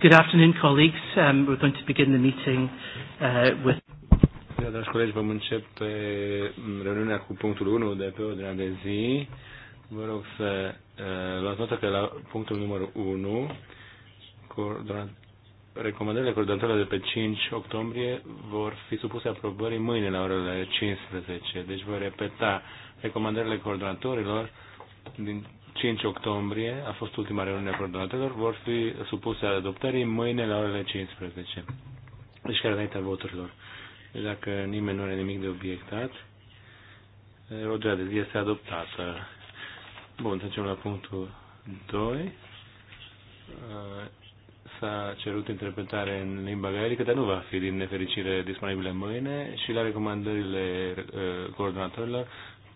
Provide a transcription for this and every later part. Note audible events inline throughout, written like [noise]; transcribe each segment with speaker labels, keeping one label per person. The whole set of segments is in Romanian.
Speaker 1: Good afternoon, colleagues. Um, we're going to begin the meeting uh, with.
Speaker 2: Dragi colegi, vom începe mm, reuniunea cu punctul 1 de pe ordinea de zi. Vă rog să uh, luați notă că la punctul numărul 1, coordonat, recomandările coordonatorilor de pe 5 octombrie vor fi supuse aprobării mâine la orele 15. Deci voi repeta recomandările coordonatorilor din 5 octombrie a fost ultima reuniune a coordonatorilor, vor fi supuse adoptării mâine la orele 15. Deci care înaintea voturilor. Deci dacă nimeni nu are nimic de obiectat, ordinea de zi este adoptată. Bun, trecem la punctul 2. S-a cerut interpretare în limba gaelică, dar nu va fi din nefericire disponibile mâine și la recomandările uh, coordonatorilor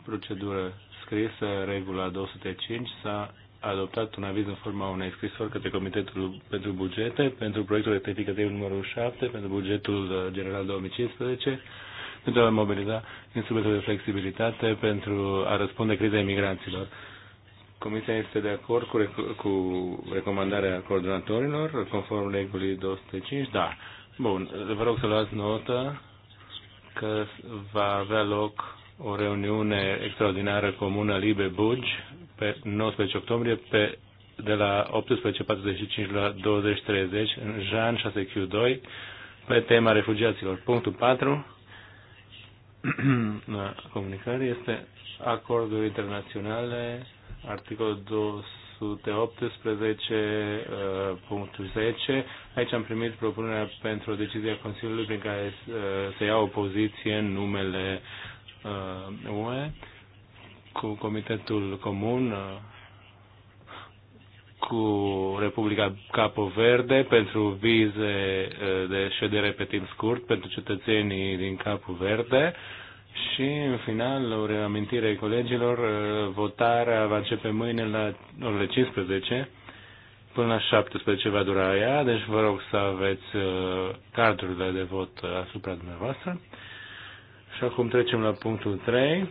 Speaker 2: procedură scrisă, regula 205, s-a adoptat un aviz în forma unei scrisori către Comitetul pentru Bugete pentru proiectul rectificativ numărul 7 pentru bugetul uh, general 2015 pentru a mobiliza instrumentul de flexibilitate pentru a răspunde crizei migranților. Comisia este de acord cu, rec- cu recomandarea coordonatorilor, conform regulii 205, da. Bun, vă rog să luați notă că va avea loc o reuniune extraordinară comună Libe Bugi pe 19 octombrie pe, de la 18.45 la 20.30 în Jean 6Q2 pe tema refugiaților. Punctul 4
Speaker 1: [clears throat]
Speaker 2: la comunicare este acorduri internaționale, articolul 218, uh, punctul 10. Aici am primit propunerea pentru o decizie a Consiliului prin care uh, se ia o poziție în numele Uh, UE, cu Comitetul Comun, uh, cu Republica Capo Verde pentru vize uh, de ședere pe timp scurt pentru cetățenii din Capo Verde și, în final, o reamintire colegilor, votarea va începe mâine la orele 15 până la 17 va dura ea, deci vă rog să aveți cardurile de vot asupra dumneavoastră. Și acum trecem la punctul 3.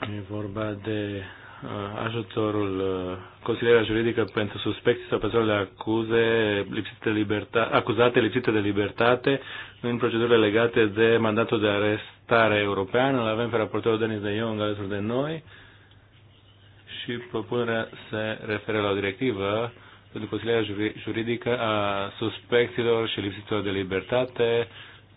Speaker 2: E vorba de uh, ajutorul uh, consilierea juridică pentru suspecții sau persoanele acuze, lipsite libertate, acuzate lipsite de libertate în procedurile legate de mandatul de arestare european. Îl avem pe raportorul Denis de Ion alături de noi și propunerea se referă la o directivă pentru consilierea juridică a suspecților și lipsitor de libertate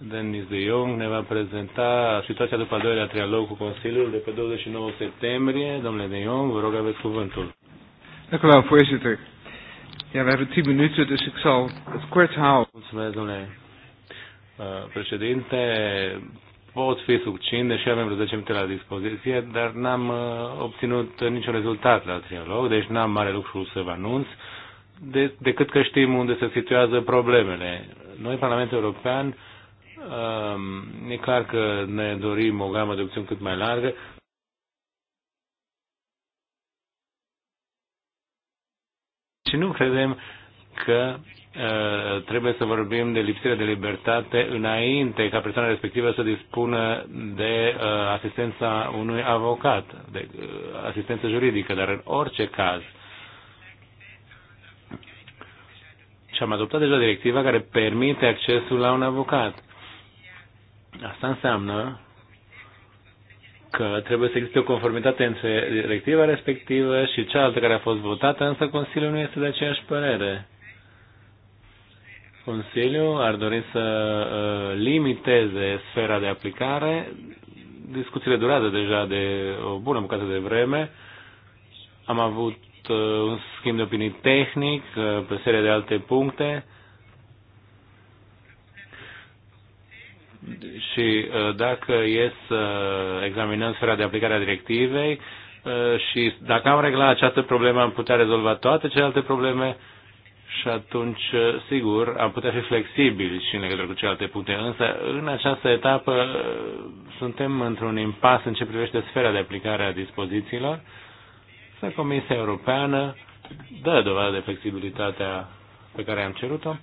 Speaker 2: Denis de Jong ne va prezenta situația după al doilea trialog cu Consiliul de pe 29 septembrie. Domnule de Jong, vă rog aveți cuvântul.
Speaker 1: Dank u wel, voorzitter. Ja, we hebben tien minuten,
Speaker 2: dus ik Mulțumesc, domnule uh, președinte. Pot fi succint, deși avem vreo 10 minute la dispoziție, dar n-am uh, obținut niciun rezultat la trialog, deci n-am mare lucru să vă anunț, de, decât că știm unde se situează problemele. Noi, Parlamentul European, Um, e clar că ne dorim o gamă de opțiuni cât mai largă. Și nu credem că uh, trebuie să vorbim de lipsire de libertate înainte ca persoana respectivă să dispună de uh, asistența unui avocat, de uh, asistență juridică, dar în orice caz. Și am adoptat deja directiva care permite accesul la un avocat. Asta înseamnă că trebuie să existe o conformitate între directiva respectivă și cealaltă care a fost votată, însă Consiliul nu este de aceeași părere. Consiliul ar dori să uh, limiteze sfera de aplicare. Discuțiile durează deja de o bună bucată de vreme. Am avut uh, un schimb de opinii tehnic uh, pe serie de alte puncte. Și uh, dacă e să examinăm sfera de aplicare a directivei uh, și dacă am reglat această problemă, am putea rezolva toate celelalte probleme și atunci, uh, sigur, am putea fi flexibili și în legătură cu celelalte puncte. Însă, în această etapă, suntem într-un impas în ce privește sfera de aplicare a dispozițiilor. Să Comisia Europeană dă dovadă de flexibilitatea pe care am cerut-o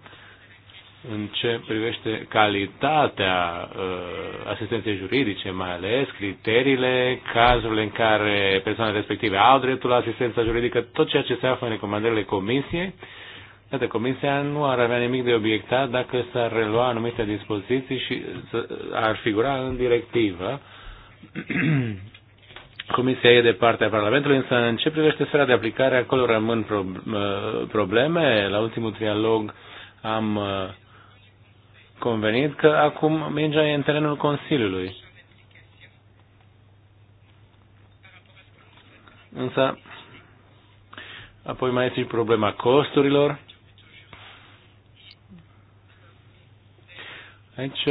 Speaker 2: în ce privește calitatea uh, asistenței juridice, mai ales criteriile, cazurile în care persoanele respective au dreptul la asistența juridică, tot ceea ce se află în recomandările comisiei. Iată, comisia nu ar avea nimic de obiectat dacă s-ar relua anumite dispoziții și ar figura în directivă. [clears throat] Comisia e de partea Parlamentului, însă în ce privește sfera de aplicare, acolo rămân uh, probleme. La ultimul trialog am uh, convenit că acum mingea e în terenul Consiliului. Însă, apoi mai este și problema costurilor. Aici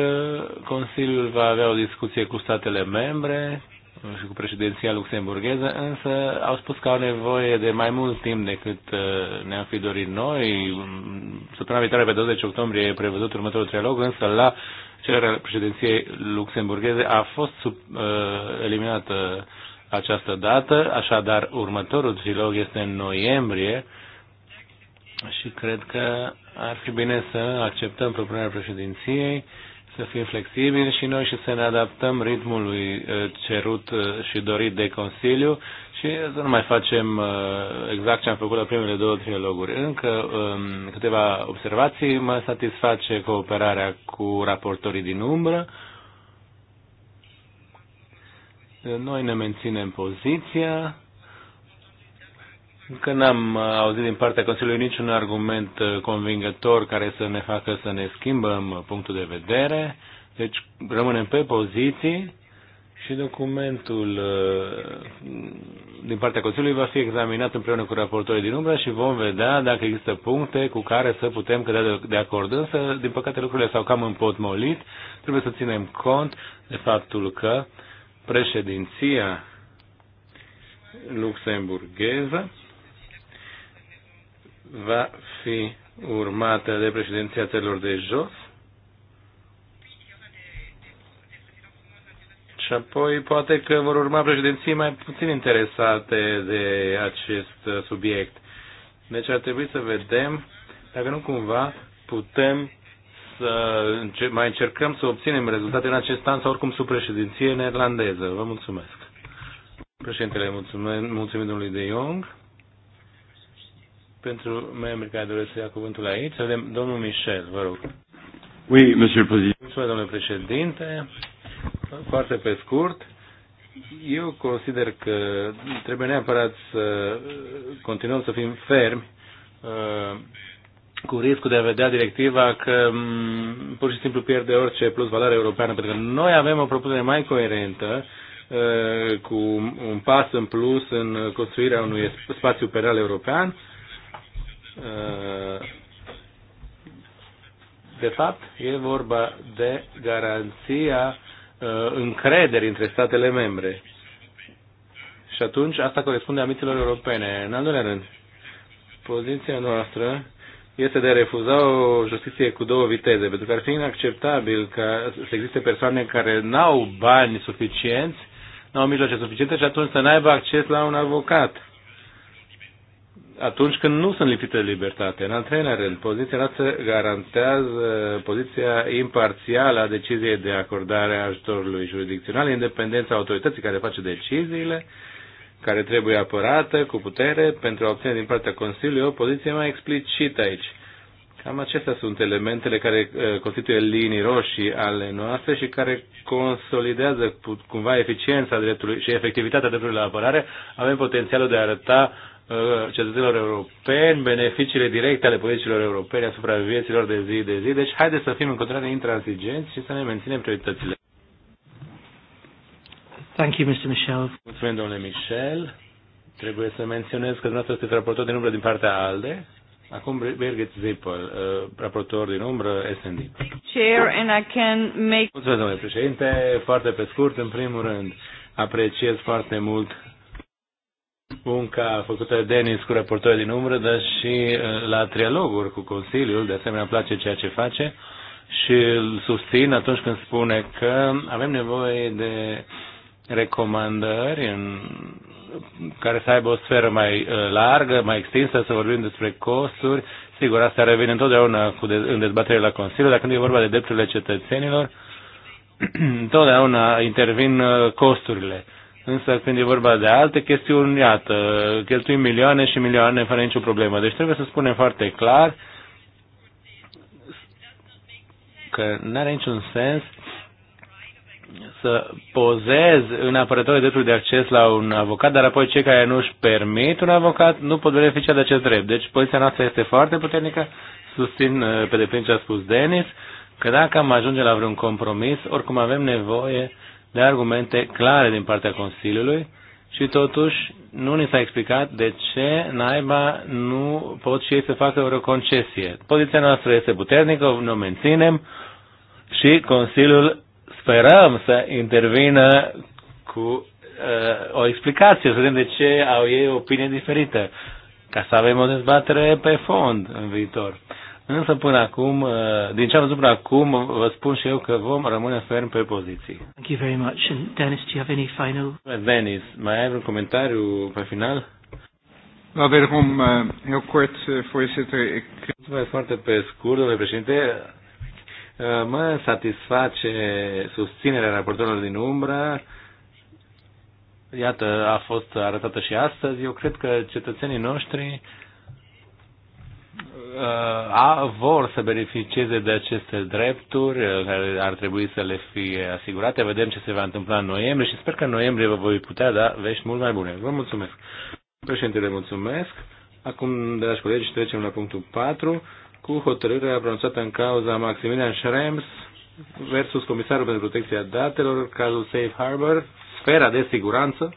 Speaker 2: Consiliul va avea o discuție cu statele membre și cu președinția luxemburgheză, însă au spus că au nevoie de mai mult timp decât uh, ne-am fi dorit noi. Săptămâna viitoare, pe 20 octombrie, e prevăzut următorul trilog, însă la cererea președinției luxemburgheze a fost sub, uh, eliminată această dată, așadar următorul trilog este în noiembrie și cred că ar fi bine să acceptăm propunerea președinției să fim flexibili și noi și să ne adaptăm ritmului uh, cerut uh, și dorit de Consiliu și să nu mai facem uh, exact ce am făcut la primele două triloguri. Încă um, câteva observații. Mă satisface cooperarea cu raportorii din umbră. Noi ne menținem poziția încă n-am uh, auzit din partea Consiliului niciun argument uh, convingător care să ne facă să ne schimbăm uh, punctul de vedere. Deci rămânem pe poziții și documentul din partea Consiliului va fi examinat împreună cu raportorii din umbră și vom vedea dacă există puncte cu care să putem cădea de acord. Însă, din păcate, lucrurile s-au cam împotmolit. Trebuie să ținem cont de faptul că președinția luxemburgheză va fi urmată de președinția țărilor de jos și apoi poate că vor urma președinții mai puțin interesate de acest uh, subiect. Deci ar trebui să vedem dacă nu cumva putem să mai încercăm să obținem rezultate în acest an sau oricum sub președinție neerlandeză. Vă mulțumesc. Președintele, mulțumim, mulțumim domnului De Jong pentru membrii care doresc să ia cuvântul aici. Avem domnul Michel, vă rog. Oui, monsieur président. Mulțumesc, domnule președinte. Foarte pe scurt. Eu consider că trebuie neapărat să continuăm să fim fermi uh, cu riscul de a vedea directiva că mm, pur și simplu pierde orice plus valoare europeană, pentru că noi avem o propunere mai coerentă uh, cu un pas în plus în construirea unui spațiu penal european Uh, de fapt, e vorba de garanția uh, încrederii între statele membre. Și atunci asta corespunde ambițiilor europene. În al doilea rând, poziția noastră este de a refuza o justiție cu două viteze, pentru că ar fi inacceptabil că să existe persoane care n-au bani suficienți, n-au mijloace suficiente și atunci să n-aibă acces la un avocat atunci când nu sunt lipite de libertate. În al treilea rând, poziția noastră garantează poziția imparțială a deciziei de acordare a ajutorului jurisdicțional, independența autorității care face deciziile, care trebuie apărată cu putere pentru a obține din partea Consiliului o poziție mai explicită aici. Cam acestea sunt elementele care uh, constituie linii roșii ale noastre și care consolidează cumva eficiența dreptului și efectivitatea dreptului la apărare. Avem potențialul de a arăta Uh, cetățenilor europeni, beneficiile directe ale politicilor europene asupra vieților de zi de zi. Deci haideți să fim în continuare intransigenți și să ne menținem prioritățile.
Speaker 1: Thank you, Mr. Michel.
Speaker 2: Mulțumesc domnule Michel. Trebuie să menționez că dumneavoastră sunteți raportor din umbră din partea ALDE. Acum Birgit Zippel, uh, raportor din umbră SND.
Speaker 1: Chair, and I can make...
Speaker 2: Mulțumesc, domnule președinte. Foarte pe scurt, în primul rând, apreciez foarte mult munca făcută de Denis cu raportorii din umbră, dar și uh, la trialoguri cu Consiliul, de asemenea îmi place ceea ce face și îl susțin atunci când spune că avem nevoie de recomandări în care să aibă o sferă mai uh, largă, mai extinsă, să vorbim despre costuri. Sigur, asta revine întotdeauna cu de, în dezbatere la Consiliu, dar când e vorba de drepturile cetățenilor, [clears throat] întotdeauna intervin uh, costurile. Însă când e vorba de alte chestiuni, iată, cheltuim milioane și milioane fără nicio problemă. Deci trebuie să spunem foarte clar că nu are niciun sens să pozezi în apărătorul dreptului de acces la un avocat, dar apoi cei care nu își permit un avocat nu pot beneficia de acest drept. Deci poziția noastră este foarte puternică, susțin uh, pe deplin ce a spus Denis, că dacă am ajunge la vreun compromis, oricum avem nevoie de argumente clare din partea Consiliului și totuși nu ni s-a explicat de ce naiba nu pot și ei să facă o concesie. Poziția noastră este puternică, ne menținem și Consiliul sperăm să intervină cu uh, o explicație, să vedem de ce au ei o opinie diferită, ca să avem o dezbatere pe fond în viitor. Însă până acum, uh, din ce am văzut până acum, vă spun și eu că vom rămâne ferm pe poziții.
Speaker 1: Thank you very much. And Dennis, do you have any final?
Speaker 2: Dennis, mai ai un comentariu pe final? Da, wederom, uh, eu kort, uh, voorzitter. Ik... Mulțumesc foarte pe scurt, domnule președinte. Mă satisface susținerea raportorilor din umbră. Iată, a fost arătată și astăzi. Eu cred că cetățenii noștri Uh, a, vor să beneficieze de aceste drepturi uh, care ar trebui să le fie asigurate. Vedem ce se va întâmpla în noiembrie și sper că în noiembrie vă voi putea da vești mult mai bune. Vă mulțumesc. Președintele, mulțumesc. Acum, dragi colegi, trecem la punctul 4 cu hotărârea pronunțată în cauza Maximilian Schrems versus Comisarul pentru Protecția Datelor, cazul Safe Harbor, sfera de siguranță.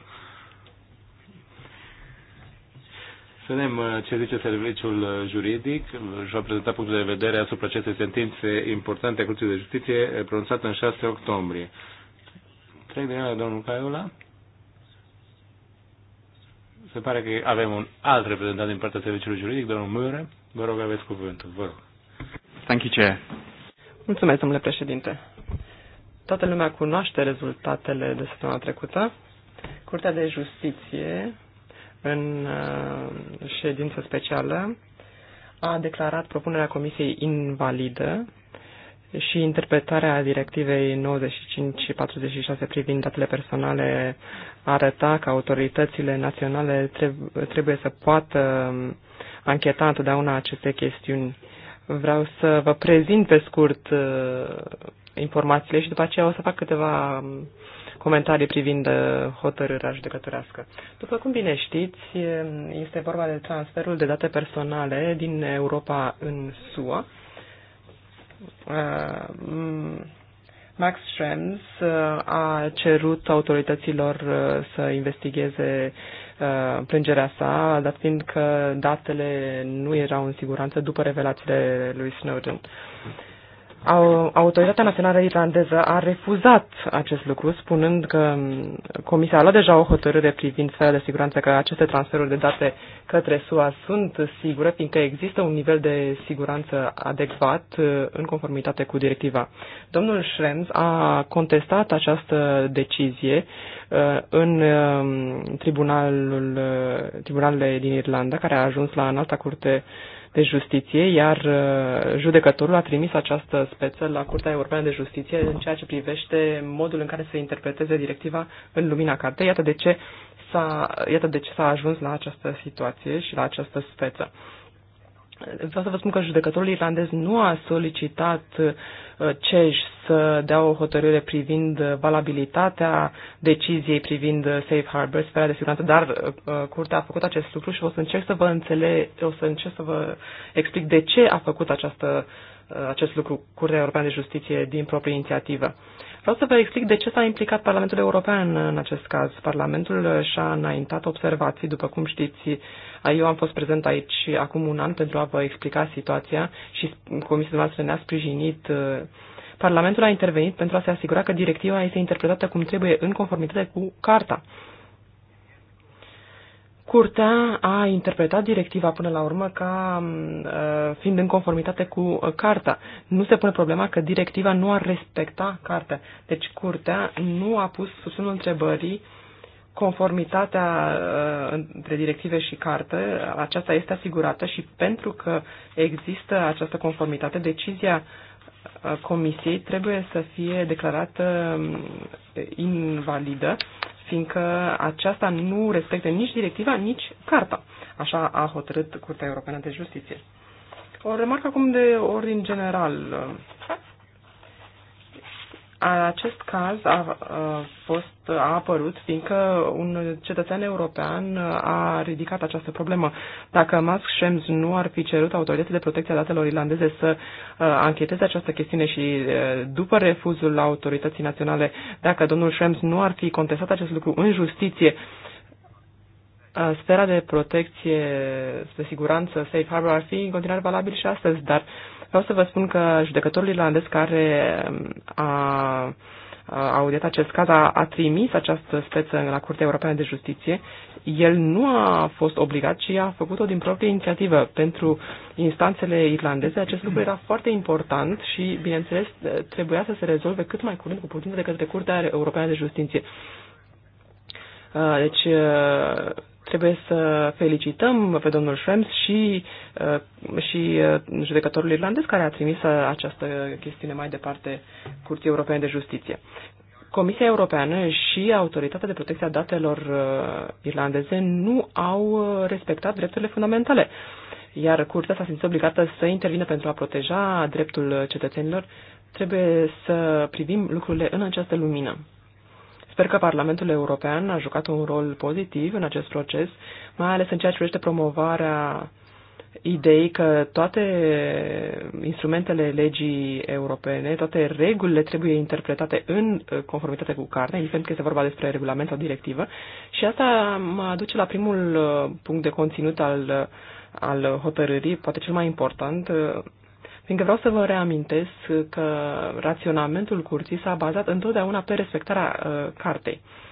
Speaker 2: Să vedem uh, ce zice serviciul uh, juridic. Și va prezenta punctul de vedere asupra acestei sentințe importante a Curții de Justiție uh, pronunțată în 6 octombrie. Trec din la domnul Caiola. Se pare că avem un alt reprezentant din partea serviciului juridic, domnul Mure. Vă rog, aveți cuvântul. Vă rog.
Speaker 3: Thank you, Chair.
Speaker 4: Mulțumesc, domnule președinte. Toată lumea cunoaște rezultatele de săptămâna trecută. Curtea de Justiție în uh, ședință specială a declarat propunerea Comisiei invalidă și interpretarea directivei 95-46 privind datele personale arăta că autoritățile naționale trebuie să poată um, ancheta întotdeauna aceste chestiuni. Vreau să vă prezint pe scurt uh, informațiile și după aceea o să fac câteva um, comentarii privind uh, hotărârea judecătorească. După cum bine știți, um, este vorba de transferul de date personale din Europa în SUA. Uh, Max Schrems uh, a cerut autorităților să investigheze plângerea sa, dat fiind că datele nu erau în siguranță după revelațiile lui Snowden. Uh, Autoritatea Națională Irlandeză a refuzat acest lucru, spunând că Comisia a luat deja o hotărâre privind sfera de siguranță, că aceste transferuri de date către SUA sunt sigure, fiindcă există un nivel de siguranță adecvat uh, în conformitate cu directiva. Domnul Schrems a contestat această decizie uh, în um, tribunalul, uh, tribunalele din Irlanda, care a ajuns la înalta curte de Justiție, iar uh, judecătorul a trimis această speță la Curtea Europeană de Justiție în ceea ce privește modul în care se interpreteze directiva în lumina cartei. Iată de ce s-a, iată de ce s-a ajuns la această situație și la această speță. Vreau să vă spun că judecătorul irlandez nu a solicitat uh, CEJ să dea o hotărâre privind uh, valabilitatea deciziei privind uh, Safe Harbor, sfera de siguranță, dar curtea a făcut acest lucru și o să încerc să vă înțeleg, o să încerc să vă explic de ce a făcut această, acest lucru Curtea Europeană de Justiție din proprie inițiativă. Uh, Vreau să vă explic de ce s-a implicat Parlamentul European în acest caz. Parlamentul și-a înaintat observații, după cum știți, eu am fost prezent aici acum un an pentru a vă explica situația și Comisia noastră ne-a sprijinit. Uh, Parlamentul a intervenit pentru a se asigura că directiva este interpretată cum trebuie în conformitate cu Carta. Curtea a interpretat directiva până la urmă ca mm, uh, fiind în conformitate cu uh, carta. Nu se pune problema că directiva nu ar respecta cartea. Deci Curtea nu a pus sub semnul întrebării conformitatea uh, între directive și carte, aceasta este asigurată și pentru că există această conformitate, decizia comisiei trebuie să fie declarată mm, invalidă fiindcă aceasta nu respectă nici directiva, nici carta. Așa a hotărât Curtea Europeană de Justiție. O remarcă acum de ordin general. Acest caz a, fost, a apărut fiindcă un cetățean european a ridicat această problemă. Dacă Musk Shems nu ar fi cerut autorității de protecție a datelor irlandeze să ancheteze această chestiune și după refuzul la autorității naționale, dacă domnul Shems nu ar fi contestat acest lucru în justiție, sfera de protecție, de siguranță, safe harbor ar fi în continuare valabil și astăzi, dar A, Vreau să vă spun că judecătorul irlandez care a audiat acest caz, a, a trimis această speță la Curtea Europeană de Justiție, el nu a fost obligat, ci a făcut-o din proprie inițiativă. Pentru instanțele irlandeze acest lucru era foarte important și, bineînțeles, trebuia să se rezolve cât mai curând cu putință de către Curtea Europeană de Justiție. Uh, deci uh, trebuie să felicităm pe domnul Schrems și, uh, și judecătorul irlandez care a trimis această chestiune mai departe Curții Europene de Justiție. Comisia Europeană și Autoritatea de Protecție a Datelor irlandeze nu au respectat drepturile fundamentale, iar Curtea s-a simțit obligată să intervină pentru a proteja dreptul cetățenilor. Trebuie să privim lucrurile în această lumină. Sper că Parlamentul European a jucat un rol pozitiv în acest proces, mai ales în ceea ce privește promovarea idei că toate instrumentele legii europene, toate regulile trebuie interpretate în uh, conformitate cu cartea, indiferent că este vorba despre regulament sau directivă. Și asta mă aduce la primul uh, punct de conținut al, uh, al hotărârii, poate cel mai important, Fiindcă vreau să vă reamintesc că raționamentul curții s-a bazat întotdeauna pe respectarea uh, cartei. Uh,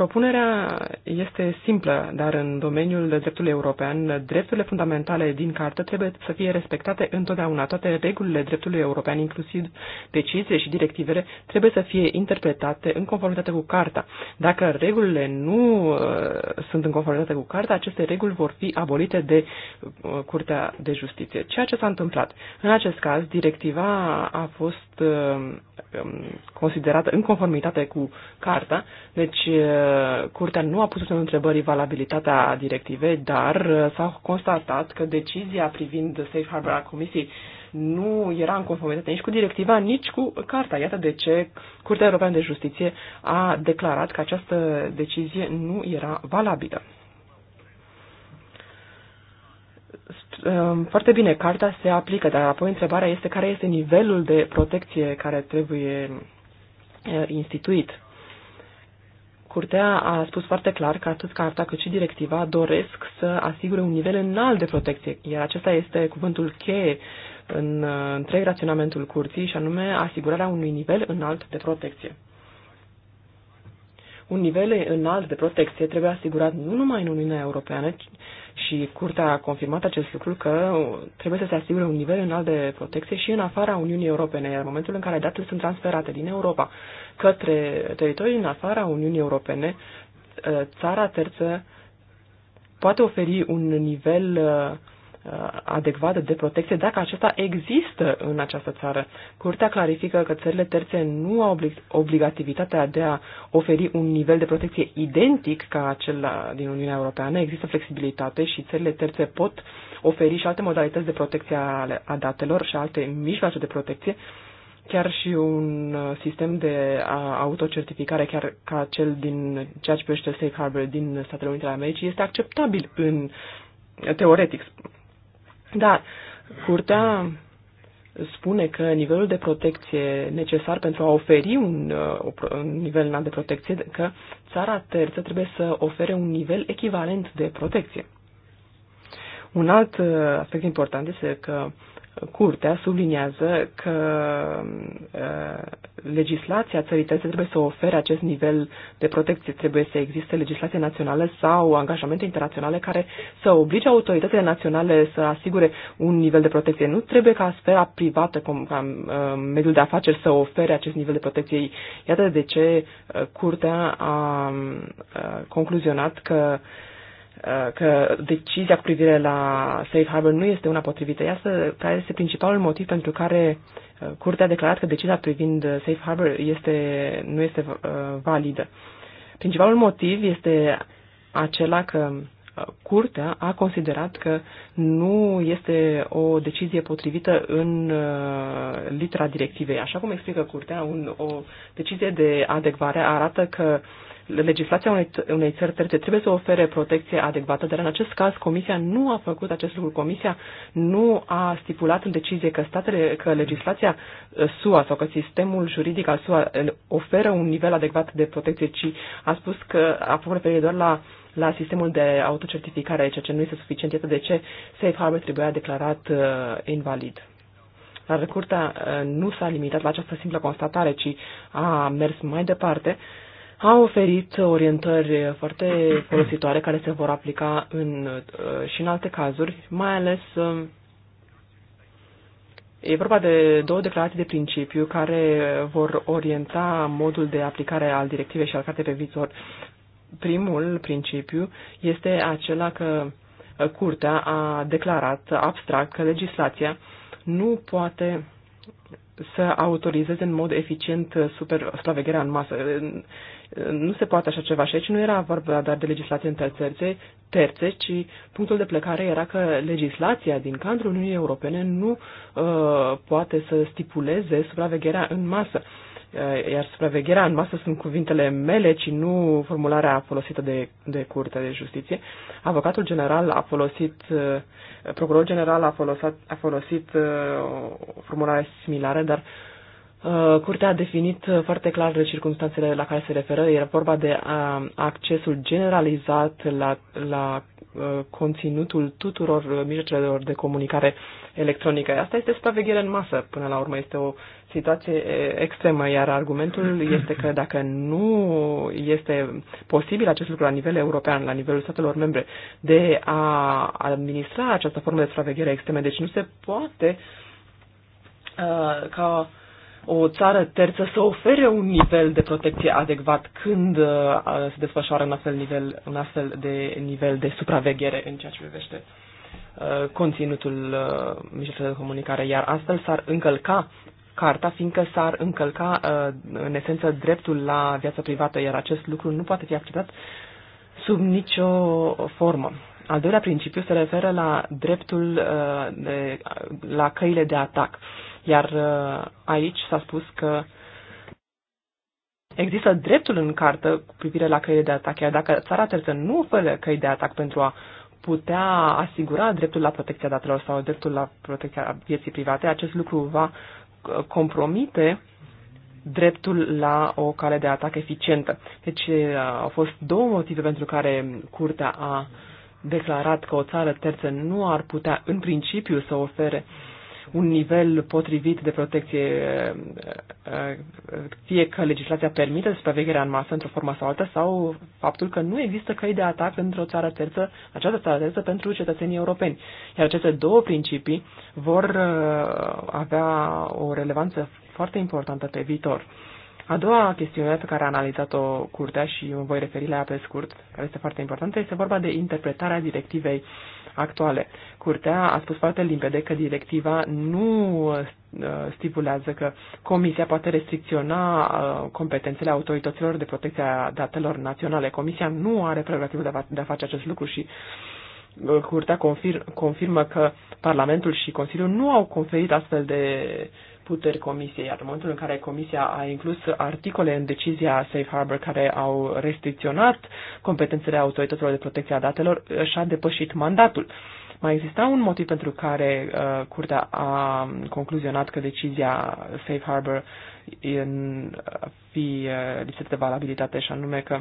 Speaker 4: Propunerea este simplă, dar în domeniul dreptului european, drepturile fundamentale din cartă trebuie să fie respectate întotdeauna. Toate regulile dreptului european, inclusiv deciziile și directivele, trebuie să fie interpretate în conformitate cu carta. Dacă regulile nu uh, sunt în conformitate cu carta, aceste reguli vor fi abolite de uh, Curtea de Justiție. Ceea ce s-a întâmplat. În acest caz, directiva a fost Um, um, considerată în conformitate cu carta, deci uh, curtea nu a pus în întrebări valabilitatea directivei, dar uh, s-a constatat că decizia privind safe harbor a comisiei nu era în conformitate nici cu directiva, nici cu carta. Iată de ce Curtea Europeană de Justiție a declarat că această decizie nu era valabilă. Um, foarte bine, cartea se aplică, dar apoi întrebarea este care este nivelul de protecție care trebuie uh, instituit. Curtea a spus foarte clar că atât carta cât și directiva doresc să asigure un nivel înalt de protecție, iar acesta este cuvântul cheie în uh, întreg raționamentul curții și anume asigurarea unui nivel înalt de protecție. Un nivel înalt de protecție trebuie asigurat nu numai în Uniunea Europeană, și Curtea a confirmat acest lucru că trebuie să se asigure un nivel înalt de protecție și în afara Uniunii Europene, iar în momentul în care datele sunt transferate din Europa către teritorii în afara Uniunii Europene, ă, țara terță poate oferi un nivel uh, Uh, adecvată de protecție, dacă acesta există în această țară. Curtea clarifică că țările terțe nu au obligativitatea de a oferi un nivel de protecție identic ca cel din Uniunea Europeană. Există flexibilitate și țările terțe pot oferi și alte modalități de protecție a datelor și alte mijloace de protecție chiar și un uh, sistem de autocertificare, chiar ca cel din ceea ce privește Safe Harbor din Statele Unite ale Americii, este acceptabil în teoretic dar curtea spune că nivelul de protecție necesar pentru a oferi un, uh, un nivel înalt de protecție, că țara terță trebuie să ofere un nivel echivalent de protecție. Un alt uh, aspect important este că Curtea subliniază că uh, legislația țării terțe trebuie să ofere acest nivel de protecție. Trebuie să existe legislație națională sau angajamente internaționale care să oblige autoritățile naționale să asigure un nivel de protecție. Nu trebuie ca sfera privată, cum, ca uh, mediul de afaceri, să ofere acest nivel de protecție. Iată de ce uh, Curtea a concluzionat că Uh, că decizia cu privire la safe harbor nu este una potrivită. Iasă, care este principalul motiv pentru care uh, Curtea a declarat că decizia privind uh, safe harbor este, nu este validă. Principalul motiv este acela că Curtea a considerat că nu este o decizie potrivită în litera directivei. Așa cum explică Curtea, un, o decizie de adecvare arată că uh, legislația unei, unei țări terțe trebuie să ofere protecție adecvată, dar în acest caz Comisia nu a făcut acest lucru. Comisia nu a stipulat în decizie că statele, că legislația uh, SUA sau că sistemul juridic al SUA uh, oferă un nivel adecvat de protecție, ci a spus că a făcut referire doar la la sistemul de autocertificare, ceea ce nu este suficient, iată de ce Safe Harbor trebuia declarat uh, invalid. Dar curtea uh, nu s-a limitat la această simplă constatare, ci a mers mai departe uh, a oferit orientări foarte folositoare care se vor aplica în, uh, și în alte cazuri, mai ales um, E vorba de două declarații de principiu care vor orienta modul de aplicare al directivei și al cartei pe viitor. Primul principiu este acela că uh, Curtea a declarat abstract că legislația nu poate să autorizeze în mod eficient uh, supravegherea în masă. Nu se poate așa ceva și aici nu era vorba doar de legislație între terțe, terțe, ci punctul de plecare era că legislația din cadrul Uniunii Europene nu uh, poate să stipuleze supravegherea în masă. Uh, iar supravegherea în masă sunt cuvintele mele, ci nu formularea folosită de, de Curtea de Justiție. Avocatul general a folosit, uh, procurorul general a folosit, a folosit uh, o formulare similară, dar uh, Uh, curtea a definit uh, foarte clar circunstanțele la care se referă. Era vorba de uh, accesul generalizat la, la conținutul tuturor mijloacelor de comunicare electronică. Asta este supraveghere în masă, până la urmă este o situație extremă, iar argumentul este că dacă nu este posibil acest lucru la nivel european, la nivelul statelor membre, de a administra această formă de supraveghere extremă, deci nu se poate uh, ca uh, o țară terță să ofere un nivel de protecție adecvat când uh, se desfășoară un astfel, nivel, un astfel de nivel de supraveghere în ceea ce privește uh, conținutul uh, mijloacelor de comunicare, iar astfel s-ar încălca carta, fiindcă s-ar încălca în esență dreptul la viața privată, iar acest lucru nu poate fi acceptat sub nicio formă. Al doilea principiu se referă la dreptul de, la căile de atac. Uh, iar uh, aici s-a spus că există dreptul în cartă cu privire la căile de atac, iar dacă țara terță nu oferă căi de atac pentru a putea asigura dreptul la protecția datelor sau dreptul la protecția vieții private, acest lucru va uh, compromite dreptul la o cale de atac eficientă. Deci uh, au fost două motive pentru care Curtea a declarat că o țară terță nu ar putea, în principiu, să ofere uh, un nivel potrivit de protecție, fie că legislația permite supravegherea în masă într-o formă sau alta, sau faptul că nu există căi de atac într-o țară terță, această țară terță pentru cetățenii europeni. Iar aceste două principii vor uh, avea o relevanță foarte importantă pe viitor. A doua chestiune pe care a analizat-o curtea și mă voi referi la ea pe scurt, care este foarte importantă, este vorba de interpretarea directivei actuale. Curtea a spus foarte limpede că directiva nu ă, stipulează că Comisia poate restricționa ă, competențele autorităților de protecție a datelor naționale. Comisia nu are prerogativul de a face acest lucru și ă, Curtea confir, confirmă că Parlamentul și Consiliul nu au conferit astfel de puteri comisiei, iar în momentul în care comisia a inclus articole în decizia Safe Harbor care au restricționat competențele autorităților de protecție a datelor, și-a depășit mandatul. Mai exista un motiv pentru care uh, Curtea a concluzionat că decizia Safe Harbor în fi uh, lipsită de valabilitate și anume că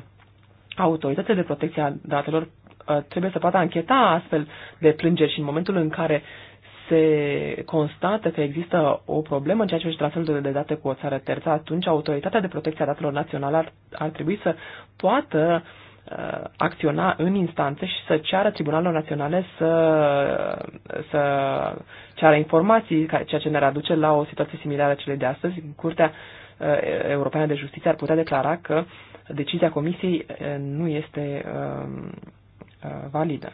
Speaker 4: autoritățile de protecție a datelor uh, trebuie să poată ancheta astfel de plângeri și în momentul în care se constată că există o problemă în ceea ce privește transferul de date cu o țară terță, atunci Autoritatea de Protecție a Datelor Națională ar, ar trebui să poată uh, acționa în instanță și să ceară tribunalelor naționale să, să ceară informații, ceea ce ne aduce la o situație similară celei de astăzi. Curtea uh, Europeană de Justiție ar putea declara că decizia Comisiei uh, nu este uh, uh, validă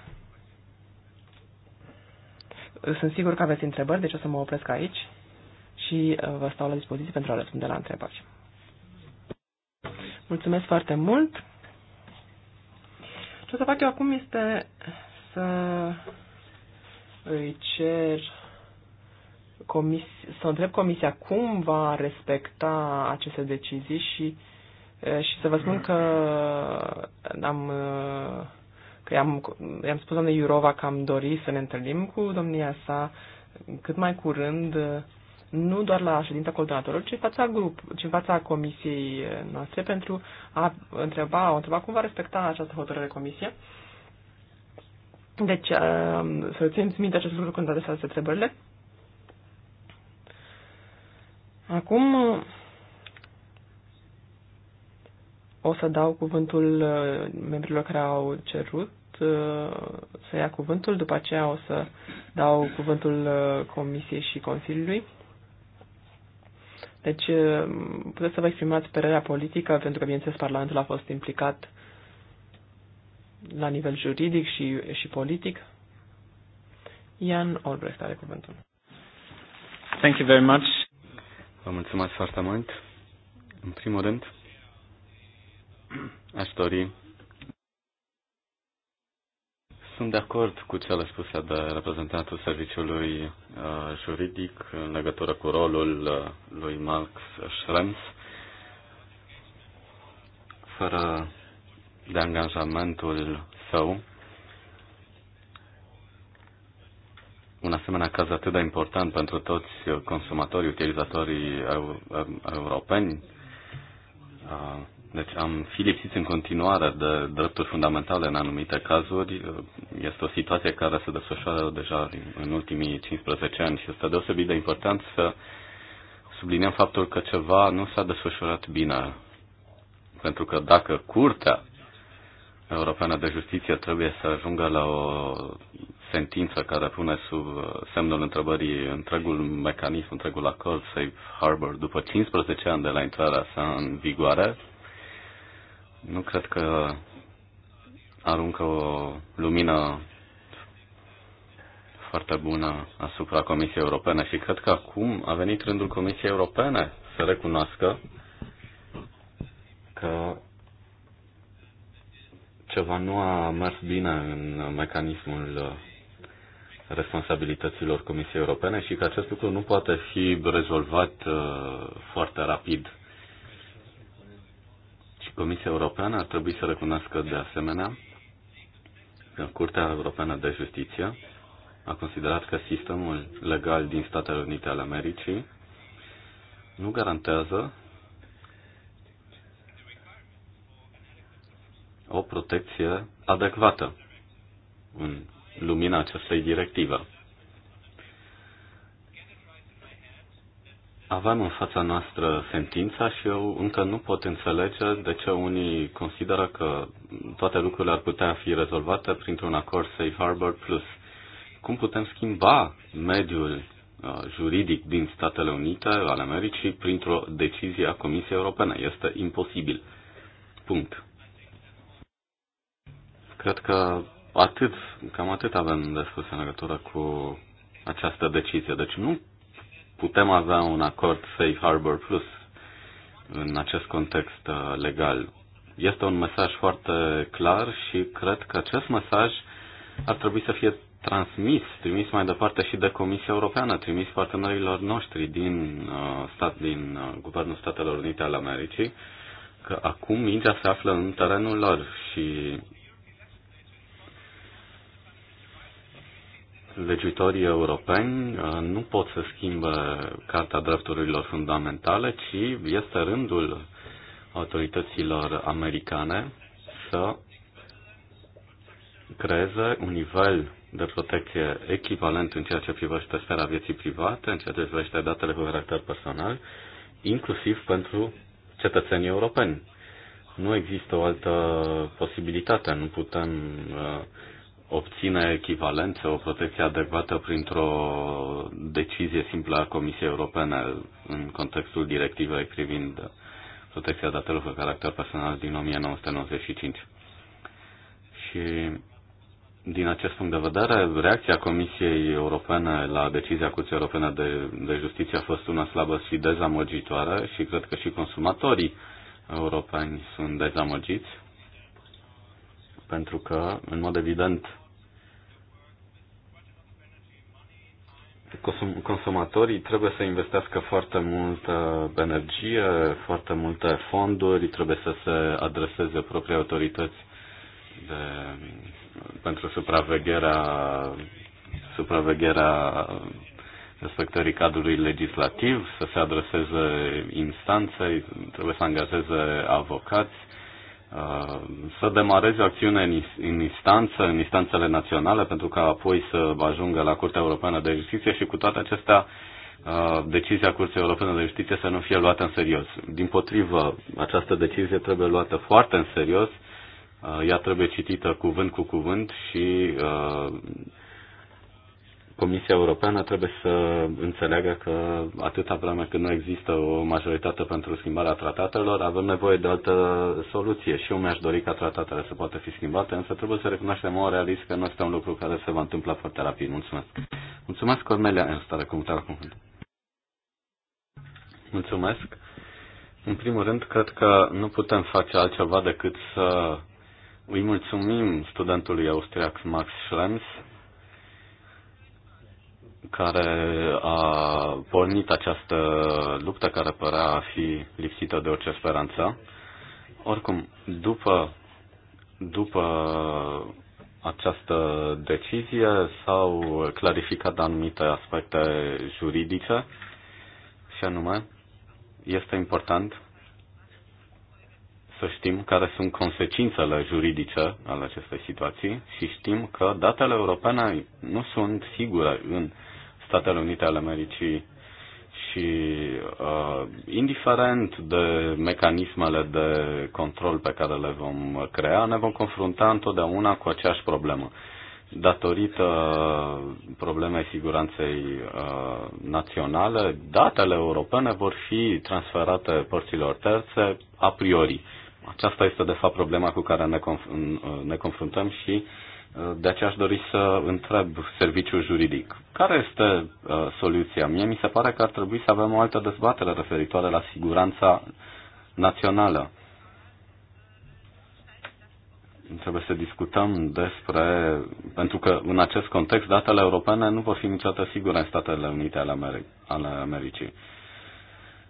Speaker 4: sunt sigur că aveți întrebări, deci o să mă opresc aici și uh, vă stau la dispoziție pentru a răspunde la întrebări. Mulțumesc foarte mult! Ce o să fac eu acum este să îi cer comisi- să întreb comisia cum va respecta aceste decizii și, uh, și să vă spun că am uh, că i-am, i-am spus doamnei Iurova că am dorit să ne întâlnim cu domnia sa cât mai curând, nu doar la ședința coordonatorilor, ci în fața grup, ci în fața comisiei noastre pentru a întreba, a întreba cum va respecta această hotărâre comisie, Deci, um, să țineți minte acest lucru când adresați întrebările. Acum, o să dau cuvântul uh, membrilor care au cerut uh, să ia cuvântul, după aceea o să dau cuvântul uh, Comisiei și Consiliului. Deci puteți să vă exprimați părerea politică, pentru că, bineînțeles, Parlamentul a fost implicat la nivel juridic și, și politic. Ian Olbrecht are cuvântul.
Speaker 3: Thank you very much. Vă mulțumesc foarte mult. În primul rând, Aș dori. Sunt de acord cu ce a spus de reprezentantul serviciului uh, juridic în legătură cu rolul uh, lui Marx Schrems. Fără de angajamentul său, un asemenea caz atât de important pentru toți consumatorii, utilizatorii eu, eu, europeni, uh, deci am fi lipsiți în continuare de drepturi fundamentale în anumite cazuri. Este o situație care se desfășoară deja în ultimii 15 ani și este deosebit de important să subliniem faptul că ceva nu s-a desfășurat bine. Pentru că dacă Curtea Europeană de Justiție trebuie să ajungă la o sentință care pune sub semnul întrebării întregul mecanism, întregul acord Safe Harbor după 15 ani de la intrarea sa în vigoare, nu cred că aruncă o lumină foarte bună asupra Comisiei Europene și cred că acum a venit rândul Comisiei Europene să recunoască că ceva nu a mers bine în mecanismul responsabilităților Comisiei Europene și că acest lucru nu poate fi rezolvat uh, foarte rapid Comisia Europeană ar trebui să recunoască de asemenea că Curtea Europeană de Justiție a considerat că sistemul legal din Statele Unite ale Americii nu garantează o protecție adecvată în lumina acestei directive. Avem în fața noastră sentința și eu încă nu pot înțelege de ce unii consideră că toate lucrurile ar putea fi rezolvate printr-un acord Safe Harbor Plus. Cum putem schimba mediul uh, juridic din Statele Unite ale Americii printr-o decizie a Comisiei Europene? Este imposibil. Punct. Cred că atât, cam atât avem de spus în legătură cu această decizie. Deci nu putem avea un acord Safe Harbor Plus în acest context uh, legal. Este un mesaj foarte clar și cred că acest mesaj ar trebui să fie transmis, trimis mai departe și de Comisia Europeană, trimis partenerilor noștri din, uh, stat, din uh, Guvernul Statelor Unite ale Americii, că acum mingea se află în terenul lor și Legitorii europeni uh, nu pot să schimbe Carta Drepturilor Fundamentale, ci este rândul autorităților americane să creeze un nivel de protecție echivalent în ceea ce privește sfera vieții private, în ceea ce privește datele cu caracter personal, inclusiv pentru cetățenii europeni. Nu există o altă posibilitate, nu putem uh, obține echivalență, o protecție adecvată printr-o decizie simplă a Comisiei Europene în contextul directivei privind protecția datelor cu caracter personal din 1995. Și din acest punct de vedere, reacția Comisiei Europene la decizia Curții Europene de, de Justiție a fost una slabă și dezamăgitoare și cred că și consumatorii europeni sunt dezamăgiți pentru că, în mod evident, consumatorii trebuie să investească foarte multă uh, energie, foarte multe fonduri, trebuie să se adreseze proprii autorități de, pentru supravegherea, supravegherea respectării cadrului legislativ, să se adreseze instanței, trebuie să angajeze avocați Uh, să demareze o acțiune în instanță, în instanțele naționale, pentru ca apoi să ajungă la Curtea Europeană de Justiție și cu toate acestea uh, decizia Curții Europene de Justiție să nu fie luată în serios. Din potrivă, această decizie trebuie luată foarte în serios, uh, ea trebuie citită cuvânt cu cuvânt și Comisia Europeană trebuie să înțeleagă că atâta vreme cât nu există o majoritate pentru schimbarea tratatelor, avem nevoie de altă soluție și eu mi-aș dori ca tratatele să poată fi schimbate, însă trebuie să recunoaștem o realist că nu este un lucru care se va întâmpla foarte rapid. Mulțumesc. Mulțumesc, Cornelia Ernst, are cuvântul cuvânt. Mulțumesc. În primul rând, cred că nu putem face altceva decât să îi mulțumim studentului austriac Max Schrems care a pornit această luptă care părea a fi lipsită de orice speranță. Oricum, după, după această decizie s-au clarificat anumite aspecte juridice și anume este important să știm care sunt consecințele juridice ale acestei situații și știm că datele europene nu sunt sigure în Statele Unite ale Americii și uh, indiferent de mecanismele de control pe care le vom crea, ne vom confrunta întotdeauna cu aceeași problemă. Datorită problemei siguranței uh, naționale, datele europene vor fi transferate părților terțe a priori. Aceasta este, de fapt, problema cu care ne, conf- uh, ne confruntăm și uh, de aceea aș dori să întreb serviciul juridic. Care este uh, soluția? Mie mi se pare că ar trebui să avem o altă dezbatere referitoare la siguranța națională. Trebuie să discutăm despre. pentru că în acest context datele europene nu vor fi niciodată sigure în Statele Unite ale, Ameri- ale Americii.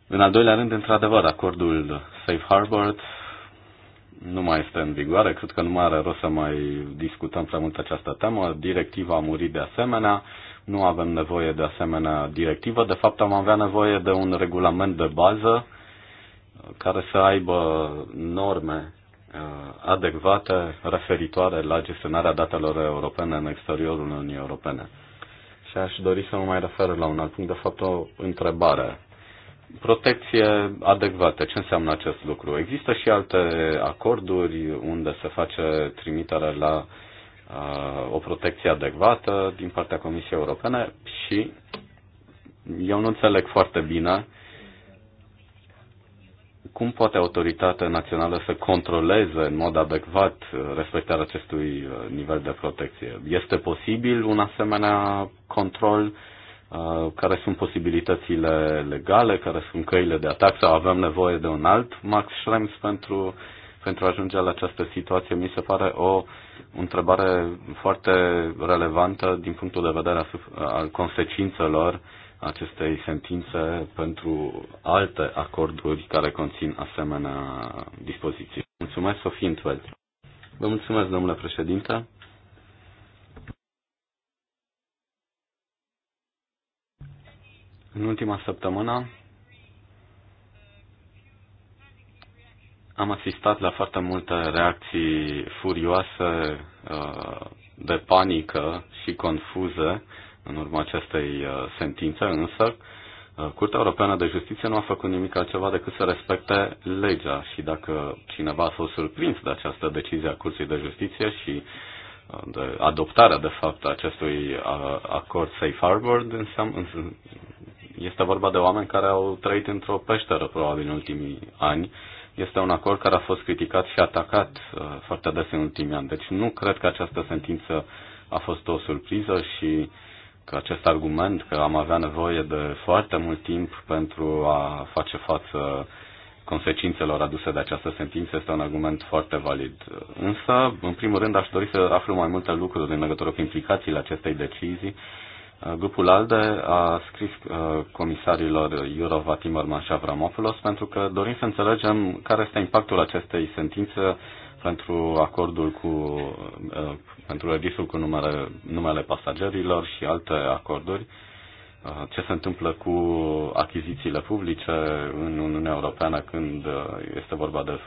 Speaker 3: În al doilea rând, într-adevăr, acordul Safe Harbor nu mai este în vigoare, cred că nu mai are rost să mai discutăm prea mult această temă. Directiva a murit de asemenea, nu avem nevoie de asemenea directivă, de fapt am avea nevoie de un regulament de bază care să aibă norme uh, adecvate referitoare la gestionarea datelor europene în exteriorul Uniunii Europene. Și aș dori să mă mai refer la un alt punct, de fapt o întrebare protecție adecvată. Ce înseamnă acest lucru? Există și alte acorduri unde se face trimitere la o protecție adecvată din partea Comisiei Europene și eu nu înțeleg foarte bine cum poate autoritatea națională să controleze în mod adecvat respectarea acestui nivel de protecție. Este posibil un asemenea control uh, Uh, care sunt posibilitățile legale, care sunt căile de atac sau avem nevoie de un alt Max Schrems pentru, pentru a ajunge la această situație, mi se pare o întrebare foarte relevantă din punctul de vedere al consecințelor acestei sentințe pentru alte acorduri care conțin asemenea dispoziții. Mulțumesc, Sofie Intveld. Vă mulțumesc, domnule președinte. În ultima săptămână am asistat la foarte multe reacții furioase, uh, de panică și confuze în urma acestei uh, sentințe, însă uh, Curtea Europeană de Justiție nu a făcut nimic altceva decât să respecte legea și dacă cineva a fost surprins de această decizie a Curții de Justiție și de adoptarea, de fapt, a acestui acord Safe Harbor, înseamnă, este vorba de oameni care au trăit într-o peșteră, probabil, în ultimii ani. Este un acord care a fost criticat și atacat uh, foarte des în ultimii ani. Deci nu cred că această sentință a fost o surpriză și că acest argument că am avea nevoie de foarte mult timp pentru a face față consecințelor aduse de această sentință este un argument foarte valid. Însă, în primul rând, aș dori să aflu mai multe lucruri în legătură cu implicațiile acestei decizii Grupul ALDE a scris uh, comisarilor Iurova, Timmerman și Avramopoulos pentru că dorim să înțelegem care este impactul acestei sentințe pentru acordul cu, uh, pentru registrul cu numele, numele pasagerilor și alte acorduri, uh, ce se întâmplă cu achizițiile publice în Uniunea Europeană când este vorba de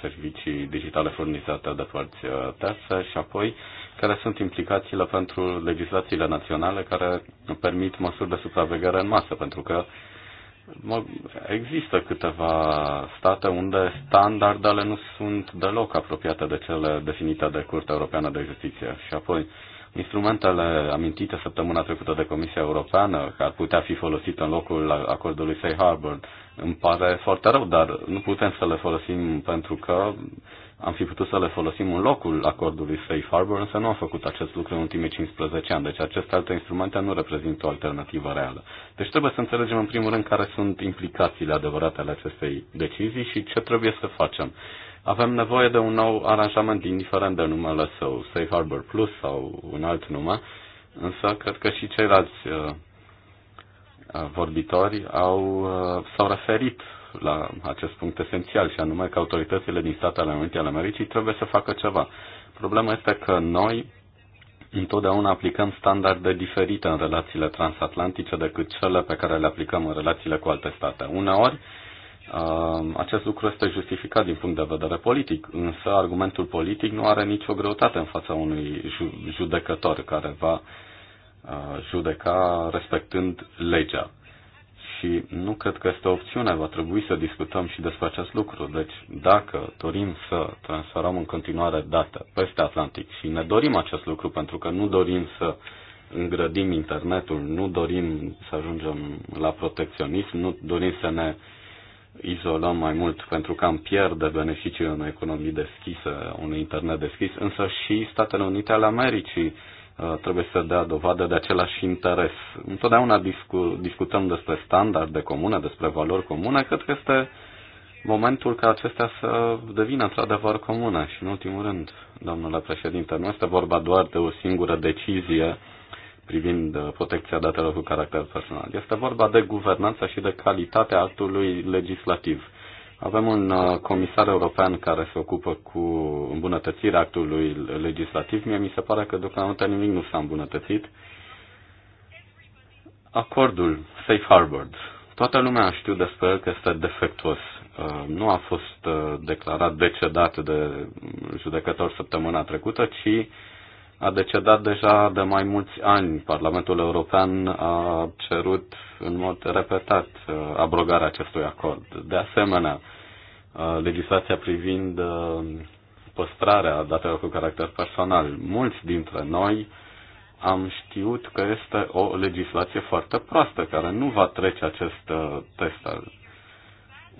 Speaker 3: servicii digitale furnizate de părți terțe și apoi care sunt implicațiile pentru legislațiile naționale care permit măsuri de supraveghere în masă, pentru că există câteva state unde standardele nu sunt deloc apropiate de cele definite de Curtea Europeană de Justiție. Și apoi, instrumentele amintite săptămâna trecută de Comisia Europeană, care ar putea fi folosite în locul acordului Safe Harbor, îmi pare foarte rău, dar nu putem să le folosim pentru că am fi putut să le folosim în locul acordului Safe Harbor, însă nu am făcut acest lucru în ultimii 15 ani, deci aceste alte instrumente nu reprezintă o alternativă reală. Deci trebuie să înțelegem în primul rând care sunt implicațiile adevărate ale acestei decizii și ce trebuie să facem. Avem nevoie de un nou aranjament, indiferent de numele său, Safe Harbor Plus sau un alt nume, însă cred că și ceilalți uh, uh, vorbitori au, uh, s-au referit la acest punct esențial, și anume că autoritățile din Statele Unite ale Americii trebuie să facă ceva. Problema este că noi întotdeauna aplicăm standarde diferite în relațiile transatlantice decât cele pe care le aplicăm în relațiile cu alte state. Uneori, uh, acest lucru este justificat din punct de vedere politic, însă argumentul politic nu are nicio greutate în fața unui judecător care va uh, judeca respectând legea. Și nu cred că este o opțiune, va trebui să discutăm și despre acest lucru. Deci, dacă dorim să transferăm în continuare date peste Atlantic și ne dorim acest lucru pentru că nu dorim să îngrădim internetul, nu dorim să ajungem la protecționism, nu dorim să ne izolăm mai mult pentru că am pierde beneficiile unei economii deschise, unui internet deschis, însă și Statele Unite ale Americii Uh, trebuie să dea dovadă de același interes. Întotdeauna discu- discutăm despre standarde comune, despre valori comune. Cred că este momentul ca acestea să devină într-adevăr comune. Și în ultimul rând, domnule președinte, nu este vorba doar de o singură decizie privind uh, protecția datelor cu caracter personal. Este vorba de guvernanță și de calitatea actului legislativ. Avem un uh, comisar european care se ocupă cu îmbunătățirea actului legislativ. Mie mi se pare că deocamdată nimic nu s-a îmbunătățit. Acordul Safe Harbor. Toată lumea știut despre el că este defectuos. Uh, nu a fost uh, declarat decedat de judecător săptămâna trecută, ci a decedat deja de mai mulți ani. Parlamentul European a cerut în mod repetat uh, abrogarea acestui acord. De asemenea, uh, legislația privind uh, păstrarea datelor cu caracter personal. Mulți dintre noi am știut că este o legislație foarte proastă care nu va trece acest test al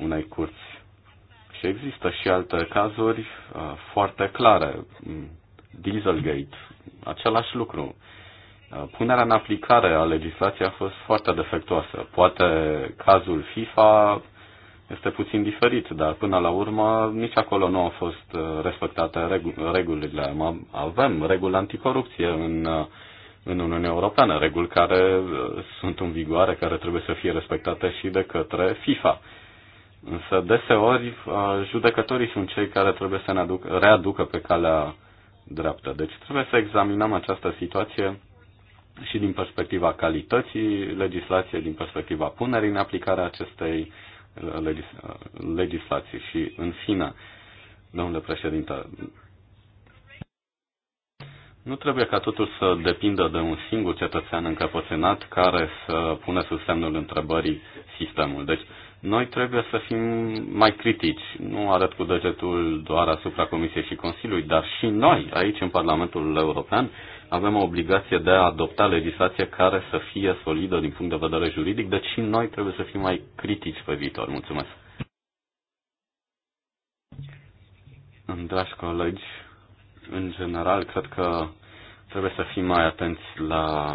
Speaker 3: unei curți. Și există și alte cazuri foarte clare Dieselgate, același lucru. Uh, punerea în aplicare a legislației a fost foarte defectuoasă. Poate cazul FIFA este puțin diferit, dar până la urmă nici acolo nu au fost uh, respectate regulile. Avem reguli anticorupție în, uh, în Uniunea Europeană, reguli care sunt în vigoare, care trebuie să fie respectate și de către FIFA. Însă deseori judecătorii sunt cei care trebuie să ne aduc, readucă pe calea dreaptă. Deci trebuie să examinăm această situație și din perspectiva calității legislației, din perspectiva punerii în aplicare a acestei uh, legis- uh, legislații. Și, în fine, domnule președinte, nu trebuie ca totul să depindă de un singur cetățean încăpățânat care să pune sub semnul întrebării sistemul. Deci, noi trebuie să fim mai critici. Nu arăt cu degetul doar asupra Comisiei și Consiliului, dar și noi, aici în Parlamentul European, avem o obligație de a adopta legislație care să fie solidă din punct de vedere juridic, deci și noi trebuie să fim mai critici pe viitor. Mulțumesc! Dragi colegi, în general, cred că trebuie să fim mai atenți la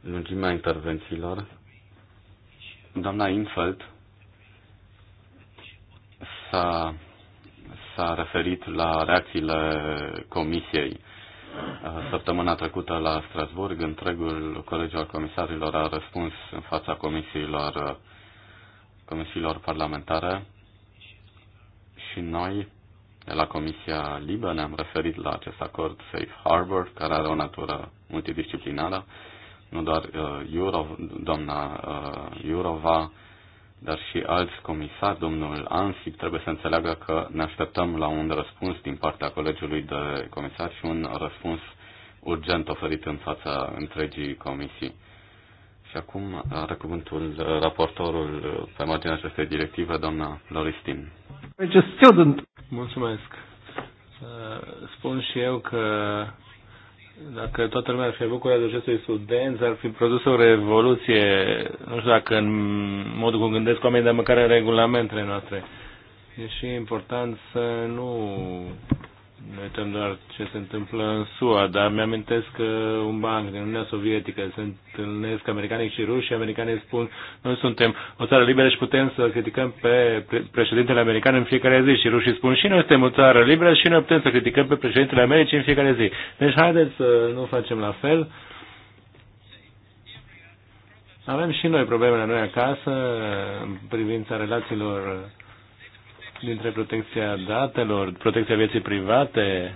Speaker 3: lungimea intervențiilor Doamna Infeld s-a, s-a referit la reacțiile Comisiei uh, Săptămâna trecută la Strasburg, întregul Colegiul Comisarilor a răspuns în fața comisiilor, comisiilor parlamentare și noi, de la Comisia Libă, ne-am referit la acest acord Safe Harbor, care are o natură multidisciplinară nu doar uh, Iurov, doamna uh, Iurova, dar și alți comisari, domnul Ansip, trebuie să înțeleagă că ne așteptăm la un răspuns din partea colegiului de comisar și un răspuns urgent oferit în fața întregii comisii. Și acum are cuvântul raportorul pe marginea acestei directive, doamna Loristin.
Speaker 2: Mulțumesc! Spun și eu că dacă toată lumea ar fi avut curajul acestui student, ar fi produs o revoluție, nu știu dacă în modul cum gândesc oamenii, dar măcar în regulamentele noastre. E și important să nu ne uităm doar ce se întâmplă în SUA, dar mi-amintesc că un banc din Uniunea Sovietică se întâlnesc americanii și și americanii spun noi suntem o țară liberă și putem să criticăm pe președintele american în fiecare zi și rușii spun și noi suntem o țară liberă și noi putem să criticăm pe președintele Americii în fiecare zi. Deci haideți să nu facem la fel. Avem și noi problemele noi acasă în privința relațiilor dintre protecția datelor, protecția vieții private,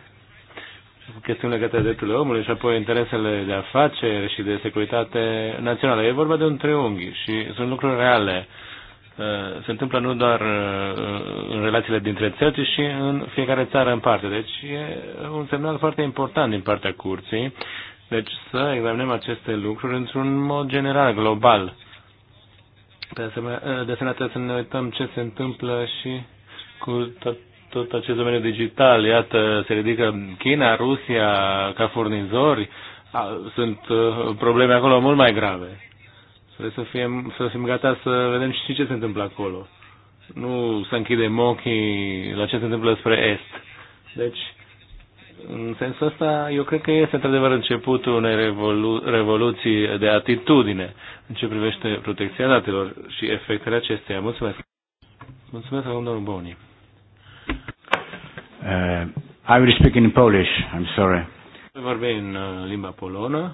Speaker 2: chestiuni legate de drepturile omului și apoi interesele de afaceri și de securitate națională. E vorba de un triunghi și sunt lucruri reale. Uh, se întâmplă nu doar uh, în relațiile dintre țări, ci și în fiecare țară în parte. Deci e un semnal foarte important din partea curții. Deci să examinăm aceste lucruri într-un mod general, global. De asemenea, uh, trebuie să ne uităm ce se întâmplă și cu tot, tot acest domeniu digital. Iată, se ridică China, Rusia ca furnizori. Sunt uh, probleme acolo mult mai grave. Trebuie să fim, să fim gata să vedem și ce se întâmplă acolo. Nu să închidem ochii la ce se întâmplă spre Est. Deci, în sensul ăsta, eu cred că este într-adevăr începutul unei revolu- revoluții de atitudine în ce privește protecția datelor și efectele acesteia. Mulțumesc! Mulțumesc, domnul Boni!
Speaker 1: Uh, I will speak in Polish, I'm sorry.
Speaker 2: Uh,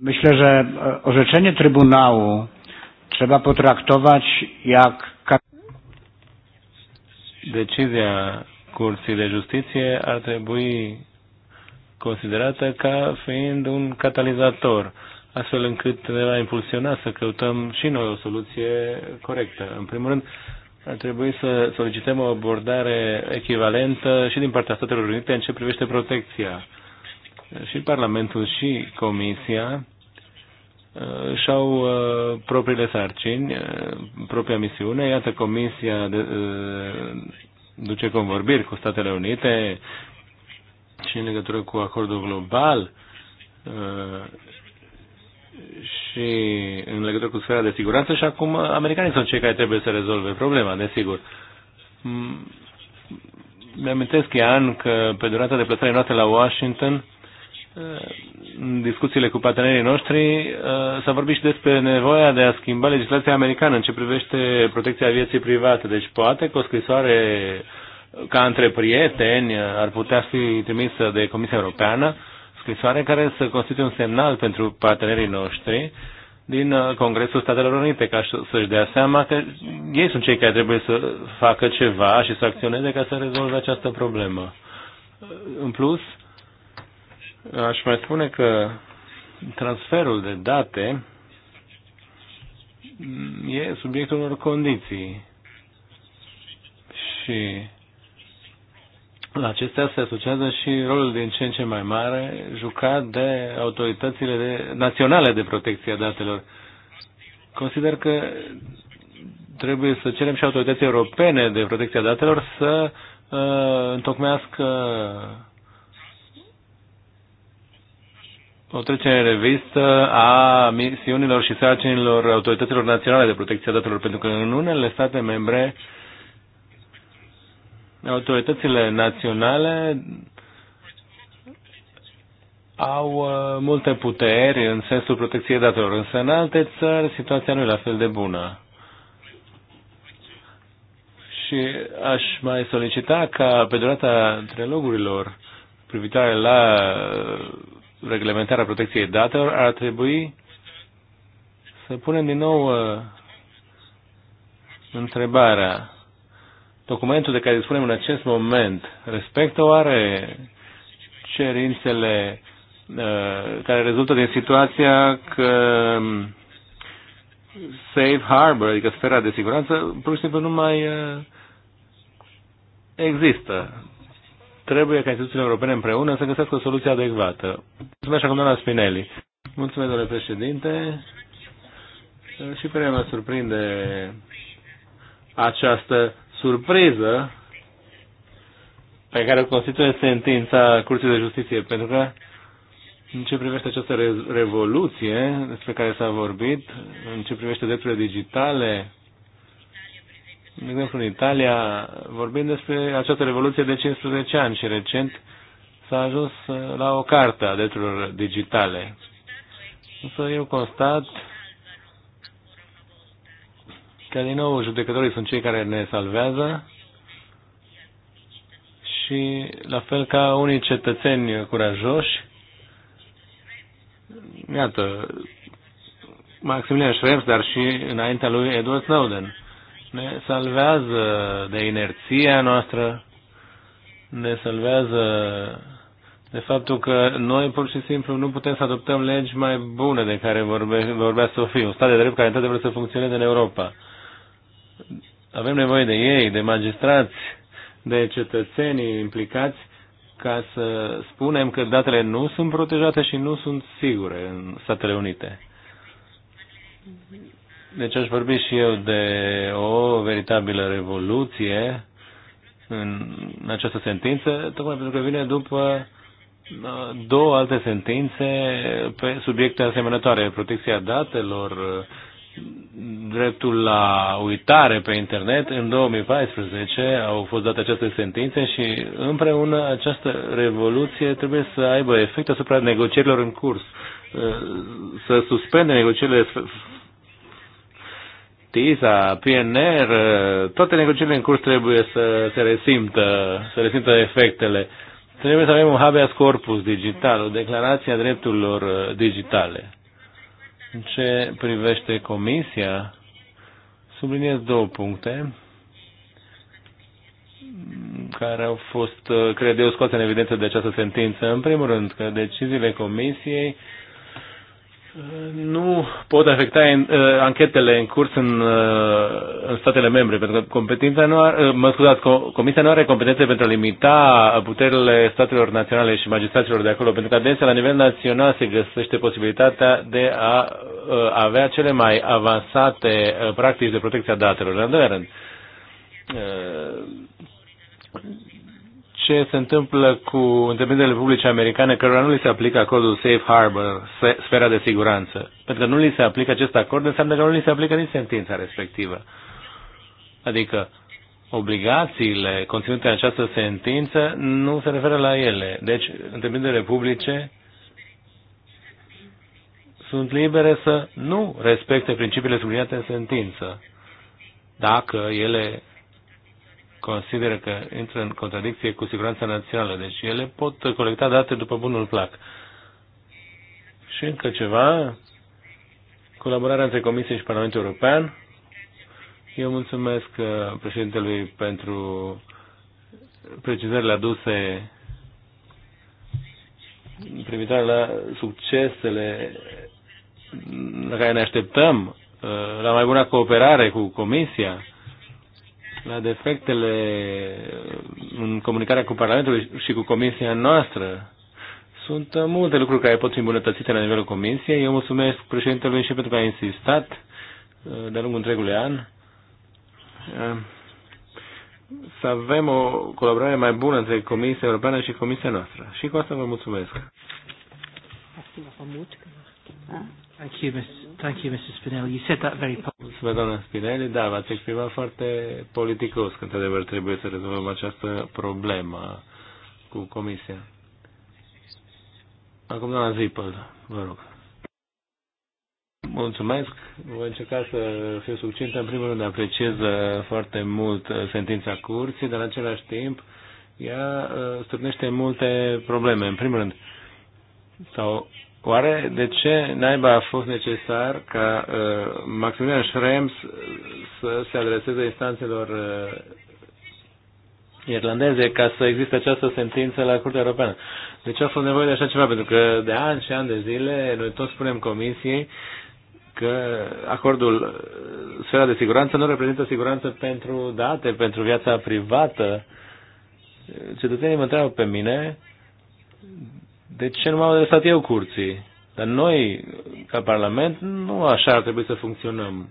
Speaker 1: Myślę, że orzeczenie Trybunału trzeba potraktować jak...
Speaker 2: decyzja Curții de Justiție ar trebui considerată ca fiind un catalizator, astfel încât ne va impulsiona să căutăm și noi o soluție corectă. În primul rând, ar trebui să solicităm o abordare echivalentă și din partea Statelor Unite în ce privește protecția. Și Parlamentul și Comisia uh, și-au uh, propriile sarcini, uh, propria misiune. Iată, Comisia de, duce convorbiri cu Statele Unite și în legătură cu acordul global și în legătură cu sfera de siguranță și acum americanii sunt cei care trebuie să rezolve problema, desigur. Mm, mi-amintesc, Ian, că pe durata de deplasării noastre la Washington, eh, în discuțiile cu partenerii noștri, eh, s-a vorbit și despre nevoia de a schimba legislația americană în ce privește protecția vieții private. Deci poate că o scrisoare ca între prieteni ar putea fi trimisă de Comisia Europeană scrisoare care să constituie un semnal pentru partenerii noștri din uh, Congresul Statelor Unite, ca să-și dea seama că ei sunt cei care trebuie să facă ceva și să acționeze ca să rezolve această problemă. Uh, în plus, aș mai spune că transferul de date e subiectul unor condiții și la acestea se asociază și rolul din ce în ce mai mare jucat de autoritățile de, naționale de protecție a datelor. Consider că trebuie să cerem și autorității europene de protecție a datelor să uh, întocmească o trecere în revistă a misiunilor și sarcinilor autorităților naționale de protecție a datelor, pentru că în unele state membre uh, autoritățile naționale au uh, multe puteri în sensul protecției datelor, însă în alte țări situația nu e la fel de bună. Și aș mai solicita ca pe durata trilogurilor privitoare la uh, reglementarea protecției datelor ar trebui să punem din nou uh, întrebarea documentul de care dispunem în acest moment respectă oare cerințele uh, care rezultă din situația că um, safe harbor, adică sfera de siguranță, pur și simplu nu mai uh, există. Trebuie ca instituțiile europene împreună să găsească o soluție adecvată. Mulțumesc acum doamna Spinelli. Mulțumesc, domnule președinte. Și pe mine mă surprinde această surpriză pe care o constituie sentința Curții de Justiție, pentru că în ce privește această revoluție despre care s-a vorbit, în ce privește drepturile digitale, de exemplu în Italia, vorbim despre această revoluție de 15 ani și recent s-a ajuns uh, la o carte a drepturilor digitale. Însă eu constat ca din nou, judecătorii sunt cei care ne salvează și la fel ca unii cetățeni curajoși, iată, Maximilian Schrems, dar și înaintea lui Edward Snowden, ne salvează de inerția noastră, ne salvează de faptul că noi pur și simplu nu putem să adoptăm legi mai bune de care vorbe, vorbea Sofie, un stat de drept care într-adevăr să funcționeze în Europa. Avem nevoie de ei, de magistrați, de cetățenii implicați ca să spunem că datele nu sunt protejate și nu sunt sigure în Statele Unite. Deci aș vorbi și eu de o veritabilă revoluție în această sentință, tocmai pentru că vine după uh, două alte sentințe pe subiecte asemănătoare, protecția datelor, dreptul la uitare pe internet. În 2014 au fost date aceste sentințe și împreună această revoluție trebuie să aibă efect asupra negocierilor în curs. Să suspende negocierile TISA, PNR, toate negocierile în curs trebuie să se resimtă, să resimtă efectele. Trebuie să avem un habeas corpus digital, o declarație a drepturilor digitale în ce privește comisia, subliniez două puncte care au fost, cred eu, scoase în evidență de această sentință. În primul rând, că deciziile comisiei uh, nu pot afecta în uh, anchetele în curs în, uh, în statele membre, pentru că competența nu are, uh, mă scuzați, Comisia nu are competențe pentru a limita puterile statelor naționale și magistraților de acolo, pentru că adesea la nivel național se găsește posibilitatea de a avea cele mai avansate practici de protecție a datelor. În doilea rând, ce se întâmplă cu întreprinderile publice americane cărora nu li se aplică acordul Safe Harbor, sfera de siguranță. Pentru că nu li se aplică acest acord, înseamnă că nu li se aplică nici sentința respectivă. Adică obligațiile conținute în această sentință nu se referă la ele. Deci, întreprinderile publice sunt libere să nu respecte principiile subliniate în sentință, dacă ele consideră că intră în contradicție cu siguranța națională. Deci ele pot colecta date după bunul plac. Și încă ceva, colaborarea între Comisie și Parlamentul European. Eu mulțumesc uh, președintelui pentru precizările aduse privitoare la succesele la care ne așteptăm, uh, la mai bună cooperare cu Comisia la defectele în comunicarea cu Parlamentul și cu Comisia noastră. Sunt multe lucruri care pot fi îmbunătățite la nivelul Comisiei. Eu mulțumesc președintelui și pentru că a insistat uh, de-a lungul întregului an uh, să avem o colaborare mai bună între Comisia Europeană și Comisia noastră. Și cu asta vă mulțumesc.
Speaker 1: Thank you, Ms. Thank you, Mrs. Spinelli. You said that very
Speaker 2: Mulțumesc, doamna Spinelli. Da, v-ați exprimat foarte politicos că, într-adevăr, trebuie să rezolvăm această problemă cu Comisia. Acum, doamna Zipăl, vă rog. Mulțumesc. Voi încerca să fiu succintă. În primul rând, apreciez uh, foarte mult uh, sentința curții, dar în același timp ea uh, stârnește multe probleme. În primul rând, sau Oare de ce naiba a fost necesar ca uh, Maximilian Schrems uh, să se adreseze instanțelor uh, irlandeze ca să existe această sentință la Curtea Europeană? De ce a fost nevoie de așa ceva? Pentru că de ani și ani de zile noi toți spunem Comisiei că acordul, uh, sfera de siguranță nu reprezintă siguranță pentru date, pentru viața privată. Cetățenii mă întreabă pe mine de ce nu m-am adresat eu curții? Dar noi, ca Parlament, nu așa ar trebui să funcționăm.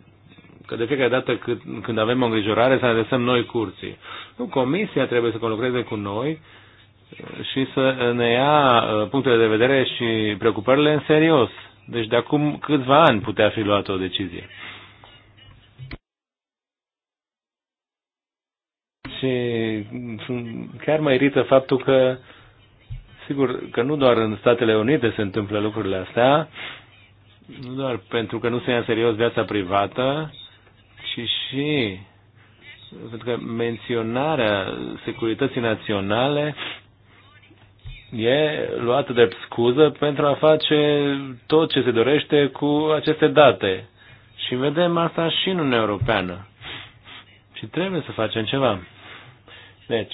Speaker 2: Că de fiecare dată când avem o îngrijorare să adresăm noi curții. Nu, Comisia trebuie să conlucreze cu noi uh, și să ne ia uh, punctele de vedere și preocupările în serios. Deci de acum câțiva ani putea fi luată o decizie. Și chiar mă irită faptul că uh, Sigur că nu doar în Statele Unite se întâmplă lucrurile astea, nu doar pentru că nu se ia în serios viața privată, ci și pentru că menționarea securității naționale e luată de scuză pentru a face tot ce se dorește cu aceste date. Și vedem asta și în Uniunea Europeană. Și trebuie să facem ceva. Deci,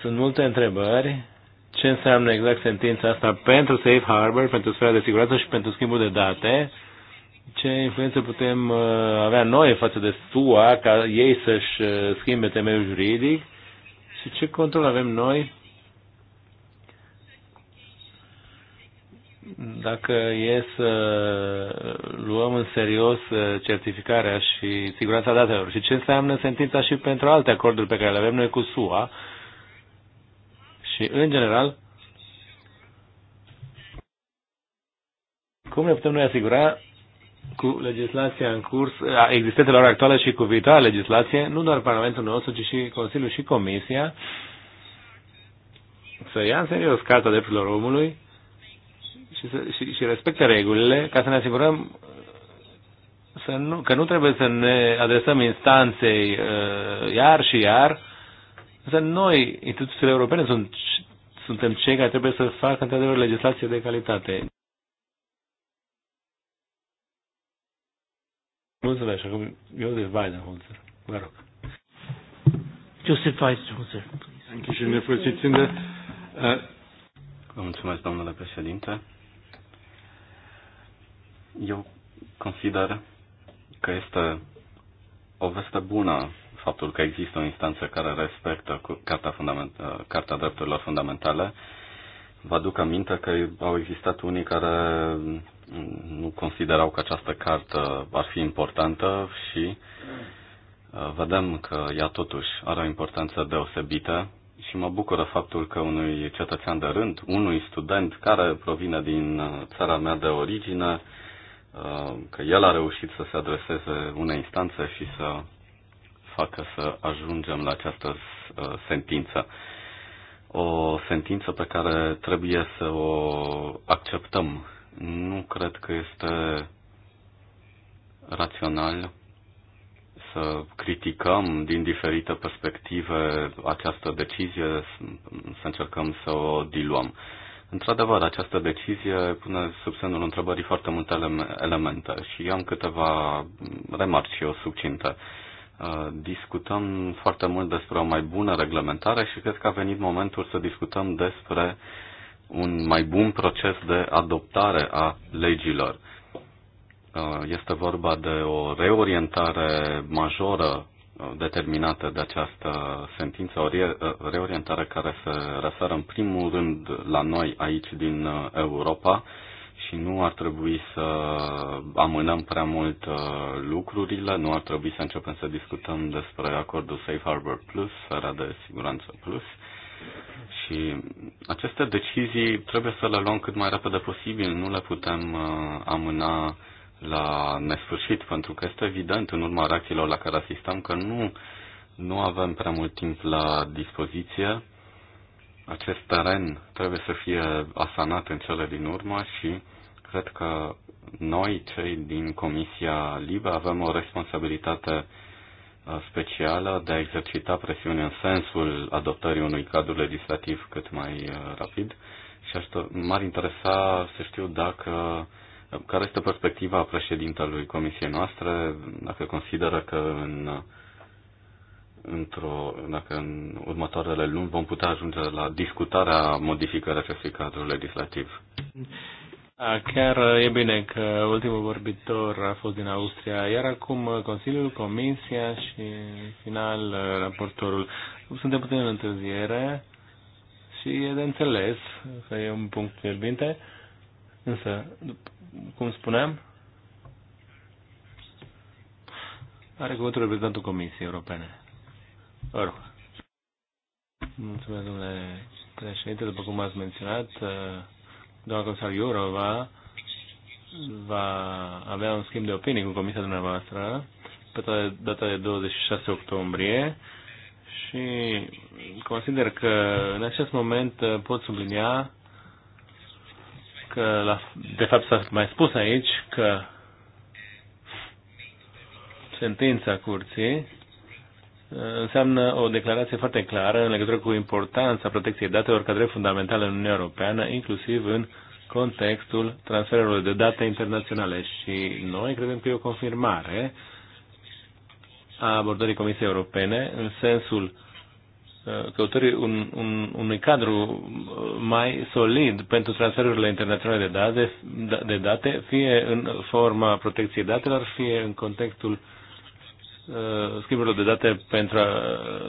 Speaker 2: sunt multe întrebări ce înseamnă exact sentința asta pentru safe harbor, pentru sfera de siguranță și pentru schimbul de date, ce influență putem uh, avea noi față de SUA ca ei să-și uh, schimbe temeiul juridic și ce control avem noi dacă e să luăm în serios uh, certificarea și siguranța datelor și ce înseamnă sentința și pentru alte acorduri pe care le avem noi cu SUA, și, în general, cum ne putem noi asigura cu legislația în curs, existentă la ora actuală și cu viitoarea legislație, nu doar Parlamentul nostru, ci și Consiliul și Comisia, să ia în serios Carta Drepturilor Omului și, să, și, și respecte regulile ca să ne asigurăm să nu, că nu trebuie să ne adresăm instanței uh, iar și iar Însă noi, instituțiile europene, sunt, suntem cei care trebuie să facă într-adevăr legislație de calitate. Mulțumesc. Acum Josef Weidenholzer. Vă rog.
Speaker 1: Josef Weidenholzer. Uh,
Speaker 2: Vă mulțumesc, domnule președinte.
Speaker 3: Eu consider că este o veste bună faptul că există o instanță care respectă Carta, fundament- uh, Carta Drepturilor Fundamentale. Vă aduc aminte că au existat unii care nu considerau că această cartă ar fi importantă și
Speaker 1: uh,
Speaker 3: vedem că ea totuși are o importanță deosebită și mă bucură faptul că unui cetățean de rând, unui student care provine din uh, țara mea de origine, că el a reușit să se adreseze unei instanțe și să facă să ajungem la această uh, sentință. O sentință pe care trebuie să o acceptăm. Nu cred că este rațional să criticăm din diferite perspective această decizie, să încercăm să o diluăm. Într-adevăr, această decizie pune sub semnul întrebării foarte multe elemente și am câteva remarci o succinte. Uh, discutăm foarte mult despre o mai bună reglementare și cred că a venit momentul să discutăm despre un mai bun proces de adoptare a legilor. Uh, este vorba de o reorientare majoră uh, determinată de această sentință, o reorientare care se referă în primul rând la noi aici din Europa, și nu ar trebui să amânăm prea mult uh, lucrurile, nu ar trebui să începem să discutăm despre acordul Safe Harbor Plus, sfera de siguranță plus. Și aceste decizii trebuie să le luăm cât mai repede posibil, nu le putem uh, amâna la nesfârșit, pentru că este evident în urma reacțiilor la care asistăm că nu, nu avem prea mult timp la dispoziție acest teren trebuie să fie asanat în cele din urmă și Cred că noi, cei din Comisia Libe, avem o responsabilitate uh, specială de a exercita presiune în sensul adoptării unui cadru legislativ cât mai uh, rapid și aș, m-ar interesa să știu dacă uh, care este perspectiva președintelui comisiei noastre, dacă consideră că în, într-o, dacă în
Speaker 2: următoarele luni vom
Speaker 3: putea ajunge la discutarea modificării acestui cadru
Speaker 2: legislativ chiar uh, e bine că ultimul vorbitor a fost din Austria, iar acum uh, Consiliul, Comisia și în final uh, raportorul. Suntem puțin în întârziere și e de înțeles că e un punct fierbinte, însă, cum spuneam, are cuvântul reprezentantul Comisiei Europene. Vă Mulțumesc, domnule președinte, după cum ați menționat, doamna comisar Iurova va avea un schimb de opinie cu comisia dumneavoastră pe data de 26 octombrie și consider că în acest moment pot sublinia că, la, de fapt, s-a mai spus aici că sentința curții înseamnă o declarație foarte clară în legătură cu importanța protecției datelor ca drept fundamental în Uniunea Europeană, inclusiv în contextul transferurilor de date internaționale. Și noi credem că e o confirmare a abordării Comisiei Europene în sensul uh, căutării un, un, unui cadru uh, mai solid pentru transferurile internaționale de date, de date, fie în forma protecției datelor, fie în contextul uh, Uh, schimburilor de date pentru, uh,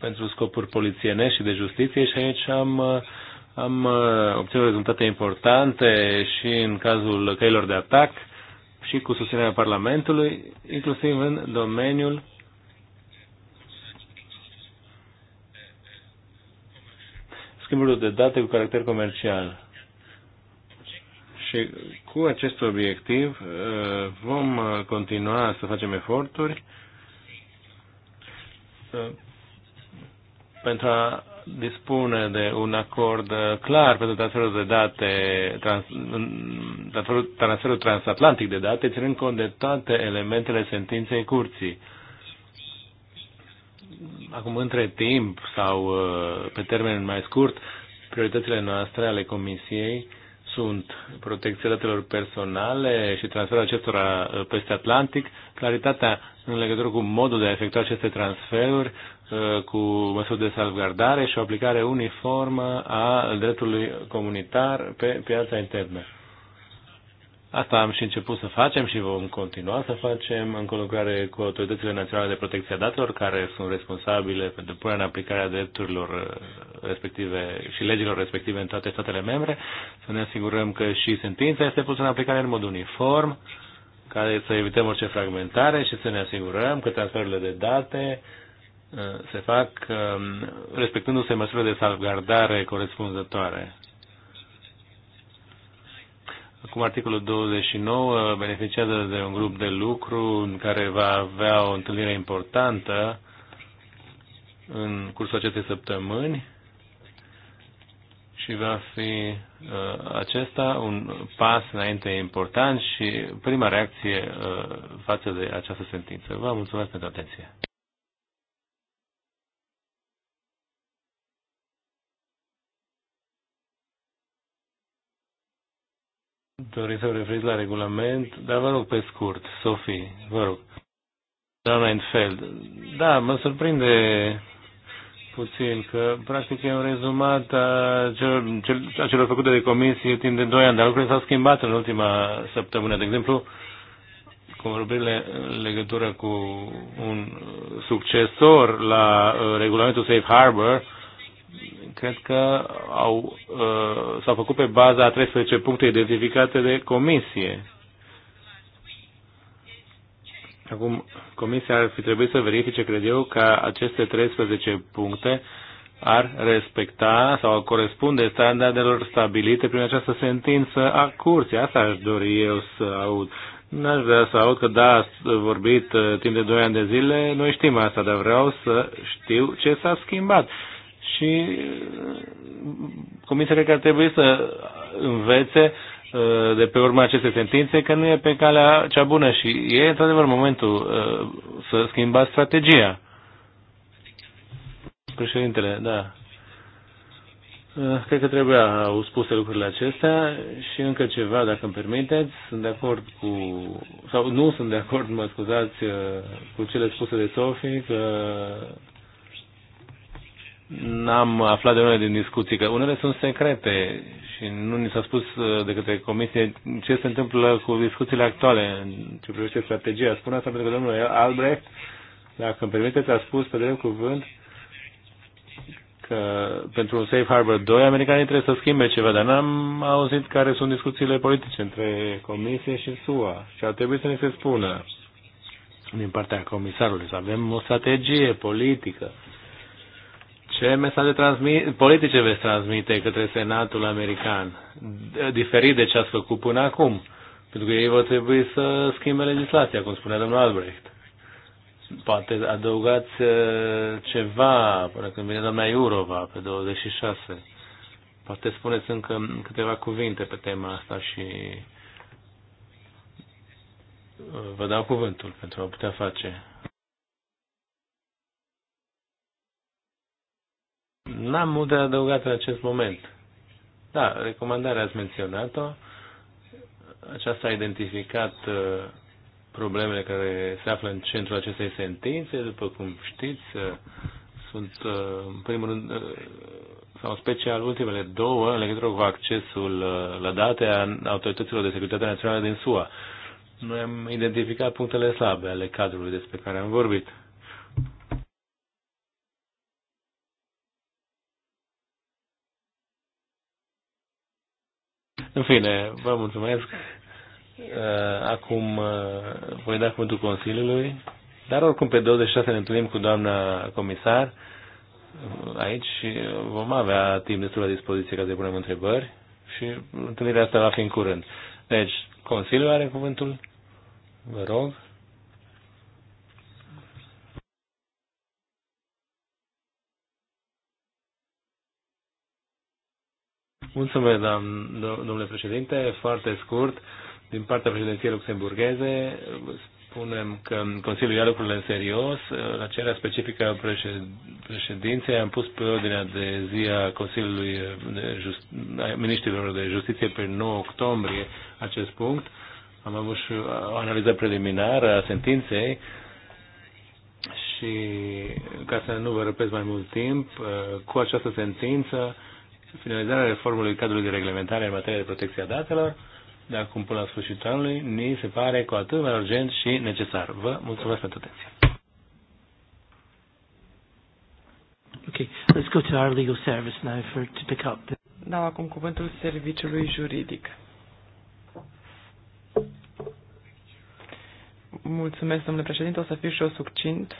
Speaker 2: pentru scopuri polițienești și de justiție și aici am, uh, am obținut rezultate importante și în cazul căilor de atac și cu susținerea Parlamentului, inclusiv în domeniul schimburilor de date cu caracter comercial. Și cu acest obiectiv uh, vom uh, continua să facem eforturi uh, pentru a dispune de un acord clar pentru transferul de date, trans, transferul transatlantic de date, ținând cont de toate elementele sentinței curții. Acum, între timp sau pe termen mai scurt, prioritățile noastre ale Comisiei uh, sunt protecția datelor personale și transferul acestora uh, peste Atlantic, claritatea în legătură cu modul de a efectua aceste transferuri, uh, cu măsuri de salvgardare și o aplicare uniformă a dreptului comunitar pe piața internă. Asta am și început să facem și vom continua să facem în colaborare cu autoritățile naționale de protecție a datelor, care sunt responsabile pentru punerea în aplicare a drepturilor uh, respective și legilor respective în toate statele membre, să ne asigurăm că și sentința este pusă în aplicare în mod uniform, care să evităm orice fragmentare și să ne asigurăm că transferurile de date uh, se fac um, respectându-se măsurile de salvgardare corespunzătoare. Acum articolul 29 beneficiază de un grup de lucru în care va avea o întâlnire importantă în cursul acestei săptămâni și va fi uh, acesta un pas înainte important și prima reacție uh, față de această sentință. Vă mulțumesc pentru atenție. doriți să vă referiți la regulament, dar vă rog pe scurt, Sofie, vă rog. Doamna Enfeld, da, mă surprinde puțin, că practic e un rezumat a celor, a celor făcute de comisie timp de 2 ani, dar lucrurile s-au schimbat în ultima săptămână. De exemplu, convorbirile în legătură cu un succesor la uh, regulamentul Safe Harbor, cred că au, uh, s-au făcut pe baza a 13 puncte identificate de comisie. Acum, comisia ar fi trebuit să verifice, cred eu, că aceste 13 puncte ar respecta sau corespunde standardelor stabilite prin această sentință a curții. Asta aș dori eu să aud. N-aș vrea să aud că da, ați vorbit uh, timp de 2 ani de zile, noi știm asta, dar vreau să știu ce s-a schimbat și uh, Comisia cred că ar trebui să învețe uh, de pe urma acestei sentințe că nu e pe calea cea bună și e într-adevăr momentul uh, să schimbați strategia. Președintele, da. Cred că trebuia spuse lucrurile acestea și încă ceva, dacă îmi permiteți. Sunt de acord cu, sau nu sunt de acord, mă scuzați, cu cele spuse de Sofie, că n-am aflat de unele din discuții, că unele sunt secrete și nu ni s-a spus uh, de către comisie ce se întâmplă cu discuțiile actuale în ce privește strategia. Spune asta pentru că domnul Albrecht, dacă îmi permiteți, a spus pe drept cuvânt că pentru un Safe Harbor 2 americanii trebuie să schimbe ceva, dar n-am auzit care sunt discuțiile politice între comisie și SUA și ar trebui să ne se spună din partea comisarului, să avem o strategie politică ce mesaje transmi- politice veți transmite către Senatul American, diferit de ce ați făcut până acum? Pentru că ei vor trebui să schimbe legislația, cum spunea domnul Albrecht. Poate adăugați uh, ceva până când vine doamna Iurova pe 26. Poate spuneți încă câteva cuvinte pe tema asta și uh, vă dau cuvântul pentru a putea face N-am mult de adăugat în acest moment. Da, recomandarea ați menționat-o. Aceasta a identificat uh, problemele care se află în centrul acestei sentințe. După cum știți, uh, sunt uh, în primul rând sau în special ultimele două în legătură cu accesul la date a autorităților de securitate națională din SUA. Noi am identificat punctele slabe ale cadrului despre care am vorbit. În fine, vă mulțumesc. Uh, acum uh, voi da cuvântul Consiliului, dar oricum pe 26 ne întâlnim cu doamna comisar uh, aici vom avea timp destul la dispoziție ca să punem întrebări și întâlnirea asta va fi în curând. Deci, Consiliul are cuvântul, vă rog. Mulțumesc, domnule președinte. Foarte scurt, din partea președinției luxemburgheze, spunem că Consiliul ia lucrurile în serios. La cererea specifică a președinței am pus pe ordinea de zi a Consiliului de Just, a Ministrilor de Justiție pe 9 octombrie acest punct. Am avut și o analiză preliminară a sentinței și ca să nu vă răpesc mai mult timp, cu această sentință finalizarea reformului cadrului de reglementare în materie de protecție a datelor, de acum până la sfârșitul anului, ni se pare cu atât mai urgent și necesar. Vă mulțumesc pentru atenție.
Speaker 1: Okay, let's go to our legal service now for to pick up. The... Dau acum cuvântul serviciului juridic. Mulțumesc,
Speaker 4: domnule președinte, o să fiu și eu succint,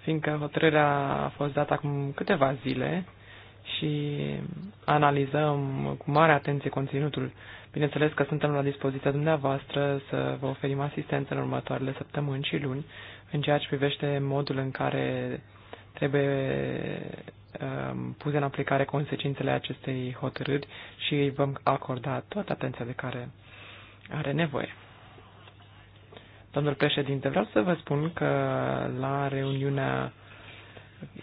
Speaker 4: fiindcă hotărârea a fost dată acum câteva zile și analizăm cu mare atenție conținutul. Bineînțeles că suntem la dispoziția dumneavoastră să vă oferim asistență în următoarele săptămâni și luni în ceea ce privește modul în care trebuie um, puse în aplicare consecințele acestei hotărâri și îi vom acorda toată atenția de care are nevoie. Domnul președinte, vreau să vă spun că la reuniunea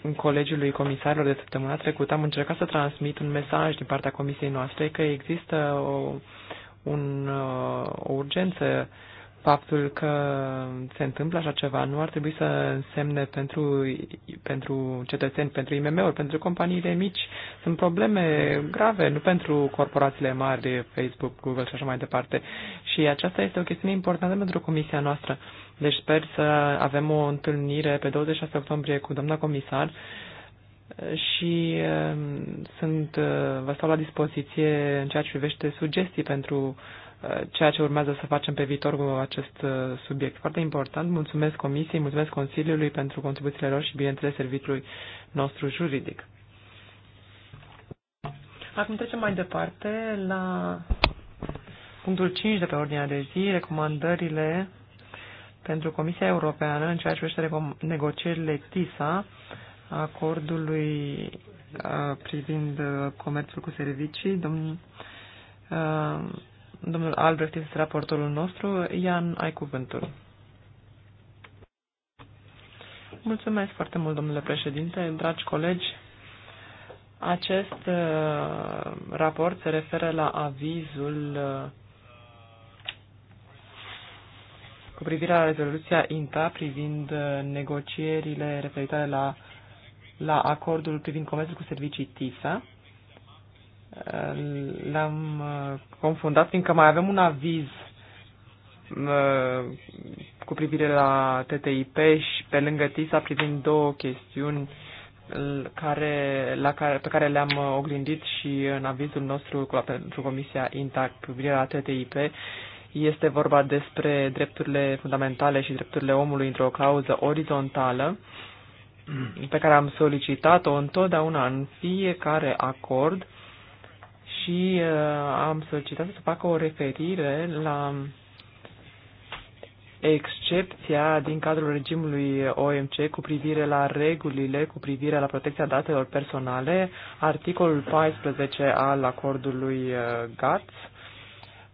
Speaker 4: în Colegiului Comisarilor de săptămâna trecută am încercat să transmit un mesaj din partea comisiei noastre că există o, un, uh, o urgență faptul că se întâmplă așa ceva nu ar trebui să însemne pentru, pentru cetățeni, pentru IMM-uri, pentru companiile mici. Sunt probleme grave, nu pentru corporațiile mari, Facebook, Google și așa mai departe. Și aceasta este o chestiune importantă pentru comisia noastră. Deci sper să avem o întâlnire pe 26 octombrie cu doamna comisar și um, sunt, uh, vă stau la dispoziție în ceea ce privește sugestii pentru uh, Uh, ceea ce urmează să facem pe viitor cu acest uh, subiect. Foarte important, mulțumesc Comisiei, mulțumesc Consiliului pentru contribuțiile lor și, bineînțeles, serviciului nostru juridic. Acum trecem mai departe la punctul 5 de pe ordinea de zi, recomandările pentru Comisia Europeană în ceea ce privește negocierile TISA, acordului uh, privind comerțul cu servicii. Domnul Domnul Albrecht este raportorul nostru. Ian, ai cuvântul. Mulțumesc foarte mult, domnule președinte, dragi colegi. Acest uh, raport se referă la avizul uh, cu privire la rezoluția INTA privind uh, negocierile referitoare la, la acordul privind comerțul cu servicii TISA le-am uh, confundat, fiindcă mai avem un aviz uh, cu privire la TTIP și pe lângă TISA privind două chestiuni care, la care, pe care le-am uh, oglindit și în avizul nostru pentru Comisia INTAC cu privire la TTIP. Este vorba despre drepturile fundamentale și drepturile omului într-o clauză orizontală pe care am solicitat-o întotdeauna în fiecare acord și uh, am solicitat să facă o referire la excepția din cadrul regimului OMC cu privire la regulile cu privire la protecția datelor personale, articolul 14 al acordului uh, GATS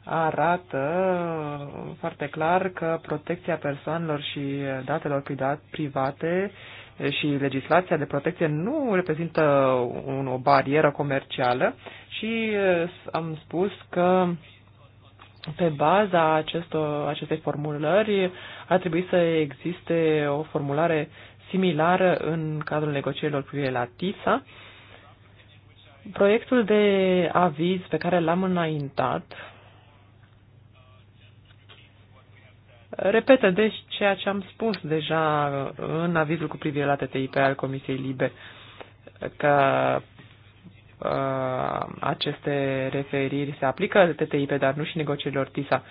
Speaker 4: arată uh, foarte clar că protecția persoanelor și datelor private și legislația de protecție nu reprezintă o barieră comercială, și am spus că pe baza acestor, acestei formulări ar trebui să existe o formulare similară în cadrul negocierilor privire la TISA. Proiectul de aviz pe care l-am înaintat repetă deci ceea ce am spus deja în avizul cu privire la TTIP al Comisiei Libe, că Uh, aceste referiri se aplică TTIP, dar nu și negocierilor TISA.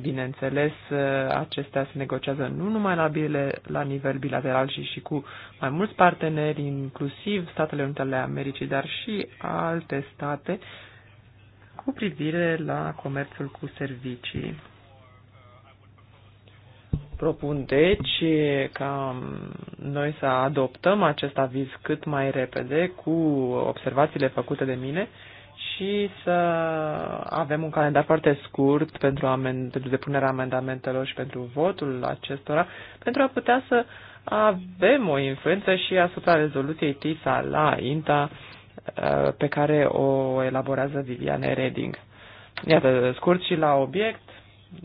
Speaker 4: Bineînțeles, uh, acestea se negociază nu numai la, bile, la nivel bilateral, ci și cu mai mulți parteneri, inclusiv Statele Unite ale Americii, dar și alte state, cu privire la comerțul cu servicii. Propun deci ca noi să adoptăm acest aviz cât mai repede cu observațiile făcute de mine și să avem un calendar foarte scurt pentru, amen- pentru depunerea amendamentelor și pentru votul acestora, pentru a putea să avem o influență și asupra rezoluției TISA la INTA uh, pe care o elaborează Viviane Reding. Iată, scurt și la obiect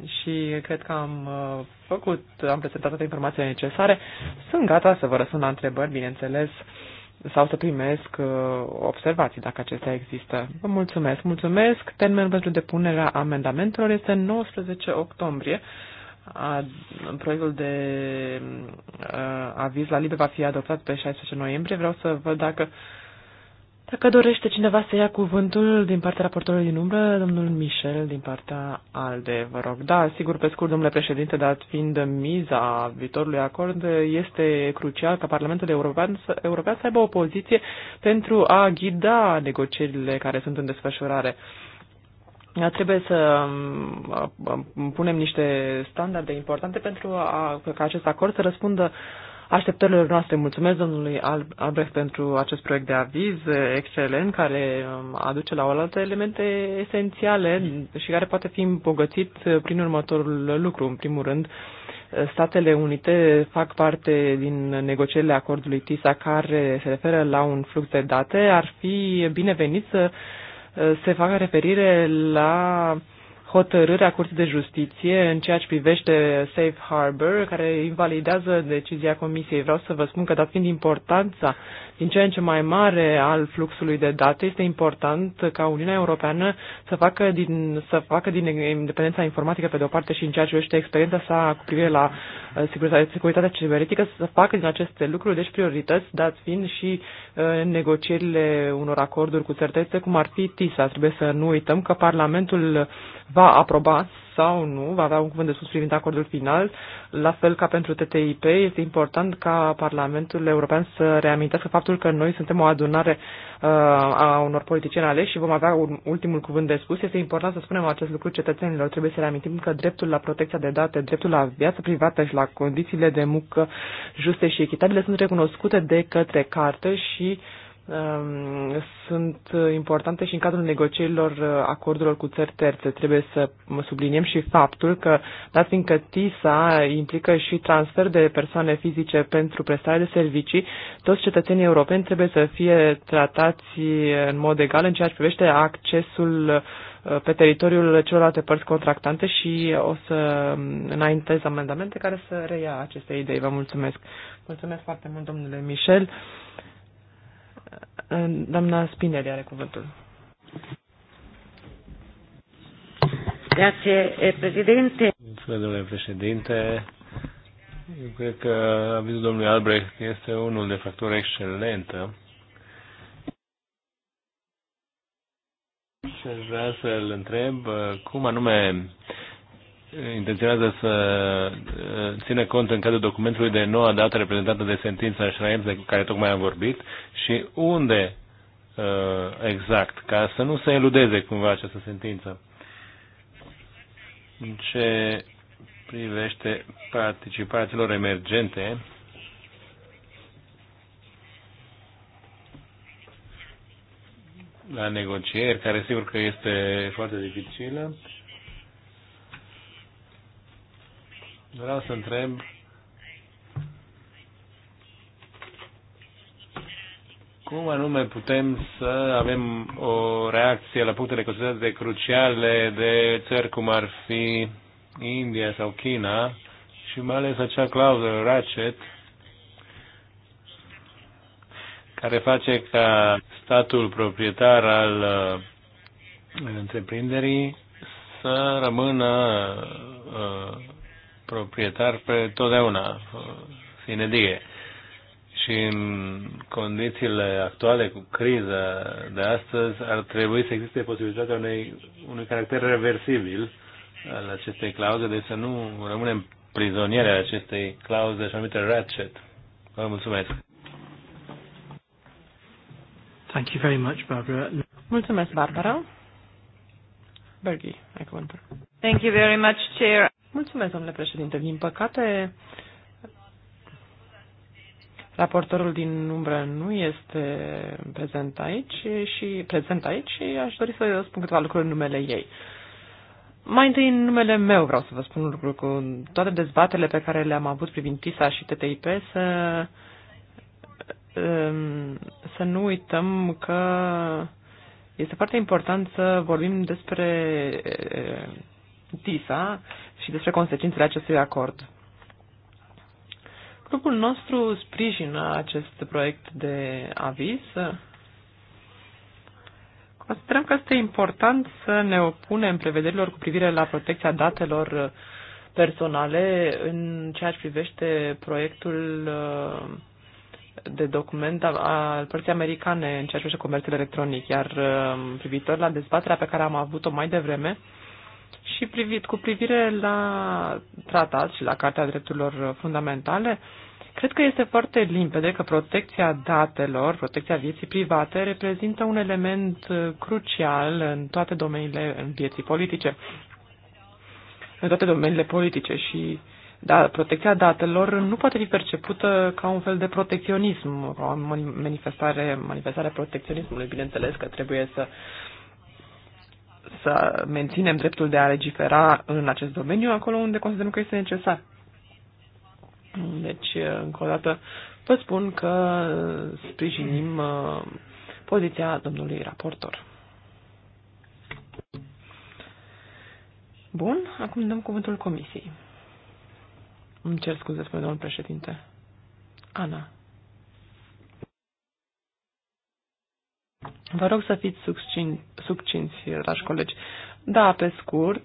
Speaker 4: și cred că am uh, făcut, am prezentat toate informațiile necesare. Sunt gata să vă răspund la întrebări, bineînțeles, sau să primesc uh, observații dacă acestea există. Vă mulțumesc. Mulțumesc. Termenul pentru depunerea amendamentelor este 19 octombrie. A, proiectul de uh, aviz la liber va fi adoptat pe 16 noiembrie. Vreau să văd dacă dacă dorește cineva să ia cuvântul din partea raportorului din umbră, domnul Michel, din partea ALDE, vă rog. Da, sigur, pe scurt, domnule președinte, dar fiind miza viitorului acord, este crucial ca Parlamentul European să, European să aibă o poziție pentru a ghida negocierile care sunt în desfășurare. Trebuie să um, um, punem niște standarde importante pentru a, ca acest acord să răspundă uh, așteptărilor noastre. Mulțumesc domnului Albrecht pentru acest proiect de aviz excelent care um, aduce la oaltă elemente esențiale și care poate fi îmbogățit prin următorul lucru. În primul rând, Statele Unite fac parte din negocierile acordului TISA care se referă la un flux de date. Ar fi binevenit să uh, se facă referire la uh, hotărârea Curții de Justiție în ceea ce privește Safe Harbor, care invalidează decizia Comisiei. Vreau să vă spun că, dat fiind importanța din ce în ce mai mare al fluxului de date, este important ca Uniunea Europeană să facă din, să facă din independența informatică pe de o parte și în ceea ce este experiența sa cu privire la uh, securitatea, securitatea cibernetică, să facă din aceste lucruri, deci priorități, dați fiind și uh, negocierile unor acorduri cu certețe, cum ar fi TISA. Trebuie să nu uităm că Parlamentul va aproba sau nu va avea un cuvânt de spus privind acordul final, la fel ca pentru TTIP, este important ca Parlamentul European să reamintească faptul că noi suntem o adunare uh, a unor politicieni aleși și vom avea un ultimul cuvânt de spus. Este important să spunem acest lucru cetățenilor. Trebuie să reamintim că dreptul la protecția de date, dreptul la viață privată și la condițiile de muncă juste și echitabile sunt recunoscute de către carte și uh, Um, sunt importante și în cadrul negocierilor uh, acordurilor cu țări terțe. Trebuie să subliniem și faptul că, dat fiindcă TISA implică și transfer de persoane fizice pentru prestare de servicii, toți cetățenii europeni trebuie să fie tratați în mod egal în ceea ce privește accesul uh, pe teritoriul celorlalte părți contractante și o să înaintez amendamente care să reia aceste idei. Vă mulțumesc. Mulțumesc foarte mult, domnule Michel. Doamna Spinelli are cuvântul.
Speaker 1: Grazie, eh, președinte.
Speaker 2: Mulțumesc, domnule președinte. Eu cred că avizul domnului Albrecht este unul de factură excelentă. Și aș vrea să-l întreb eh, cum anume intenționează să uh, țină cont în cadrul documentului de noua dată reprezentată de sentința Schreiber de care tocmai am vorbit și unde uh, exact, ca să nu se eludeze cumva această sentință. În ce privește participațiilor emergente, la negocieri, care sigur că este foarte dificilă, Vreau să întreb Cum anume putem să avem o reacție la punctele considerate cruciale de țări cum ar fi India sau China și mai ales acea clauză ratchet care face ca statul proprietar al uh, întreprinderii să rămână uh, proprietar pe totdeauna, sine die. Și în condițiile actuale cu criza de astăzi ar trebui să existe posibilitatea unei, unui caracter reversibil al acestei clauze, de să nu rămânem prizoniere ale acestei clauze și anumite ratchet. Vă mulțumesc!
Speaker 1: Thank you very much, Barbara. Mulțumesc, Barbara. Bergi, ai cuvântul.
Speaker 4: Thank you very much, Chair. Mulțumesc, domnule președinte. Din păcate, raportorul din umbră nu este prezent aici și prezent aici și aș dori să spun câteva lucruri în numele ei. Mai întâi în numele meu vreau să vă spun un lucru cu toate dezbatele pe care le-am avut privind TISA și TTIP să um, să nu uităm că este foarte important să vorbim despre um, TISA și despre consecințele acestui acord. Grupul nostru sprijină acest proiect de aviz. Considerăm că este important să ne opunem prevederilor cu privire la protecția datelor personale în ceea ce privește proiectul uh, de document al părții americane în ceea ce privește comerțul electronic, iar uh, privitor la dezbaterea pe care am avut-o mai devreme, și privit, cu privire la tratat și la Cartea Drepturilor Fundamentale, cred că este foarte limpede că protecția datelor, protecția vieții private, reprezintă un element uh, crucial în toate domeniile în vieții politice. În toate domeniile politice și da, protecția datelor nu poate fi percepută ca un fel de protecționism, o manifestare, manifestare protecționismului. Bineînțeles că trebuie să uh, să menținem dreptul de a legifera în acest domeniu acolo unde considerăm că este necesar. Deci, încă o dată, vă spun că sprijinim uh, poziția domnului raportor. Bun, acum dăm cuvântul comisiei. Îmi cer scuze, spune domnul președinte. Ana. Vă rog să fiți succinți, dragi colegi. Da, pe scurt,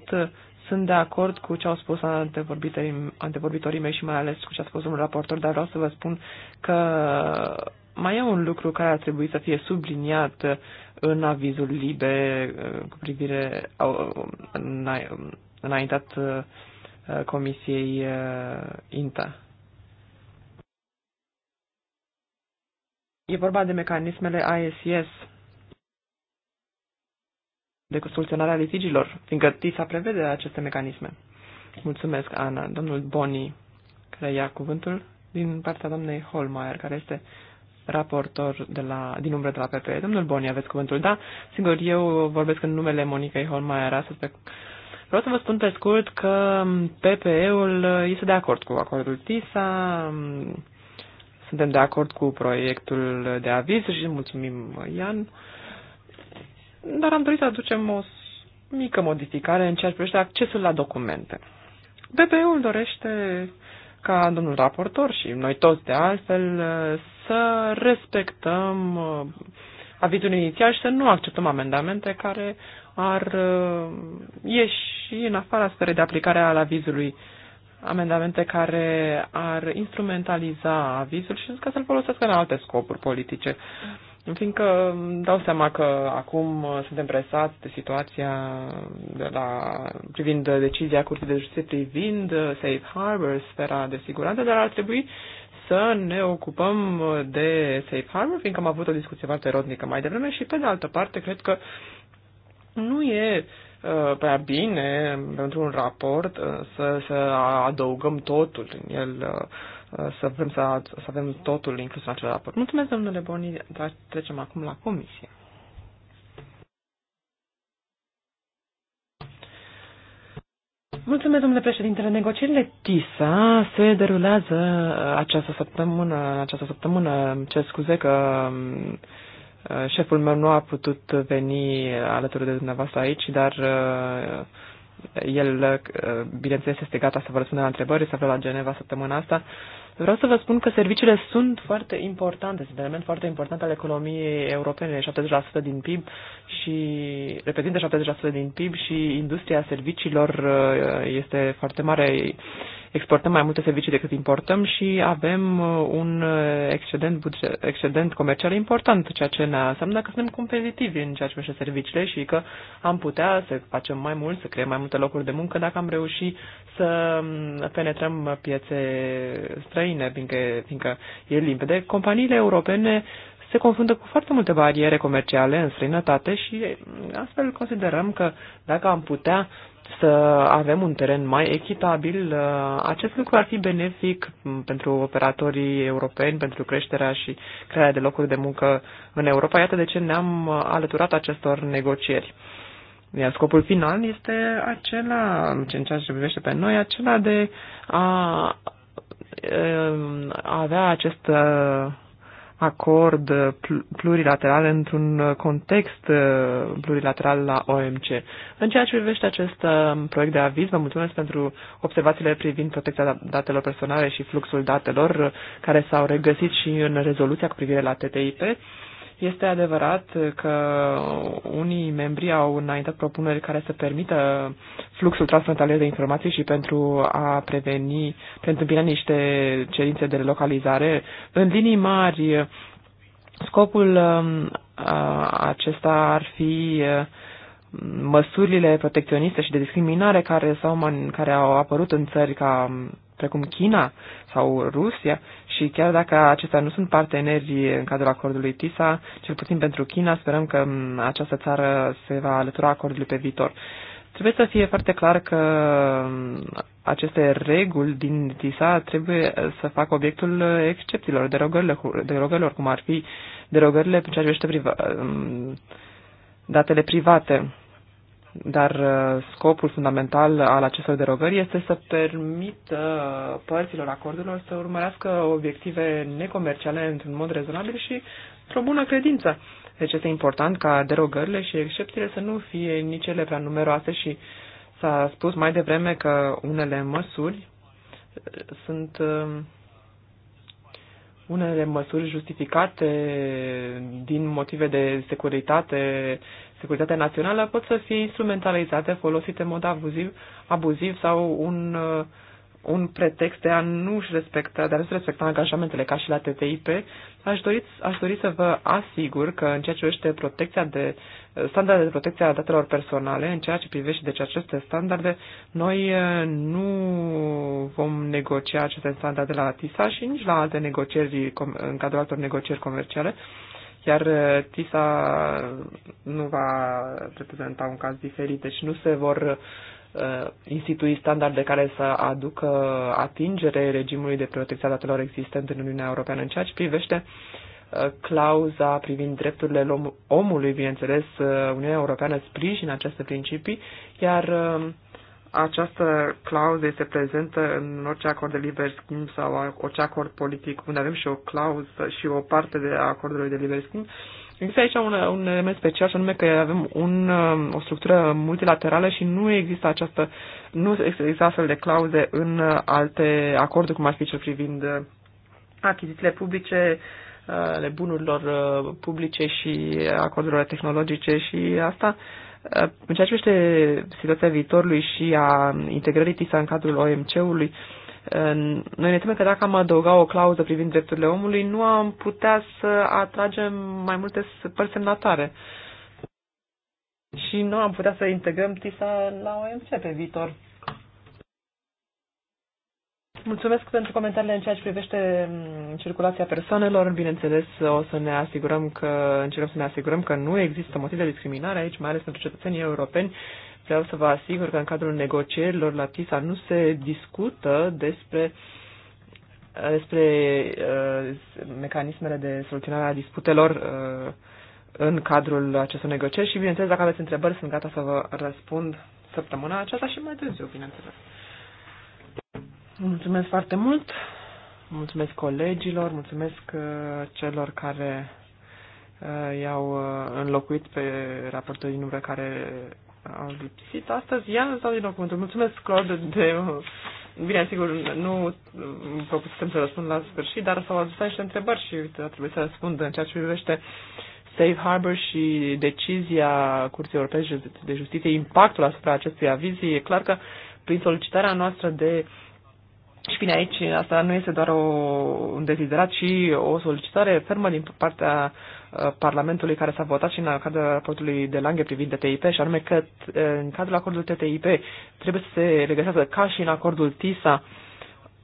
Speaker 4: sunt de acord cu ce au spus antevorbitorii, antevorbitorii mei și mai ales cu ce a spus un raportor, dar vreau să vă spun că mai e un lucru care ar trebui să fie subliniat în avizul libe uh, cu privire uh, înaintat uh, comisiei INTA. E vorba de mecanismele ISIS, de soluționarea litigilor, fiindcă TISA prevede aceste mecanisme. Mulțumesc, Ana. Domnul Boni, care ia cuvântul din partea doamnei Holmeier, care este raportor de la, din umbră de la PP. Domnul Boni, aveți cuvântul, da? Sigur, eu vorbesc în numele Monicăi Holmeier astăzi pe... Vreau să vă spun pe scurt că PPE-ul este de acord cu acordul TISA, suntem de acord cu proiectul de aviz și mulțumim, Ian. Dar am dorit să aducem o mică modificare în ceea ce privește accesul la documente. BPE-ul dorește ca domnul raportor și noi toți de altfel uh, să respectăm uh, avizul inițial și să nu acceptăm amendamente care ar uh, ieși în afara sferei de aplicare al avizului amendamente care ar instrumentaliza avizul și ca să-l folosească în alte scopuri politice. Fiindcă dau seama că acum suntem presați de situația de la, privind decizia Curții de Justiție privind Safe Harbor, sfera de siguranță, dar ar trebui să ne ocupăm de Safe Harbor, fiindcă am avut o discuție foarte rodnică mai devreme și, pe de altă parte, cred că nu e uh, Uh, prea bine pentru un raport uh, să, să adăugăm totul în el, uh, să vrem să, să avem totul inclus în acel raport. Mulțumesc, domnule Boni, dar trecem acum la comisie. Mulțumesc, domnule președintele. Negocierile TISA se derulează această săptămână, această săptămână, ce scuze că um, Uh, șeful meu nu a putut veni alături de dumneavoastră aici, dar uh, el, uh, bineînțeles, este gata să vă răspundă la întrebări, să vă la Geneva săptămâna asta. Vreau să vă spun că serviciile sunt foarte importante, sunt element foarte important al economiei europene, 70% din PIB și reprezintă 70% din PIB și industria serviciilor este foarte mare exportăm mai multe servicii decât importăm și avem uh, un uh, excedent, buget, excedent comercial important, ceea ce ne înseamnă că suntem competitivi în ceea ce privește serviciile și că am putea să facem mai mult, să creăm mai multe locuri de muncă dacă am reușit să um, penetrăm piețe străine, fiindcă, fiindcă e limpede. Companiile europene se confruntă cu foarte multe bariere comerciale în străinătate și um, astfel considerăm că dacă am putea să avem un teren mai echitabil. Uh, acest lucru ar fi benefic pentru operatorii europeni, pentru creșterea și crearea de locuri de muncă în Europa. Iată de ce ne-am alăturat acestor negocieri. Iar scopul final este acela, în ceea ce privește pe noi, acela de a, a uh, avea acest uh, acord uh, plurilateral într-un uh, context uh, plurilateral la OMC. În ceea ce privește acest um, proiect de aviz, vă mulțumesc pentru observațiile privind protecția datelor personale și fluxul datelor care s-au regăsit și în rezoluția cu privire la TTIP este adevărat că unii membri au înaintat propuneri care să permită fluxul transfrontalier de informații și pentru a preveni, pentru bine niște cerințe de localizare. În linii mari, scopul um, acesta ar fi uh, măsurile protecționiste și de discriminare care, s-au, care au apărut în țări ca precum China sau Rusia și chiar dacă acestea nu sunt parteneri în cadrul acordului TISA, cel puțin pentru China, sperăm că această țară se va alătura acordului pe viitor. Trebuie să fie foarte clar că aceste reguli din TISA trebuie să facă obiectul excepțiilor, derogărilor, cum ar fi derogările în ceea ce priva, datele private. Dar uh, scopul fundamental al acestor derogări este să permită uh, părților acordurilor să urmărească obiective necomerciale într-un mod rezonabil și într-o bună credință. Deci este important ca derogările și excepțiile să nu fie nici ele prea numeroase și s-a spus mai devreme că unele măsuri uh, sunt unele măsuri justificate din motive de securitate securitatea națională pot să fie instrumentalizate, folosite în mod abuziv, abuziv sau un, uh, un pretext de a nu-și respecta, de a nu respecta angajamentele ca și la TTIP. Aș dori, aș dori să vă asigur că în ceea ce privește protecția de uh, standarde de protecție a datelor personale, în ceea ce privește deci aceste standarde, noi uh, nu vom negocia aceste standarde la TISA și nici la alte negocieri în cadrul altor negocieri comerciale Chiar uh, TISA nu va reprezenta un caz diferit, deci nu se vor uh, institui standarde care să aducă atingere regimului de protecție a datelor existente în Uniunea Europeană în ceea ce privește uh, clauza privind drepturile omului, bineînțeles, Uniunea Europeană sprijină aceste principii, iar această clauză este prezentă în orice acord de liber schimb sau orice acord politic, unde avem și o clauză și o parte de acordului de liber schimb, Există aici un, un element special, și anume că avem un, um, o structură multilaterală și nu există această, nu există astfel de clauze în alte acorduri, cum ar fi cel privind achizițiile publice, ale uh, bunurilor uh, publice și acordurile tehnologice și asta în ceea ce privește situația viitorului și a integrării TISA în cadrul OMC-ului, noi ne temem că dacă am adăuga o clauză privind drepturile omului, nu am putea să atragem mai multe părți semnatare. Și nu am putea să integrăm TISA la OMC pe viitor. Mulțumesc pentru comentariile în ceea ce privește mm, circulația persoanelor. Bineînțeles, o să ne asigurăm că încercăm să ne asigurăm că nu există motive de discriminare aici, mai ales pentru cetățenii europeni. Vreau să vă asigur că în cadrul negocierilor la TISA nu se discută despre despre uh, mecanismele de soluționare a disputelor uh, în cadrul acestor negocieri și, bineînțeles, dacă aveți întrebări, sunt gata să vă răspund săptămâna aceasta și mai târziu, bineînțeles. Mulțumesc foarte mult. Mulțumesc colegilor, mulțumesc uh, celor care uh, i-au uh, înlocuit pe raportul din umbră care au lipsit astăzi. Ia îți din nou cuvântul. Mulțumesc, Claude, de... Bine, sigur, nu propusem să răspund la sfârșit, dar s-au adus niște întrebări și uite, a trebuit să răspund în ceea ce privește Safe Harbor și decizia Curții Europene de Justiție, impactul asupra acestui aviz. E clar că prin solicitarea noastră de uh, și bine, aici asta nu este doar o, un deziderat, ci o solicitare fermă din partea uh, Parlamentului care s-a votat și în cadrul raportului de Lange privind TTIP, și anume că uh, în cadrul acordului TTIP trebuie să se regăsească ca și în acordul TISA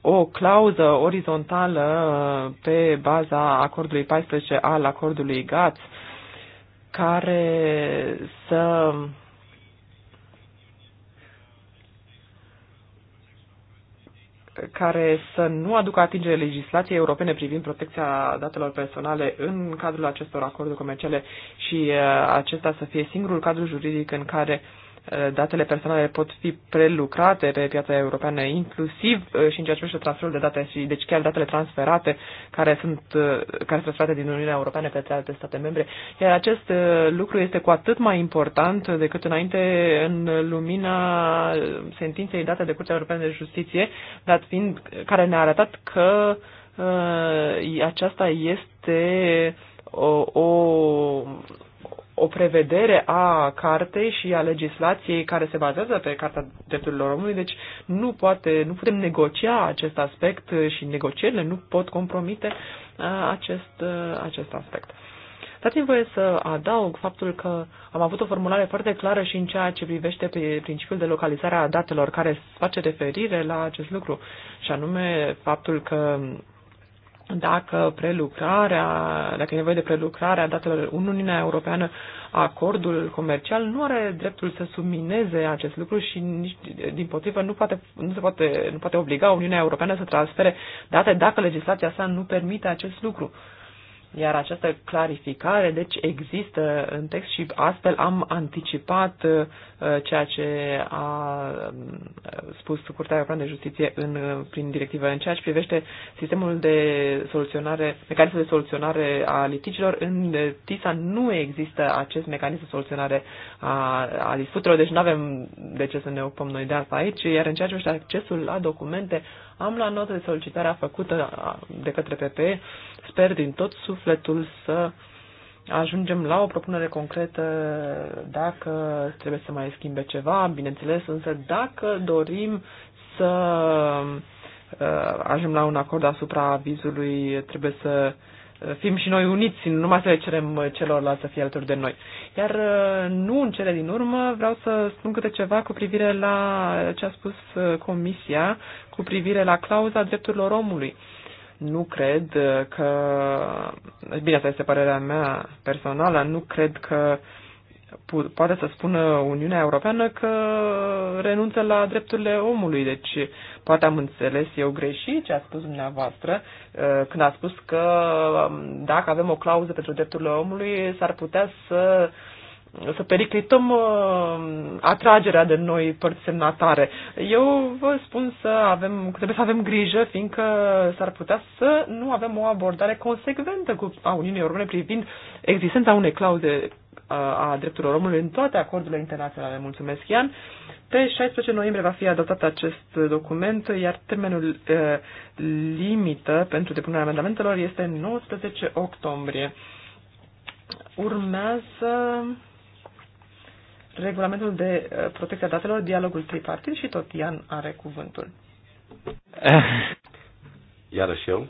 Speaker 4: o clauză orizontală uh, pe baza acordului 14 al acordului GATS care să care să nu aducă atingere legislației europene privind protecția datelor personale în cadrul acestor acorduri comerciale și uh, acesta să fie singurul cadru juridic în care uh, Eh, datele personale pot fi prelucrate pe piața europeană, inclusiv eh, și în ceea ce privește transferul de date și deci chiar datele transferate care sunt eh, care sunt transferate din Uniunea Europeană pe alte state membre. Iar acest lucru este cu atât mai important decât înainte în lumina sentinței date de Curtea Europeană de Justiție, dat fiind care ne-a arătat că uh, aceasta este o, o, o prevedere a cartei și a legislației care se bazează pe Carta Drepturilor Omului, deci nu, poate, nu putem negocia acest aspect și negocierile nu pot compromite uh, acest, uh, acest aspect. Dați-mi voie să adaug faptul că am avut o formulare foarte clară și în ceea ce privește pe principiul de localizare a datelor, care face referire la acest lucru, și anume faptul că dacă prelucrarea, dacă e nevoie de prelucrarea datelor în Uniunea Europeană, acordul comercial nu are dreptul să submineze acest lucru și nici, din potrivă nu, poate, nu, se poate, nu poate obliga Uniunea Europeană să transfere date dacă legislația sa nu permite acest lucru. Iar această clarificare, deci, există în text și astfel am anticipat uh, ceea ce a um, spus Curtea Europeană de Justiție în, uh, prin directivă în ceea ce privește sistemul de soluționare, mecanismul de soluționare a litigilor. În TISA nu există acest mecanism de soluționare a, a disputelor, deci nu avem de ce să ne ocupăm noi de asta aici. Iar în ceea ce privește accesul la documente, am la notă solicitarea făcută de către PP. Sper din tot sufletul să ajungem la o propunere concretă dacă trebuie să mai schimbe ceva, bineînțeles, însă dacă dorim să uh, ajungem la un acord asupra vizului, trebuie să fim și noi uniți, nu numai să le cerem uh, celorlalți să fie alături de noi. Iar uh, nu în cele din urmă vreau să spun câte ceva cu privire la ce a spus uh, Comisia, cu privire la clauza drepturilor omului. Nu cred că, bine, asta este părerea mea personală, nu cred că poate să spună Uniunea Europeană că renunță la drepturile omului. Deci Poate am înțeles eu greșit ce a spus dumneavoastră uh, când a spus că um, dacă avem o clauză pentru drepturile omului, s-ar putea să să periclităm uh, atragerea de noi părți semnatare. Eu vă spun să avem, trebuie să avem grijă, fiindcă s-ar putea să nu avem o abordare consecventă cu a Uniunii Europene privind existența unei clauze a drepturilor omului în toate acordurile internaționale. Mulțumesc, Ian. Pe 16 noiembrie va fi adoptat acest document, iar termenul limită pentru depunerea amendamentelor este 19 octombrie. Urmează regulamentul de protecție a datelor, dialogul tripartit și tot Ian are cuvântul.
Speaker 1: Eh.
Speaker 3: Iarăși eu.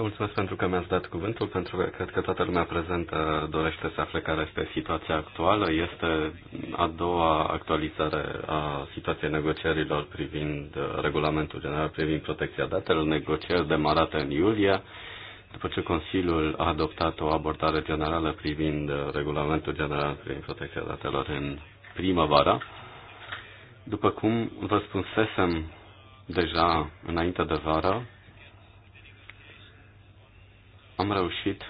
Speaker 3: Vă mulțumesc pentru că mi-ați dat cuvântul, pentru că cred că toată lumea prezentă dorește să afle care este situația actuală. Este a doua actualizare a situației negocierilor privind uh, regulamentul general privind protecția datelor, negocieri demarate în iulie, după ce Consiliul a adoptat o abordare generală privind uh, regulamentul general privind protecția datelor în primăvara. După cum vă spunsesem deja înainte de vară, am reușit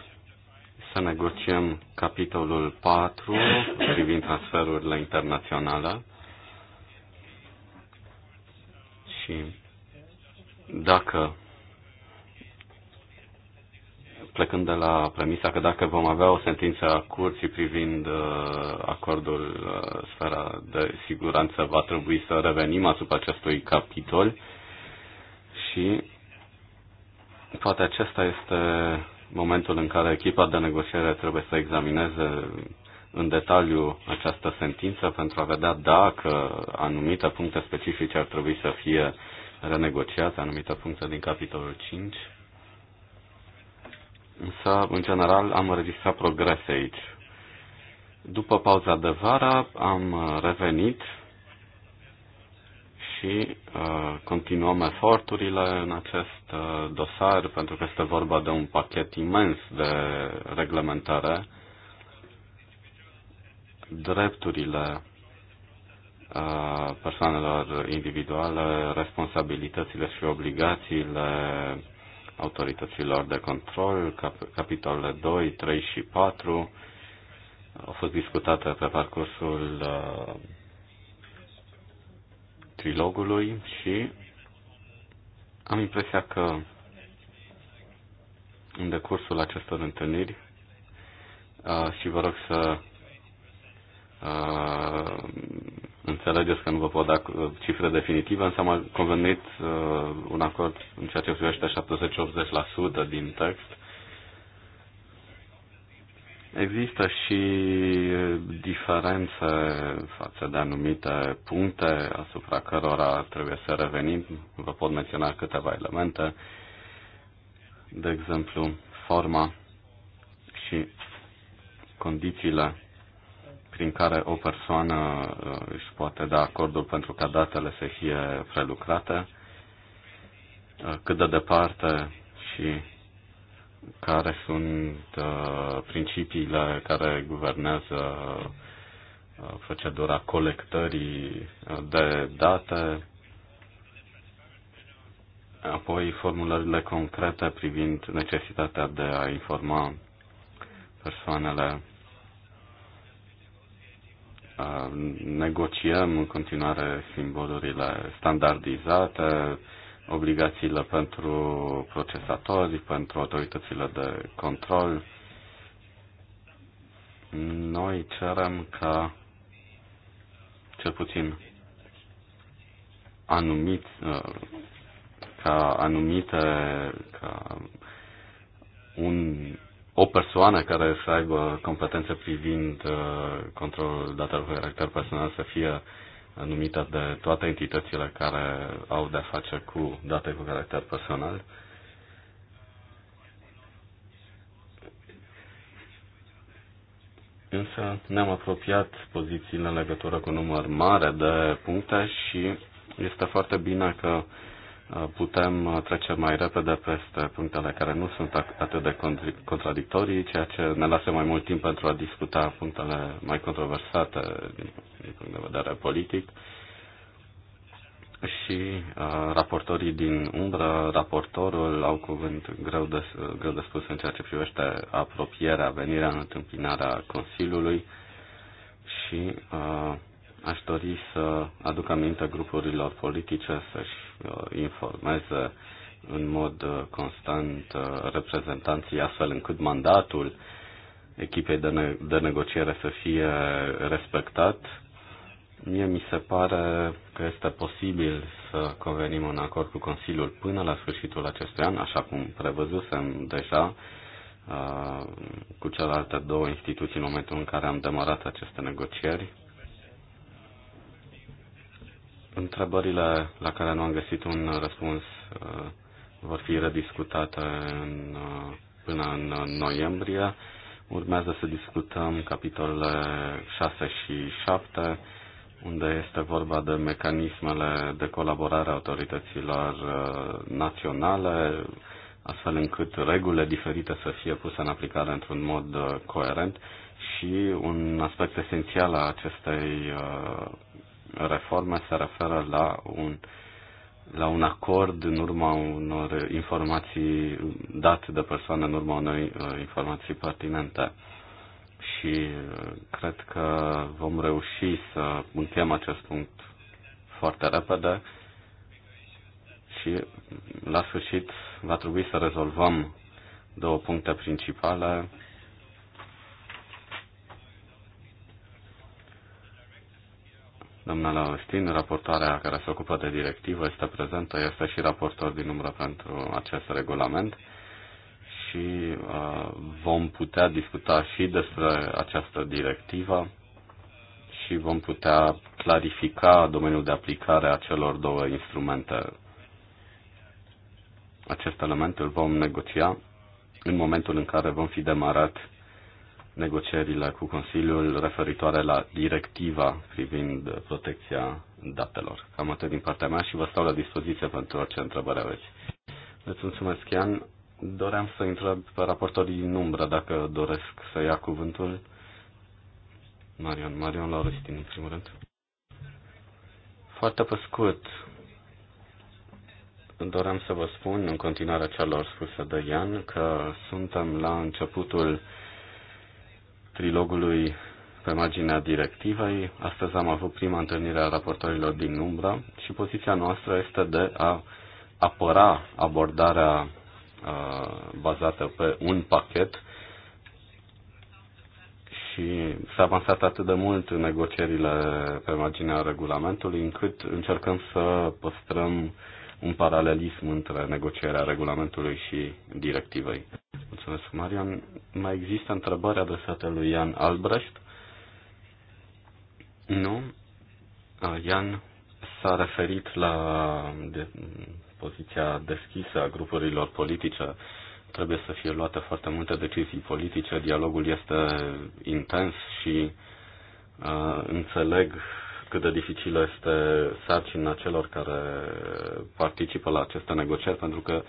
Speaker 3: să negociem capitolul 4 privind transferurile internaționale și dacă plecând de la premisa că dacă vom avea o sentință a curții privind uh, acordul uh, sfera de siguranță, va trebui să revenim asupra acestui capitol și poate acesta este momentul în care echipa de negociere trebuie să examineze în detaliu această sentință pentru a vedea dacă anumite puncte specifice ar trebui să fie renegociate, anumite puncte din capitolul 5. Însă, în general, am înregistrat progrese aici. După pauza de vară am revenit și uh, continuăm eforturile în acest uh, dosar, pentru că este vorba de un pachet imens de reglementare. Drepturile uh, persoanelor individuale, responsabilitățile și obligațiile autorităților de control, cap- capitolele 2, 3 și 4 au fost discutate pe parcursul uh, trilogului și am impresia că în decursul acestor întâlniri și vă rog să înțelegeți că nu vă pot da cifre definitive, însă am convenit un acord în ceea ce privește 70-80% din text Există și eh, diferențe față de anumite puncte asupra cărora trebuie să revenim. Vă pot menționa câteva elemente, de exemplu, forma și condițiile prin care o persoană eh, își poate da acordul pentru ca datele să fie prelucrate, eh, cât de departe și care sunt uh, principiile care guvernează uh, procedura colectării uh, de date, apoi formulările concrete privind necesitatea de a informa persoanele. Negociem în continuare simbolurile standardizate, obligațiile pentru procesatori, pentru autoritățile de control. Noi cerem ca cel puțin anumit, ca anumite, ca un, o persoană care să aibă competențe privind uh, controlul datelor cu caracter personal să fie uh, numită de toate entitățile care au de-a face cu date cu caracter personal. Însă ne-am apropiat pozițiile în legătură cu număr mare de puncte și este foarte bine că uh, putem uh, trece mai repede peste punctele care nu sunt atât de contradictorii, ceea ce ne lasă mai mult timp pentru a discuta punctele mai controversate din punct de vedere politic. Și uh, raportorii din umbră, raportorul, au cuvânt greu de, greu de spus în ceea ce privește apropierea, venirea în întâmpinarea Consiliului și uh, Aș dori să aduc aminte grupurilor politice să-și uh, informeze în mod uh, constant uh, reprezentanții astfel încât mandatul echipei de, ne- de negociere să fie respectat. Mie mi se pare că este posibil să convenim un acord cu Consiliul până la sfârșitul acestui an, așa cum prevăzusem deja cu celelalte două instituții în momentul în care am demarat aceste negocieri Întrebările la care nu am găsit un răspuns uh, vor fi rediscutate în, uh, până în uh, noiembrie. Urmează să discutăm capitolele 6 și 7, unde este vorba de mecanismele de colaborare a autorităților naționale, astfel încât regulile diferite să fie puse în aplicare într-un mod coerent și un aspect esențial a acestei reforme se referă la un, la un acord în urma unor informații date de persoane, în urma unei uh, informații pertinente. Și uh, cred că vom reuși să încheiem acest punct foarte repede și la sfârșit va trebui să rezolvăm două puncte principale Domnul Laurestin, raportoarea care se ocupă de directivă, este prezentă, este și raportor din umbră pentru acest regulament și uh, vom putea discuta și despre această directivă și vom putea clarifica domeniul de aplicare a celor două instrumente. Acest element îl vom negocia în momentul în care vom fi demarat negocierile cu Consiliul referitoare la directiva privind protecția datelor. Cam atât din partea mea și vă stau la dispoziție pentru orice întrebări aveți. Îți mulțumesc, Ian. Doream să întreb pe raportorii din umbră dacă doresc să ia cuvântul. Marion, Marion Laurestin, în primul rând. Foarte pe scurt, doream să vă spun în continuare celor spuse de Ian că suntem la începutul trilogului pe marginea directivei. Astăzi am avut prima întâlnire a raportorilor din umbră și poziția noastră este de a apăra abordarea uh, bazată pe un pachet și s-a avansat atât de mult în negocierile pe marginea regulamentului încât încercăm să păstrăm uh, un paralelism între negocierea regulamentului și directivei. Mulțumesc, Marian. Mai există întrebări adresate lui Ian Albrecht? Nu. Ian s-a referit la de, poziția deschisă a grupurilor politice. Trebuie să fie luate foarte multe decizii politice. Dialogul este intens și uh, înțeleg cât de dificilă este sarcina celor care participă la aceste negocieri, pentru că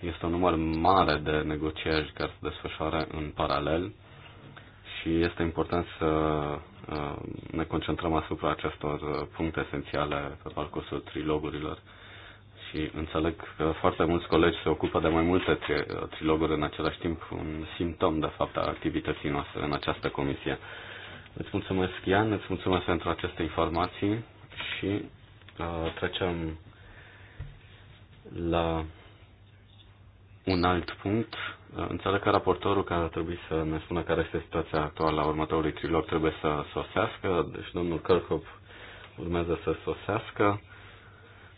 Speaker 3: este un număr mare de negocieri care se desfășoară în paralel și este important să uh, ne concentrăm asupra acestor uh, puncte esențiale pe parcursul trilogurilor. Și înțeleg că foarte mulți colegi se ocupă de mai multe uh, triloguri în același timp, un simptom, de fapt, a activității noastre în această comisie. Îți mulțumesc, Ian, îți mulțumesc pentru aceste informații și uh, trecem la un alt punct. Uh, înțeleg că raportorul care ar trebui să ne spună care este situația actuală a următorului trilog trebuie să sosească, deci domnul Kirchhoff urmează să sosească.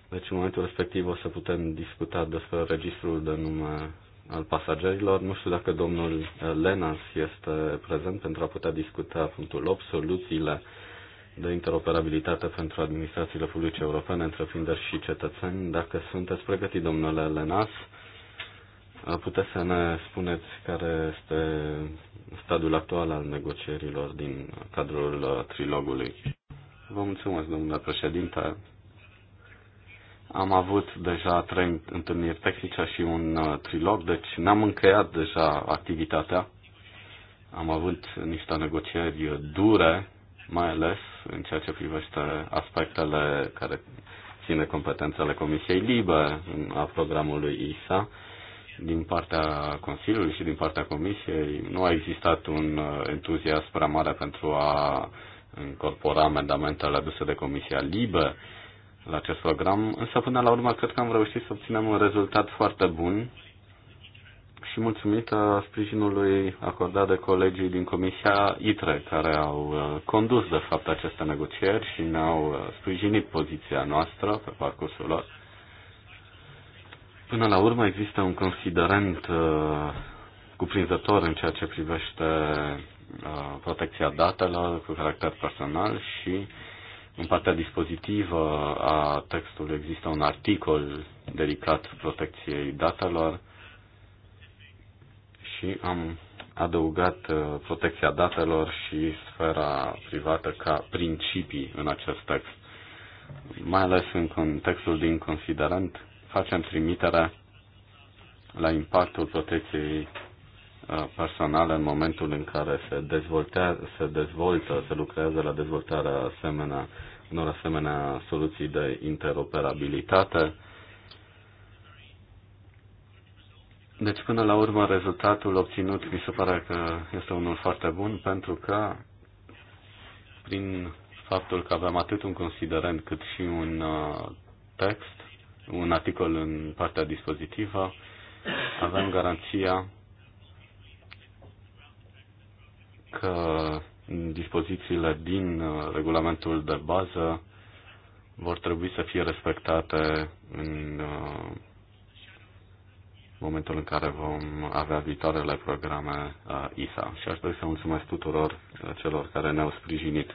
Speaker 3: Deci în momentul respectiv o să putem discuta despre registrul de nume al pasagerilor. Nu știu dacă domnul eh, Lenas este prezent pentru a putea discuta punctul 8, soluțiile de interoperabilitate pentru administrațiile publice europene, întreprinderi și cetățeni. Dacă sunteți pregătit, domnule Lenas, eh, puteți să ne spuneți care este stadiul actual al negocierilor din cadrul eh, trilogului. Vă mulțumesc, domnule președinte. Am avut deja trei întâlniri tehnice și un uh, trilog, deci n-am încheiat deja activitatea. Am avut niște negocieri dure, mai ales în ceea ce privește aspectele care ține competențele Comisiei Libe a programului ISA din partea Consiliului și din partea Comisiei. Nu a existat un uh, entuziasm prea mare pentru a incorpora amendamentele aduse de Comisia Libe la acest program, însă până la urmă cred că am reușit să obținem un rezultat foarte bun și mulțumită sprijinului acordat de colegii din Comisia ITRE, care au uh, condus, de fapt, aceste negocieri și ne-au uh, sprijinit poziția noastră pe parcursul lor. Până la urmă există un considerent uh, cuprinzător în ceea ce privește protecția datelor cu caracter personal și în partea dispozitivă a textului există un articol dedicat protecției datelor și am adăugat uh, protecția datelor și sfera privată ca principii în acest text. Mai ales în contextul din considerent, facem trimitere la impactul protecției personală în momentul în care se, se dezvoltă, se lucrează la dezvoltarea asemenea, unor asemenea soluții de interoperabilitate. Deci, până la urmă, rezultatul obținut mi se pare că este unul foarte bun, pentru că prin faptul că avem atât un considerent cât și un text, un articol în partea dispozitivă, avem garanția că dispozițiile din uh, regulamentul de bază vor trebui să fie respectate în uh, momentul în care vom avea viitoarele programe uh, ISA. Și aș dori să mulțumesc tuturor celor care ne-au sprijinit.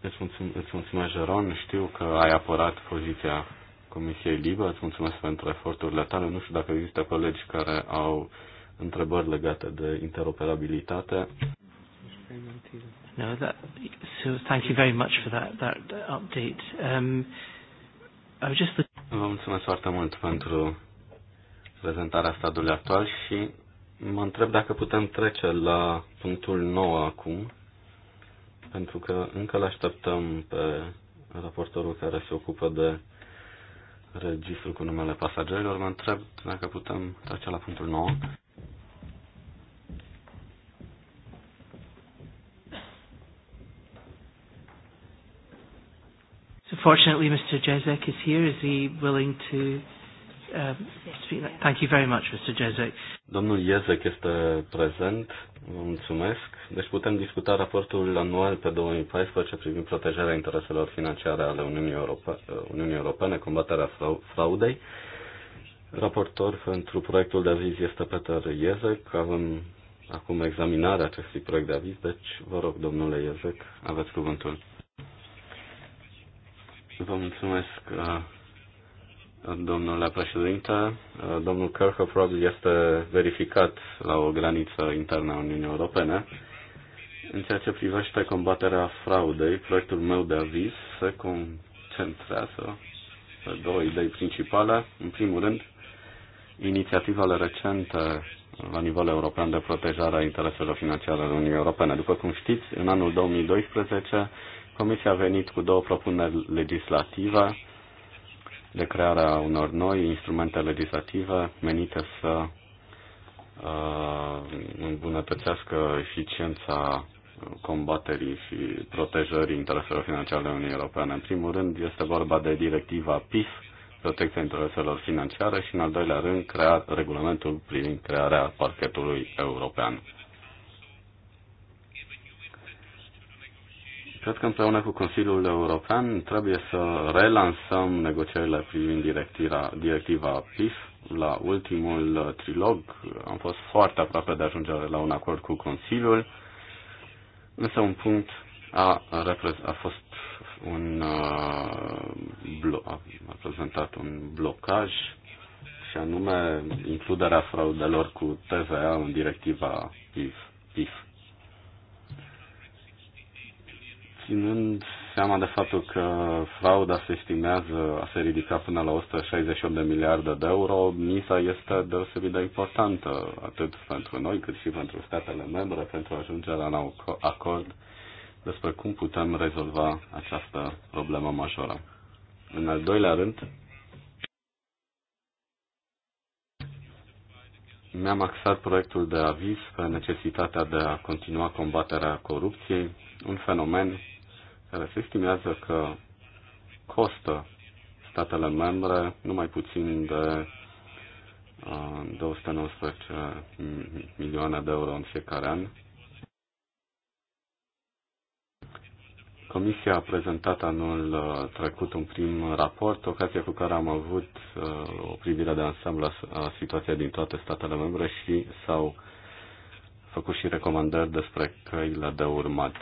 Speaker 3: Îți mulțumesc, îți mulțumesc, Jeron. Știu că ai apărat poziția Comisiei Libă. Îți mulțumesc pentru eforturile tale. Nu știu dacă există colegi care au întrebări legate de interoperabilitate.
Speaker 1: No, that, so thank you very much for that, that update. Um, I was just...
Speaker 3: Vă mulțumesc foarte mult pentru prezentarea stadiului actual și mă întreb dacă putem trece la punctul nou acum, pentru că încă îl așteptăm pe raportorul care se ocupă de registrul cu numele pasagerilor. Mă întreb dacă putem trece la punctul
Speaker 1: nou. Fortunately, Mr. Jezek is here. Is he willing to uh, speak? Thank you very much, Mr. Jezek.
Speaker 3: Domnul Jezek este prezent. Vă mulțumesc. Deci putem discuta raportul anual pe 2014 privind protejarea intereselor financiare ale Uniunii, Europe- Uniunii Europene, combaterea fraudei. Raportor pentru proiectul de aviz este Peter Jezek. Avem acum examinarea acestui proiect de aviz, deci vă rog, domnule Jezek, aveți cuvântul. Vă mulțumesc, uh, domnule președinte. Uh, domnul Kerhoff probabil este verificat la o graniță internă a Uniunii Europene. În ceea ce privește combaterea fraudei, proiectul meu de aviz se concentrează pe două idei principale. În primul rând, inițiativele recente la nivel european de protejare a intereselor financiare ale Uniunii Europene. După cum știți, în anul 2012 Comisia a venit cu două propuneri legislative de crearea unor noi instrumente legislative menite să uh, îmbunătățească eficiența combaterii și protejării intereselor financiare ale Uniunii Europene. În primul rând este vorba de directiva PIF, protecția intereselor financiare și în al doilea rând crea regulamentul privind crearea parchetului european. Cred că împreună cu Consiliul European trebuie să relansăm negocierile privind directiva, directiva PIF. La ultimul trilog am fost foarte aproape de ajungere la un acord cu Consiliul, însă un punct a, a fost un uh, a prezentat un blocaj și anume includerea fraudelor cu TVA în directiva PIF. PIF. ținând seama de faptul că frauda se estimează a se ridica până la 168 de miliarde de euro, misa este deosebit de importantă, atât pentru noi cât și pentru statele membre, pentru a ajunge la un acord despre cum putem rezolva această problemă majoră. În al doilea rând, mi-am axat proiectul de aviz pe necesitatea de a continua combaterea corupției, un fenomen care se estimează că costă statele membre numai puțin de 219 uh, milioane de euro în fiecare an. Comisia a prezentat anul uh, trecut un prim raport, ocazia cu care am avut uh, o privire de ansamblu a situației din toate statele membre și s-au făcut și recomandări despre căile de urmat.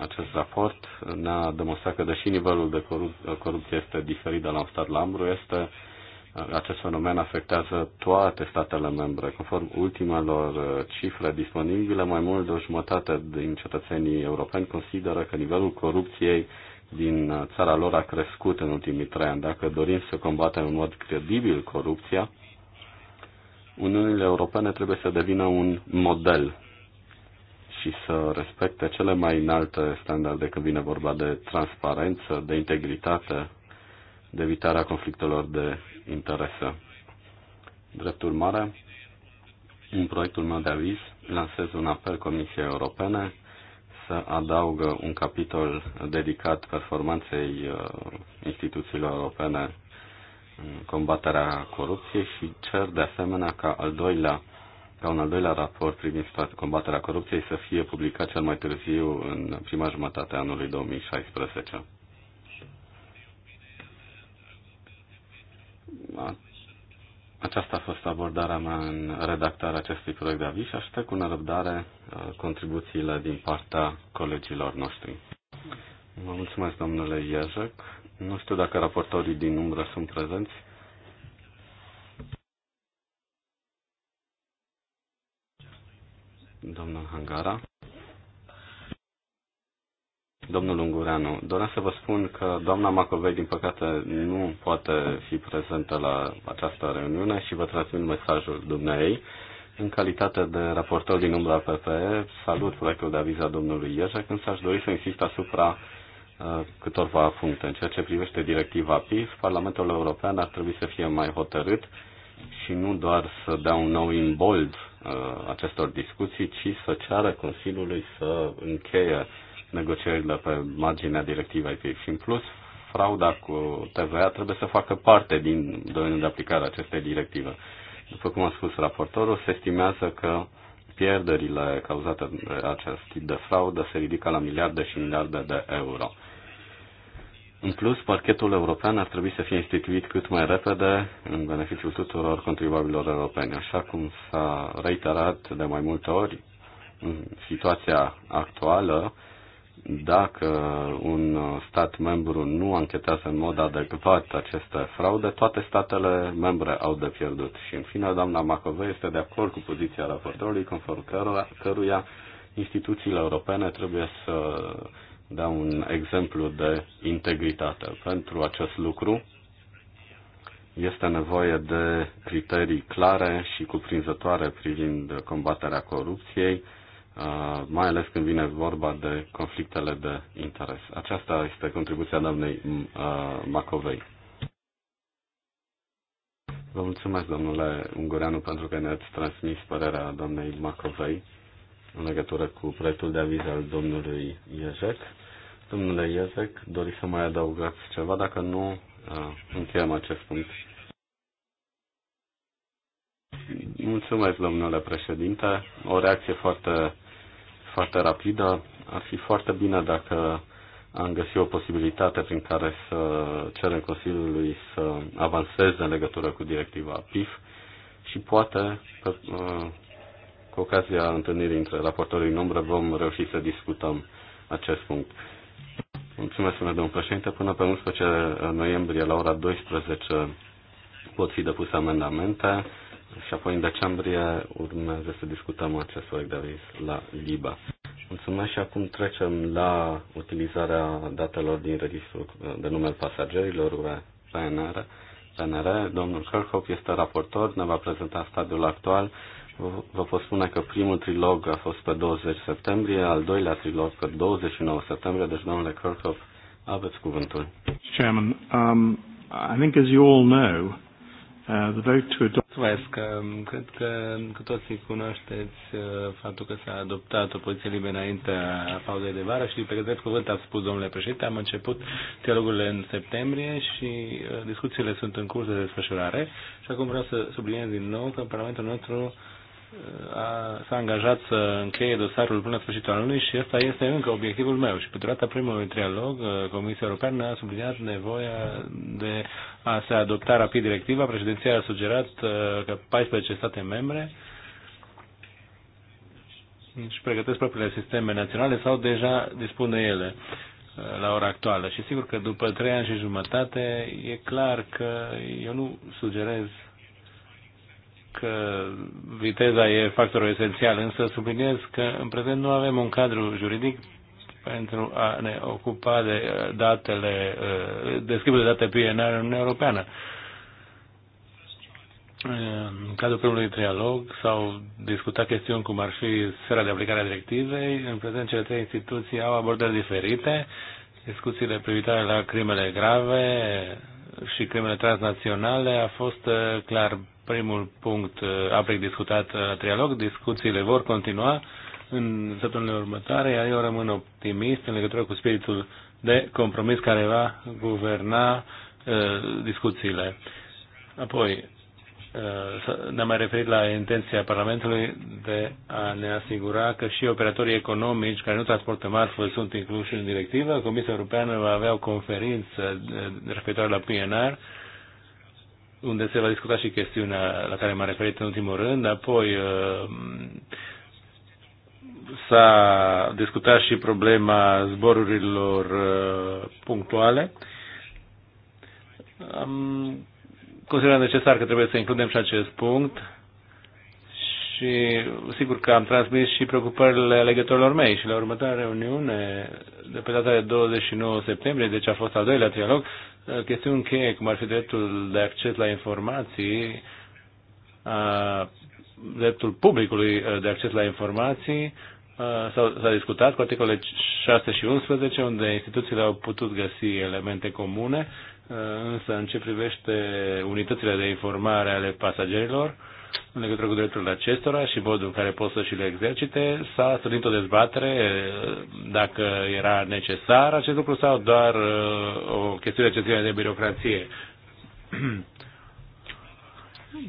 Speaker 3: Acest raport ne-a demonstrat că deși nivelul de corup- corupție este diferit de la un stat la ambru, este acest fenomen afectează toate statele membre. Conform ultimelor uh, cifre disponibile, mai mult de o jumătate din cetățenii europeni consideră că nivelul corupției din uh, țara lor a crescut în ultimii trei ani. Dacă dorim să combatem în mod credibil corupția, Uniunile Europene trebuie să devină un model și să respecte cele mai înalte standarde când vine vorba de transparență, de integritate, de evitarea conflictelor de interese. Drept urmare, în proiectul meu de aviz lansez un apel Comisiei Europene să adaugă un capitol dedicat performanței uh, instituțiilor europene în combaterea corupției și cer de asemenea ca al doilea ca un al doilea raport privind combaterea corupției să fie publicat cel mai târziu în prima jumătate a anului 2016. Aceasta a fost abordarea mea în redactarea acestui proiect de aviz și aștept cu nerăbdare contribuțiile din partea colegilor noștri. Vă mulțumesc, domnule Iezec. Nu știu dacă raportorii din umbră sunt prezenți. domnul Hangara. Domnul Ungureanu, doresc să vă spun că doamna Macovei, din păcate, nu poate fi prezentă la această reuniune și vă transmit mesajul dumneei. În calitate de raportor din umbra PPE, salut proiectul de aviz a domnului Ieja, când s-aș dori să insist asupra uh, câtorva puncte. În ceea ce privește directiva PIF, Parlamentul European ar trebui să fie mai hotărât uh, și nu doar să dea un nou imbold uh, acestor discuții, ci să ceară Consiliului să încheie negocierile pe marginea directivei pe Și în plus, frauda cu TVA trebuie să facă parte din domeniul de aplicare a acestei directive. După cum a spus raportorul, se estimează că pierderile cauzate de acest tip de fraudă se ridică la miliarde și miliarde de euro. În plus, parchetul european ar trebui să fie instituit cât mai repede în beneficiul tuturor contribuabililor europeni. Așa cum s-a reiterat de mai multe ori, în situația actuală, dacă un stat membru nu anchetează în mod adecvat aceste fraude, toate statele membre au de pierdut. Și în fine, doamna Macovei este de acord cu poziția raportorului, conform căruia instituțiile europene trebuie să da un exemplu de integritate. Pentru acest lucru este nevoie de criterii clare și cuprinzătoare privind combaterea corupției, mai ales când vine vorba de conflictele de interes. Aceasta este contribuția doamnei Macovei. Vă mulțumesc, domnule Ungureanu, pentru că ne-ați transmis părerea doamnei Macovei în legătură cu proiectul de aviz al domnului Iezec. Domnule Iezec, doriți să mai adăugați ceva? Dacă nu, uh, încheiem acest punct. Mulțumesc, domnule președinte. O reacție foarte, foarte rapidă. Ar fi foarte bine dacă am găsit o posibilitate prin care să cerem Consiliului să avanseze în legătură cu directiva PIF și poate că, uh, cu ocazia întâlnirii între raportorii în umbră vom reuși să discutăm acest punct. Mulțumesc, domnule președinte. Până pe 11 noiembrie, la ora 12, pot fi depuse amendamente și apoi în decembrie urmează să discutăm acest proiect de aviz la LIBA. Mulțumesc și acum trecem la utilizarea datelor din registrul de numele pasagerilor, PNR. PNR. Domnul Kerkhoff este raportor, ne va prezenta stadiul actual Vă pot spune că primul trilog a fost pe 20 septembrie, al doilea trilog pe 29 septembrie, deci domnule Kirchhoff, aveți cuvântul.
Speaker 1: Chairman, um, I think as you all know, Uh, the vote to adopt. Mulțumesc.
Speaker 2: Um, cred că cu toții cunoașteți uh, faptul că s-a adoptat o poziție liberă înainte a pauzei de vară și pe drept cuvânt a spus domnule președinte, am început dialogurile în septembrie și uh, discuțiile sunt în curs de desfășurare și acum vreau să subliniez din nou că Parlamentul nostru s-a angajat să încheie dosarul până la sfârșitul anului și ăsta este încă obiectivul meu. Și pe durata primului trialog, Comisia Europeană a subliniat nevoia de a se adopta rapid directiva. Președinția a sugerat că 14 state membre și pregătesc propriile sisteme naționale sau deja dispun de ele la ora actuală. Și sigur că după trei ani și jumătate e clar că eu nu sugerez că viteza e factorul esențial, însă subliniez că în prezent nu avem un cadru juridic pentru a ne ocupa de uh, datele, uh, de schimbul de date PNR în Uniunea Europeană. Uh, în cadrul primului trialog s-au discutat chestiuni cum ar fi sfera de aplicare a directivei. În prezent, cele trei instituții au abordări diferite. Discuțiile privitoare la crimele grave și crimele transnaționale a fost clar primul punct uh, APEC discutat la uh, trialog. Discuțiile vor continua în săptămânile următoare, iar eu rămân optimist în legătură cu spiritul de compromis care va guverna uh, discuțiile. Apoi, ne-am mai referit la intenția Parlamentului de a ne asigura că și operatorii economici care nu transportă marfă sunt incluși în directivă. Comisia Europeană va avea o conferință referitoare la PNR unde se va discuta și chestiunea la care m-am referit în ultimul rând, apoi uh, s-a discutat și problema zborurilor uh, punctuale. Am considerat necesar că trebuie să includem și acest punct și sigur că am transmis și preocupările legătorilor mei și la următoarea reuniune, de pe data de 29 septembrie, deci a fost al doilea trialog, chestiuni cheie, cum ar fi dreptul de acces la informații, a, dreptul publicului de acces la informații, s-a discutat cu articolele 6 și 11, unde instituțiile au putut găsi elemente comune, însă în ce privește unitățile de informare ale pasagerilor, în legătură cu drepturile acestora și modul în care pot să și le exercite. S-a strânit o dezbatere dacă era necesar acest lucru sau doar o chestiune ce ține de birocrație. [clears throat]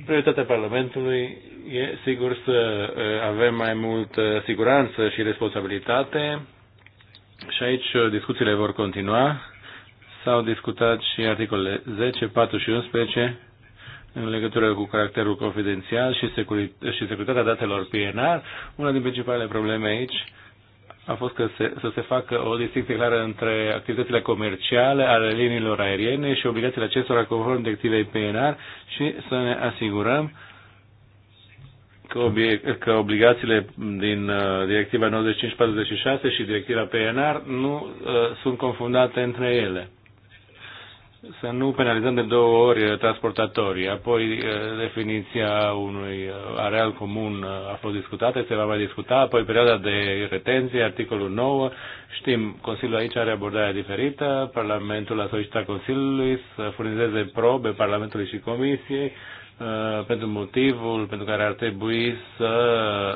Speaker 2: Prioritatea Parlamentului e, sigur, să avem mai mult siguranță și responsabilitate și aici discuțiile vor continua. S-au discutat și articolele 10, 4 și 11 în legătură cu caracterul confidențial și, securit- și securitatea datelor PNR. Una din principalele probleme aici a fost că se, să se facă o distinție clară între activitățile comerciale ale liniilor aeriene și obligațiile acestora conform directivei PNR și să ne asigurăm că, obie, că obligațiile din uh, directiva 46 și directiva PNR nu uh, sunt confundate între ele să nu penalizăm de două ori uh, transportatorii. Apoi uh, definiția unui uh, areal comun a fost discutată, se va mai discuta, apoi perioada de retenție, articolul 9. Știm, Consiliul aici are abordarea diferită, Parlamentul a solicitat Consiliului să furnizeze probe Parlamentului și Comisiei pentru motivul pentru care ar trebui să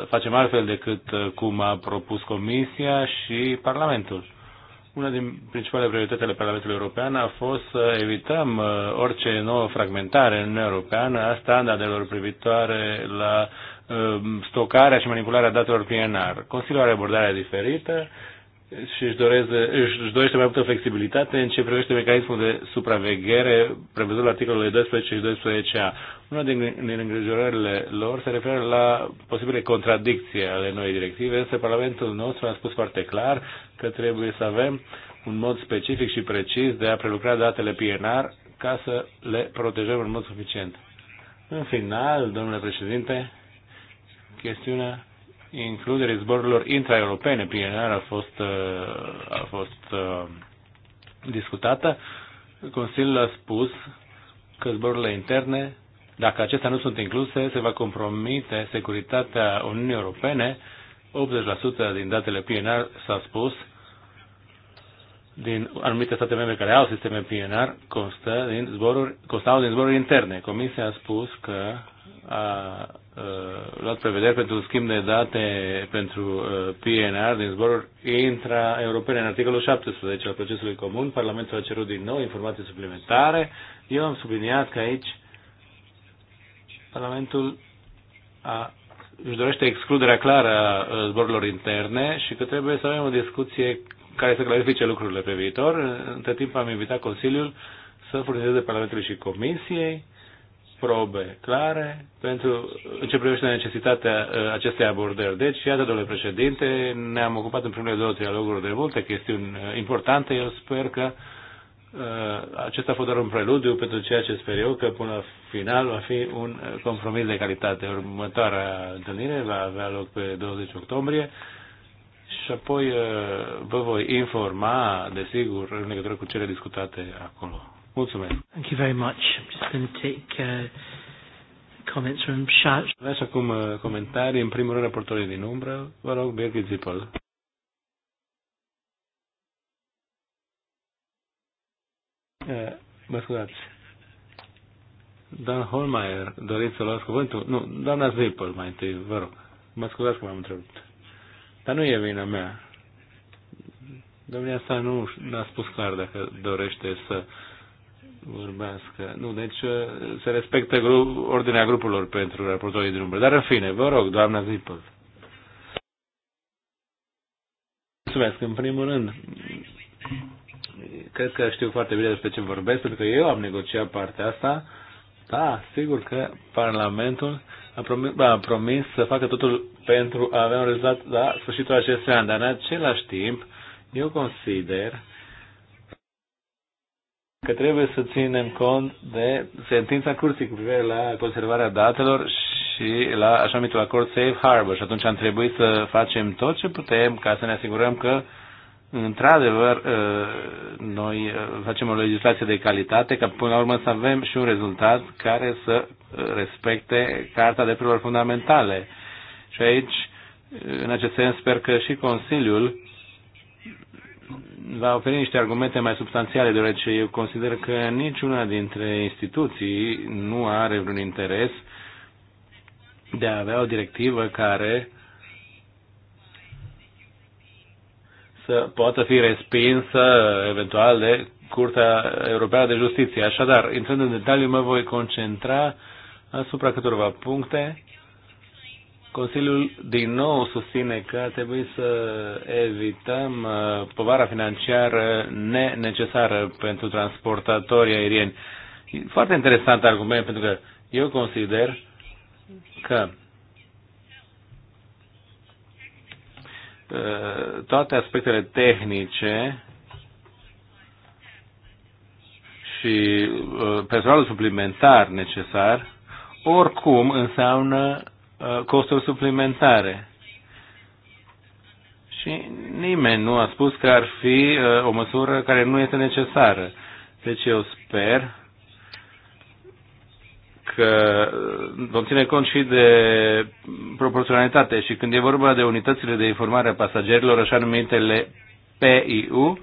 Speaker 2: facem altfel decât cum a propus Comisia și Parlamentul. Una din principalele priorități ale Parlamentului European a fost să evităm uh, orice nouă fragmentare în Uniunea Europeană a standardelor privitoare la uh, stocarea și manipularea datelor PNR. Consiliul are abordarea diferită și își, doreze, își dorește mai multă flexibilitate în ce privește mecanismul de supraveghere prevăzut la articolele 12 și 12a. Una din îngrijorările lor se referă la posibile contradicții ale noii directive, însă Parlamentul nostru a spus foarte clar că trebuie să avem un mod specific și precis de a prelucra datele PNR ca să le protejăm în mod suficient. În final, domnule președinte, chestiunea includerii zborurilor intraeuropene prin a fost, uh, a fost uh, discutată. Consiliul a spus că zborurile interne, dacă acestea nu sunt incluse, se va compromite securitatea Uniunii Europene. 80% din datele PNR s-a spus din anumite state membre care au sisteme PNR constă din zboruri, constau din zboruri interne. Comisia a spus că a Uh, luat prevederi pentru schimb de date pentru uh, PNR din zboruri intra-europene. În articolul 17 al procesului comun, Parlamentul a cerut din nou informații suplimentare. Eu am subliniat că aici Parlamentul a, își dorește excluderea clară a uh, zborurilor interne și că trebuie să avem o discuție care să clarifice lucrurile pe viitor. Între timp am invitat Consiliul să furnizeze Parlamentului și Comisiei probe clare pentru în ce privește necesitatea uh, acestei abordări. Deci, iată, domnule președinte, ne-am ocupat în primele două trialoguri de multe chestiuni uh, importante. Eu sper că uh, acesta a fost doar un preludiu pentru ceea ce sper eu că până la final va fi un compromis de calitate. Următoarea întâlnire va avea loc pe 20 octombrie și apoi vă voi informa, desigur, în legătură cu cele discutate acolo.
Speaker 1: Mulțumesc. Thank you very much. I'm just going to take uh, comments from Shah. Vreau să cum uh, comentarii.
Speaker 2: În primul rând, raportorii din umbră. Vă rog, Birgit Zipol. Uh, mă scuzați. Dan Holmeier, doriți să luați cuvântul? Nu, doamna Zipol, mai întâi, vă rog. Mă scuzați că m-am întrebat. Dar nu e vina mea. Domnia asta nu a spus clar dacă dorește să vorbească. Nu, deci uh, se respectă gru- ordinea grupurilor pentru raportorii de număr, Dar în fine, vă rog, doamna Zipăl. Mulțumesc. În primul rând, cred că știu foarte bine despre ce vorbesc, pentru că eu am negociat partea asta. Da, sigur că Parlamentul a promis, a promis să facă totul pentru a avea un rezultat la sfârșitul acestui an, dar în același timp eu consider că trebuie să ținem cont de sentința curții cu privire la conservarea datelor și la așa numitul acord Safe Harbor. Și atunci am trebuit să facem tot ce putem ca să ne asigurăm că într-adevăr uh, noi uh, facem o legislație de calitate ca până la urmă să avem și un rezultat care să uh, respecte Carta Drepturilor Fundamentale. Și aici, în acest sens, sper că și Consiliul va oferi niște argumente mai substanțiale, deoarece eu consider că niciuna dintre instituții nu are vreun interes de a avea o directivă care să poată fi respinsă eventual de Curtea Europeană de Justiție. Așadar, intrând în detaliu, mă voi concentra asupra câtorva puncte Consiliul din nou susține că trebuie să evităm uh, povara financiară nenecesară pentru transportatorii aerieni. Foarte interesant argument, pentru că eu consider că uh, toate aspectele tehnice și uh, personalul suplimentar necesar oricum înseamnă Uh, costuri suplimentare. Și nimeni nu a spus că ar fi uh, o măsură care nu este necesară. Deci eu sper că uh, vom ține cont și de proporționalitate și când e vorba de unitățile de informare a pasagerilor, așa numitele PIU,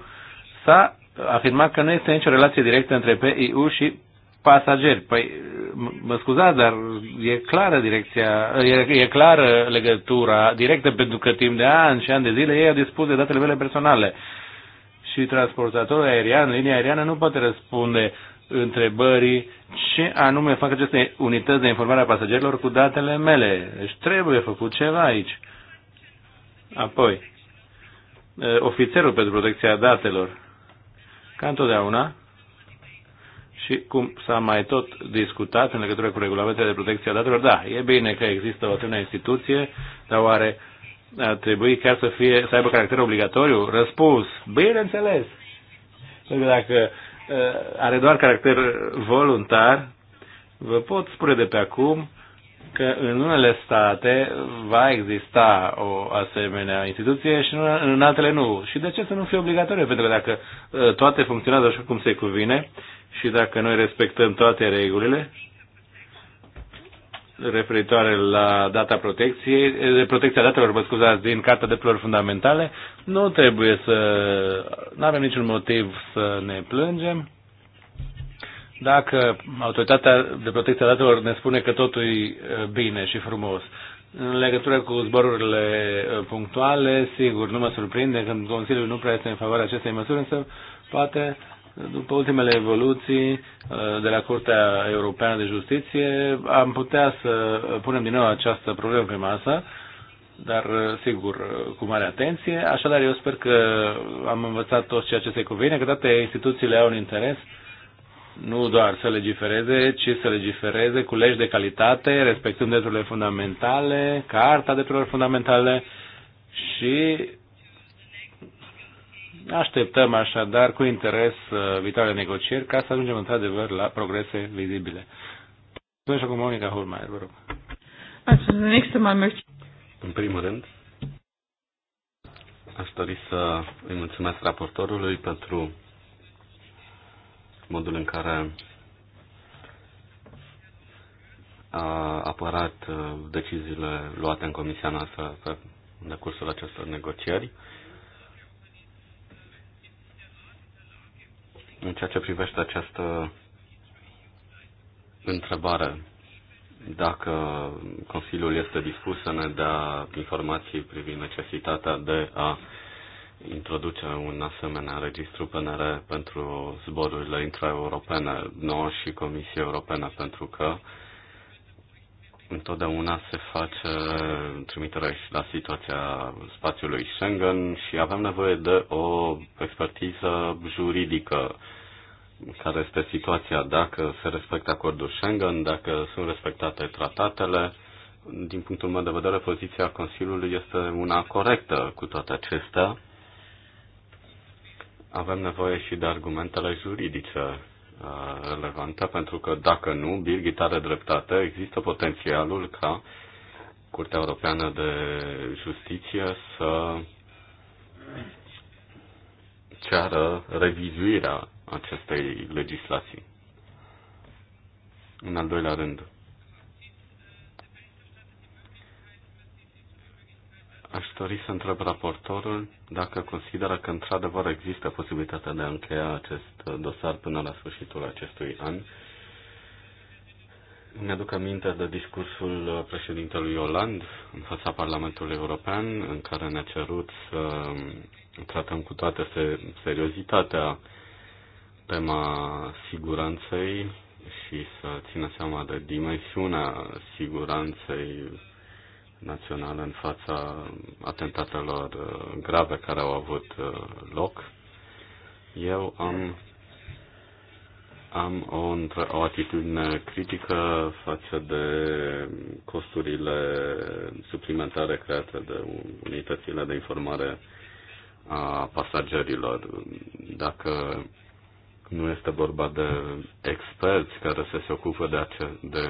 Speaker 2: s-a afirmat că nu este nicio relație directă între PIU și pasageri. Păi, mă scuzați, dar e clară direcția, e, e clară legătura directă, pentru că timp de ani și ani de zile ei au dispus de datele mele personale. Și transportatorul aerian, linia aeriană, nu poate răspunde întrebării ce anume fac aceste unități de informare a pasagerilor cu datele mele. Deci trebuie făcut ceva aici. Apoi, ofițerul pentru protecția datelor, ca întotdeauna, și cum s-a mai tot discutat în legătură cu regulamentele de protecție a datelor, da, e bine că există o asemenea instituție, dar oare ar trebui chiar să, fie, să aibă caracter obligatoriu? Răspuns, bineînțeles. Pentru că dacă uh, are doar caracter voluntar, vă pot spune de pe acum că în unele state va exista o asemenea instituție și în altele nu. Și de ce să nu fie obligatorie? Pentru că dacă uh, toate funcționează așa cum se cuvine, și dacă noi respectăm toate regulile referitoare la data protecției, eh, protecția datelor, vă scuzați, din Carta Plori Fundamentale, nu trebuie să, nu avem niciun motiv să ne plângem. Dacă autoritatea de protecție a datelor ne spune că totul e eh, bine și frumos, în legătură cu zborurile eh, punctuale, sigur, nu mă surprinde când Consiliul nu prea este în favoarea acestei măsuri, însă poate după ultimele evoluții uh, de la Curtea Europeană de Justiție, am putea să punem din nou această problemă pe masă, dar uh, sigur, uh, cu mare atenție. Așadar, eu sper că am învățat tot ceea ce se cuvine, că toate instituțiile au un interes nu doar să legifereze, ci să legifereze cu legi de calitate, respectând drepturile fundamentale, Carta Drepturilor Fundamentale și Așteptăm așadar cu interes uh, viitoarele negocieri ca să ajungem într-adevăr la progrese vizibile. Mulțumesc acum Monica Holmeier, vă rog.
Speaker 3: În primul rând, aș dori să îi mulțumesc raportorului pentru modul în care a apărat uh, deciziile luate în comisia noastră pe decursul acestor negocieri. În ceea ce privește această întrebare, dacă Consiliul este dispus să ne dea informații privind necesitatea de a introduce un asemenea registru PNR pentru zborurile intraeuropene nouă și Comisia Europeană, pentru că uh, întotdeauna se face trimiterea la situația spațiului Schengen și avem nevoie de o expertiză juridică care este situația, dacă se respectă acordul Schengen, dacă sunt respectate tratatele. Din punctul meu de vedere, poziția Consiliului este una corectă cu toate acestea. Avem nevoie și de argumentele juridice Uh, relevantă, pentru că dacă nu, Birgit are dreptate, există potențialul ca Curtea Europeană de Justiție să ceară revizuirea acestei legislații. În al doilea rând, Aș dori să întreb raportorul dacă consideră că într-adevăr există posibilitatea de a încheia acest dosar până la sfârșitul acestui an. Mi-aduc aminte de discursul președintelui Oland în fața Parlamentului European, în care ne-a cerut să tratăm cu toată seriozitatea tema siguranței și să țină seama de dimensiunea siguranței națională în fața atentatelor uh, grave care au avut uh, loc. Eu am, am o, o atitudine critică față de costurile suplimentare create de unitățile de informare a pasagerilor. Dacă nu este vorba de experți care să se ocupă de, ace- de,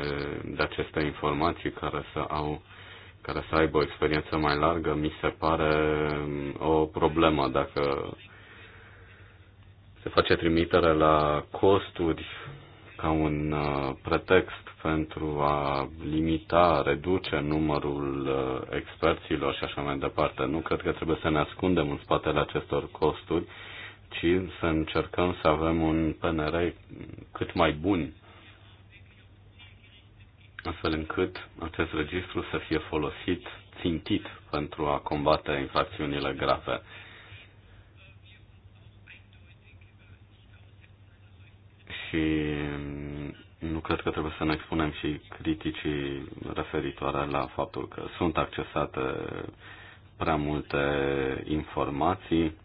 Speaker 3: de aceste informații, care să au care să aibă o experiență mai largă, mi se pare mm, o problemă dacă se face trimitere la costuri ca un uh, pretext pentru a limita, reduce numărul uh, experților și așa mai departe. Nu cred că trebuie să ne ascundem în spatele acestor costuri, ci să încercăm să avem un PNR cât mai bun astfel încât acest registru să fie folosit țintit pentru a combate infracțiunile grave. Și nu cred că trebuie să ne expunem și criticii referitoare la faptul că sunt accesate prea multe informații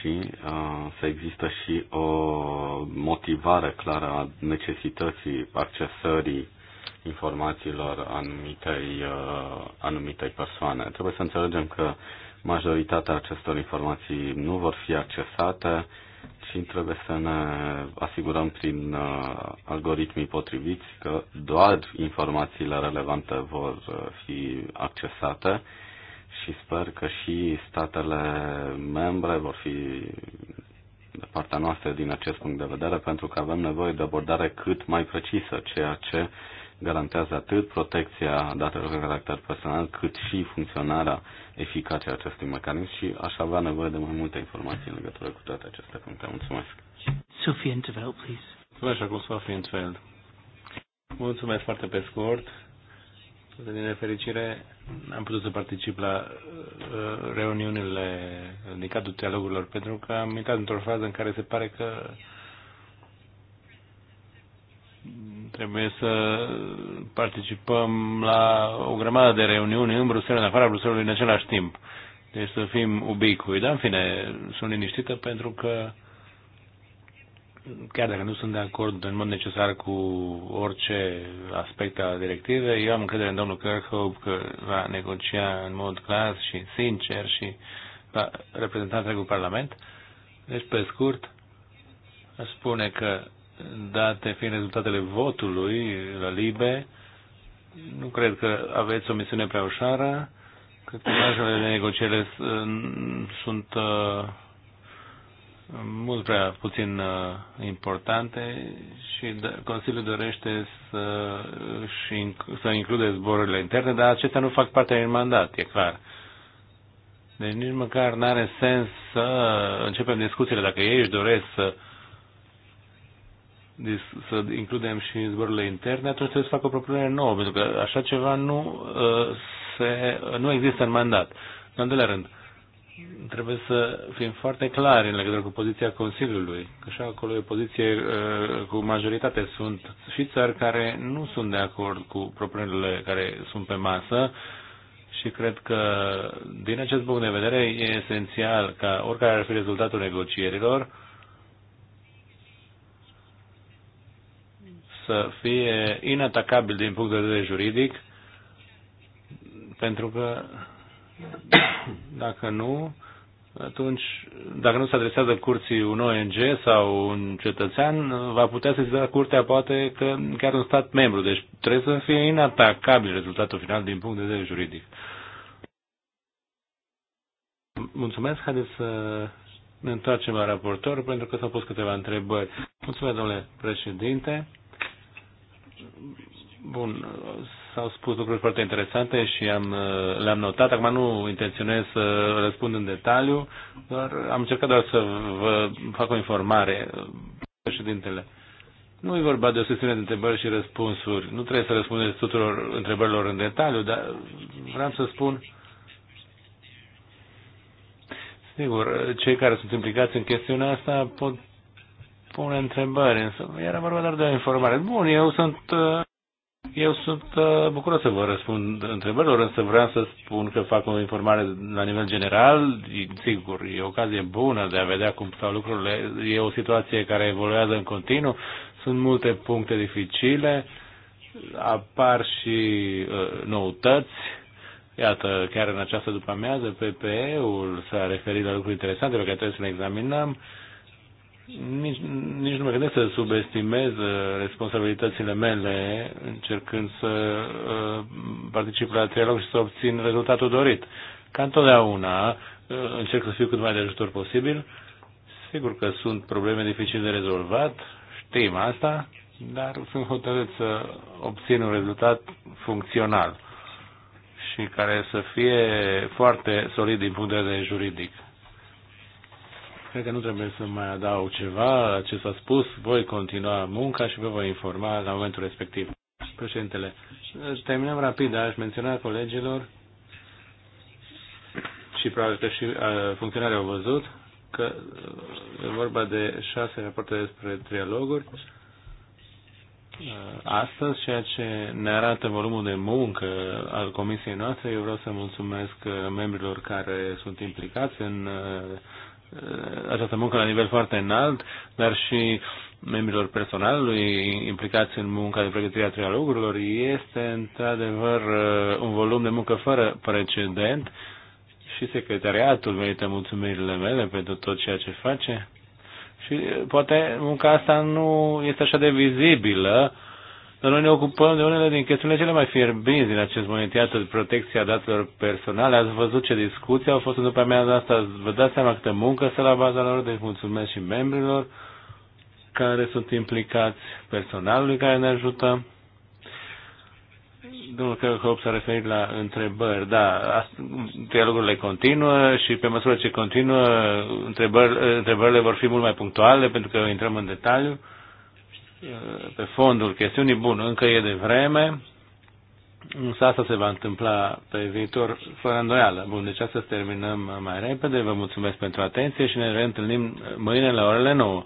Speaker 3: și uh, să există și o motivare clară a necesității accesării informațiilor anumitei, uh, anumitei persoane. Trebuie să înțelegem că majoritatea acestor informații nu vor fi accesate și trebuie să ne asigurăm prin uh, algoritmii potriviți că doar informațiile relevante vor fi accesate și sper că și statele membre vor fi de partea noastră din acest punct de vedere, pentru că avem nevoie de abordare cât mai precisă, ceea ce garantează atât protecția datelor de caracter personal, cât și funcționarea eficace a acestui mecanism și aș avea nevoie de mai multe informații în legătură
Speaker 2: cu toate aceste puncte. Mulțumesc.
Speaker 1: Sophie Interveld, please.
Speaker 2: Mulțumesc, acum Sophie Interveld. Mulțumesc foarte pe scurt. Din nefericire, am putut să particip la uh, reuniunile din cadrul dialogurilor, pentru că am intrat într-o fază în care se pare că trebuie să participăm la o grămadă de reuniuni în Bruxelles, în afara Bruxellesului, în același timp. Deci să fim ubicui. Dar, în fine, sunt liniștită pentru că uh, chiar dacă nu sunt de acord în mod necesar cu orice aspect al directivei, eu am încredere în domnul Kirchhoff că va negocia în mod clar și sincer și va reprezenta întregul Parlament. Deci, pe scurt, spune că, date fiind rezultatele votului la LIBE, nu cred că aveți o misiune prea ușoară.
Speaker 1: că marjele
Speaker 2: de negociere sunt uh, mult prea puțin uh, importante și Consiliul dorește să, și, să include zborurile interne, dar acestea nu fac parte din mandat, e clar. Deci nici măcar nu are sens să începem discuțiile dacă ei își doresc să să includem și zborurile interne, atunci trebuie să facă o propunere nouă, pentru că așa ceva nu, uh, se, nu există în mandat. În doilea rând, uh, trebuie să fim foarte clari în legătură cu poziția Consiliului, că și acolo e poziție uh, cu majoritate. Sunt și țări care nu sunt de acord cu propunerile care sunt pe masă și cred că, din acest punct de vedere, e esențial ca oricare ar fi rezultatul negocierilor să fie inatacabil din punct de vedere juridic, pentru că [coughs] Dacă nu, atunci, dacă nu se adresează curții un ONG sau un cetățean, va putea să la curtea poate că chiar un stat membru. Deci trebuie să fie inatacabil rezultatul final din punct de vedere juridic. Mulțumesc, haideți să ne întoarcem la raportor pentru că s-au pus câteva întrebări. Mulțumesc, domnule președinte. Bun, s-au spus lucruri foarte interesante și am, le-am notat. Acum nu intenționez să răspund în detaliu, doar am încercat doar să vă fac o informare, președintele. Nu e vorba de o sesiune de întrebări și răspunsuri. Nu trebuie să răspundeți tuturor întrebărilor în detaliu, dar vreau să spun... Sigur, cei care sunt implicați în chestiunea asta pot pune întrebări, însă era vorba doar de o informare. Bun, eu sunt uh, eu sunt uh, bucuros să vă răspund întrebărilor, însă vreau să spun că fac o informare la nivel general. Sigur, e o ocazie bună de a vedea cum stau lucrurile. E o situație care evoluează în continuu. Sunt multe puncte dificile. Apar și uh, noutăți. Iată, chiar în această după-amiază, PPE-ul s-a referit la lucruri interesante pe care trebuie să le examinăm. Uh, nici, nici nu mă gândesc să subestimez uh, responsabilitățile mele încercând să uh, particip la trialog și să obțin rezultatul dorit. Ca întotdeauna uh, încerc să fiu cât mai de ajutor posibil. Sigur că sunt probleme dificil de rezolvat, știm asta, dar sunt hotărât să obțin un rezultat funcțional și care să fie foarte solid din punct de vedere juridic. Cred că nu trebuie să mai adaug ceva. Ce s-a spus, voi continua munca și vă voi informa la momentul respectiv. Președintele, terminăm rapid, aș menționa colegilor și probabil că și uh, funcționarii au văzut că uh, e vorba de șase rapoarte despre trialoguri
Speaker 1: uh,
Speaker 2: astăzi, ceea ce ne arată volumul de muncă al comisiei noastre. Eu vreau să mulțumesc membrilor care sunt implicați în Uh, această muncă la nivel foarte înalt, dar și membrilor personalului implicați în munca de pregătire a trialogurilor. Este într-adevăr uh, un volum de muncă fără precedent și secretariatul merită mulțumirile mele pentru tot ceea ce face. Și uh, poate munca asta nu este așa de vizibilă dar noi ne ocupăm de unele din chestiunile cele mai fierbinți din acest moment, iată, protecția datelor personale. Ați văzut ce discuții au fost în după amiaza asta, vă dați seama câtă muncă să la baza lor, deci mulțumesc și membrilor care sunt implicați, personalului care ne ajută. Domnul că s-a referit la întrebări. Da, dialogurile continuă și pe măsură ce continuă, întrebări, întrebările vor fi mult mai punctuale pentru că intrăm în detaliu pe fondul chestiunii, bun, încă e de vreme, însă asta se va întâmpla pe viitor fără îndoială. Bun, deci asta terminăm mai repede, vă mulțumesc pentru atenție și ne reîntâlnim mâine la orele 9.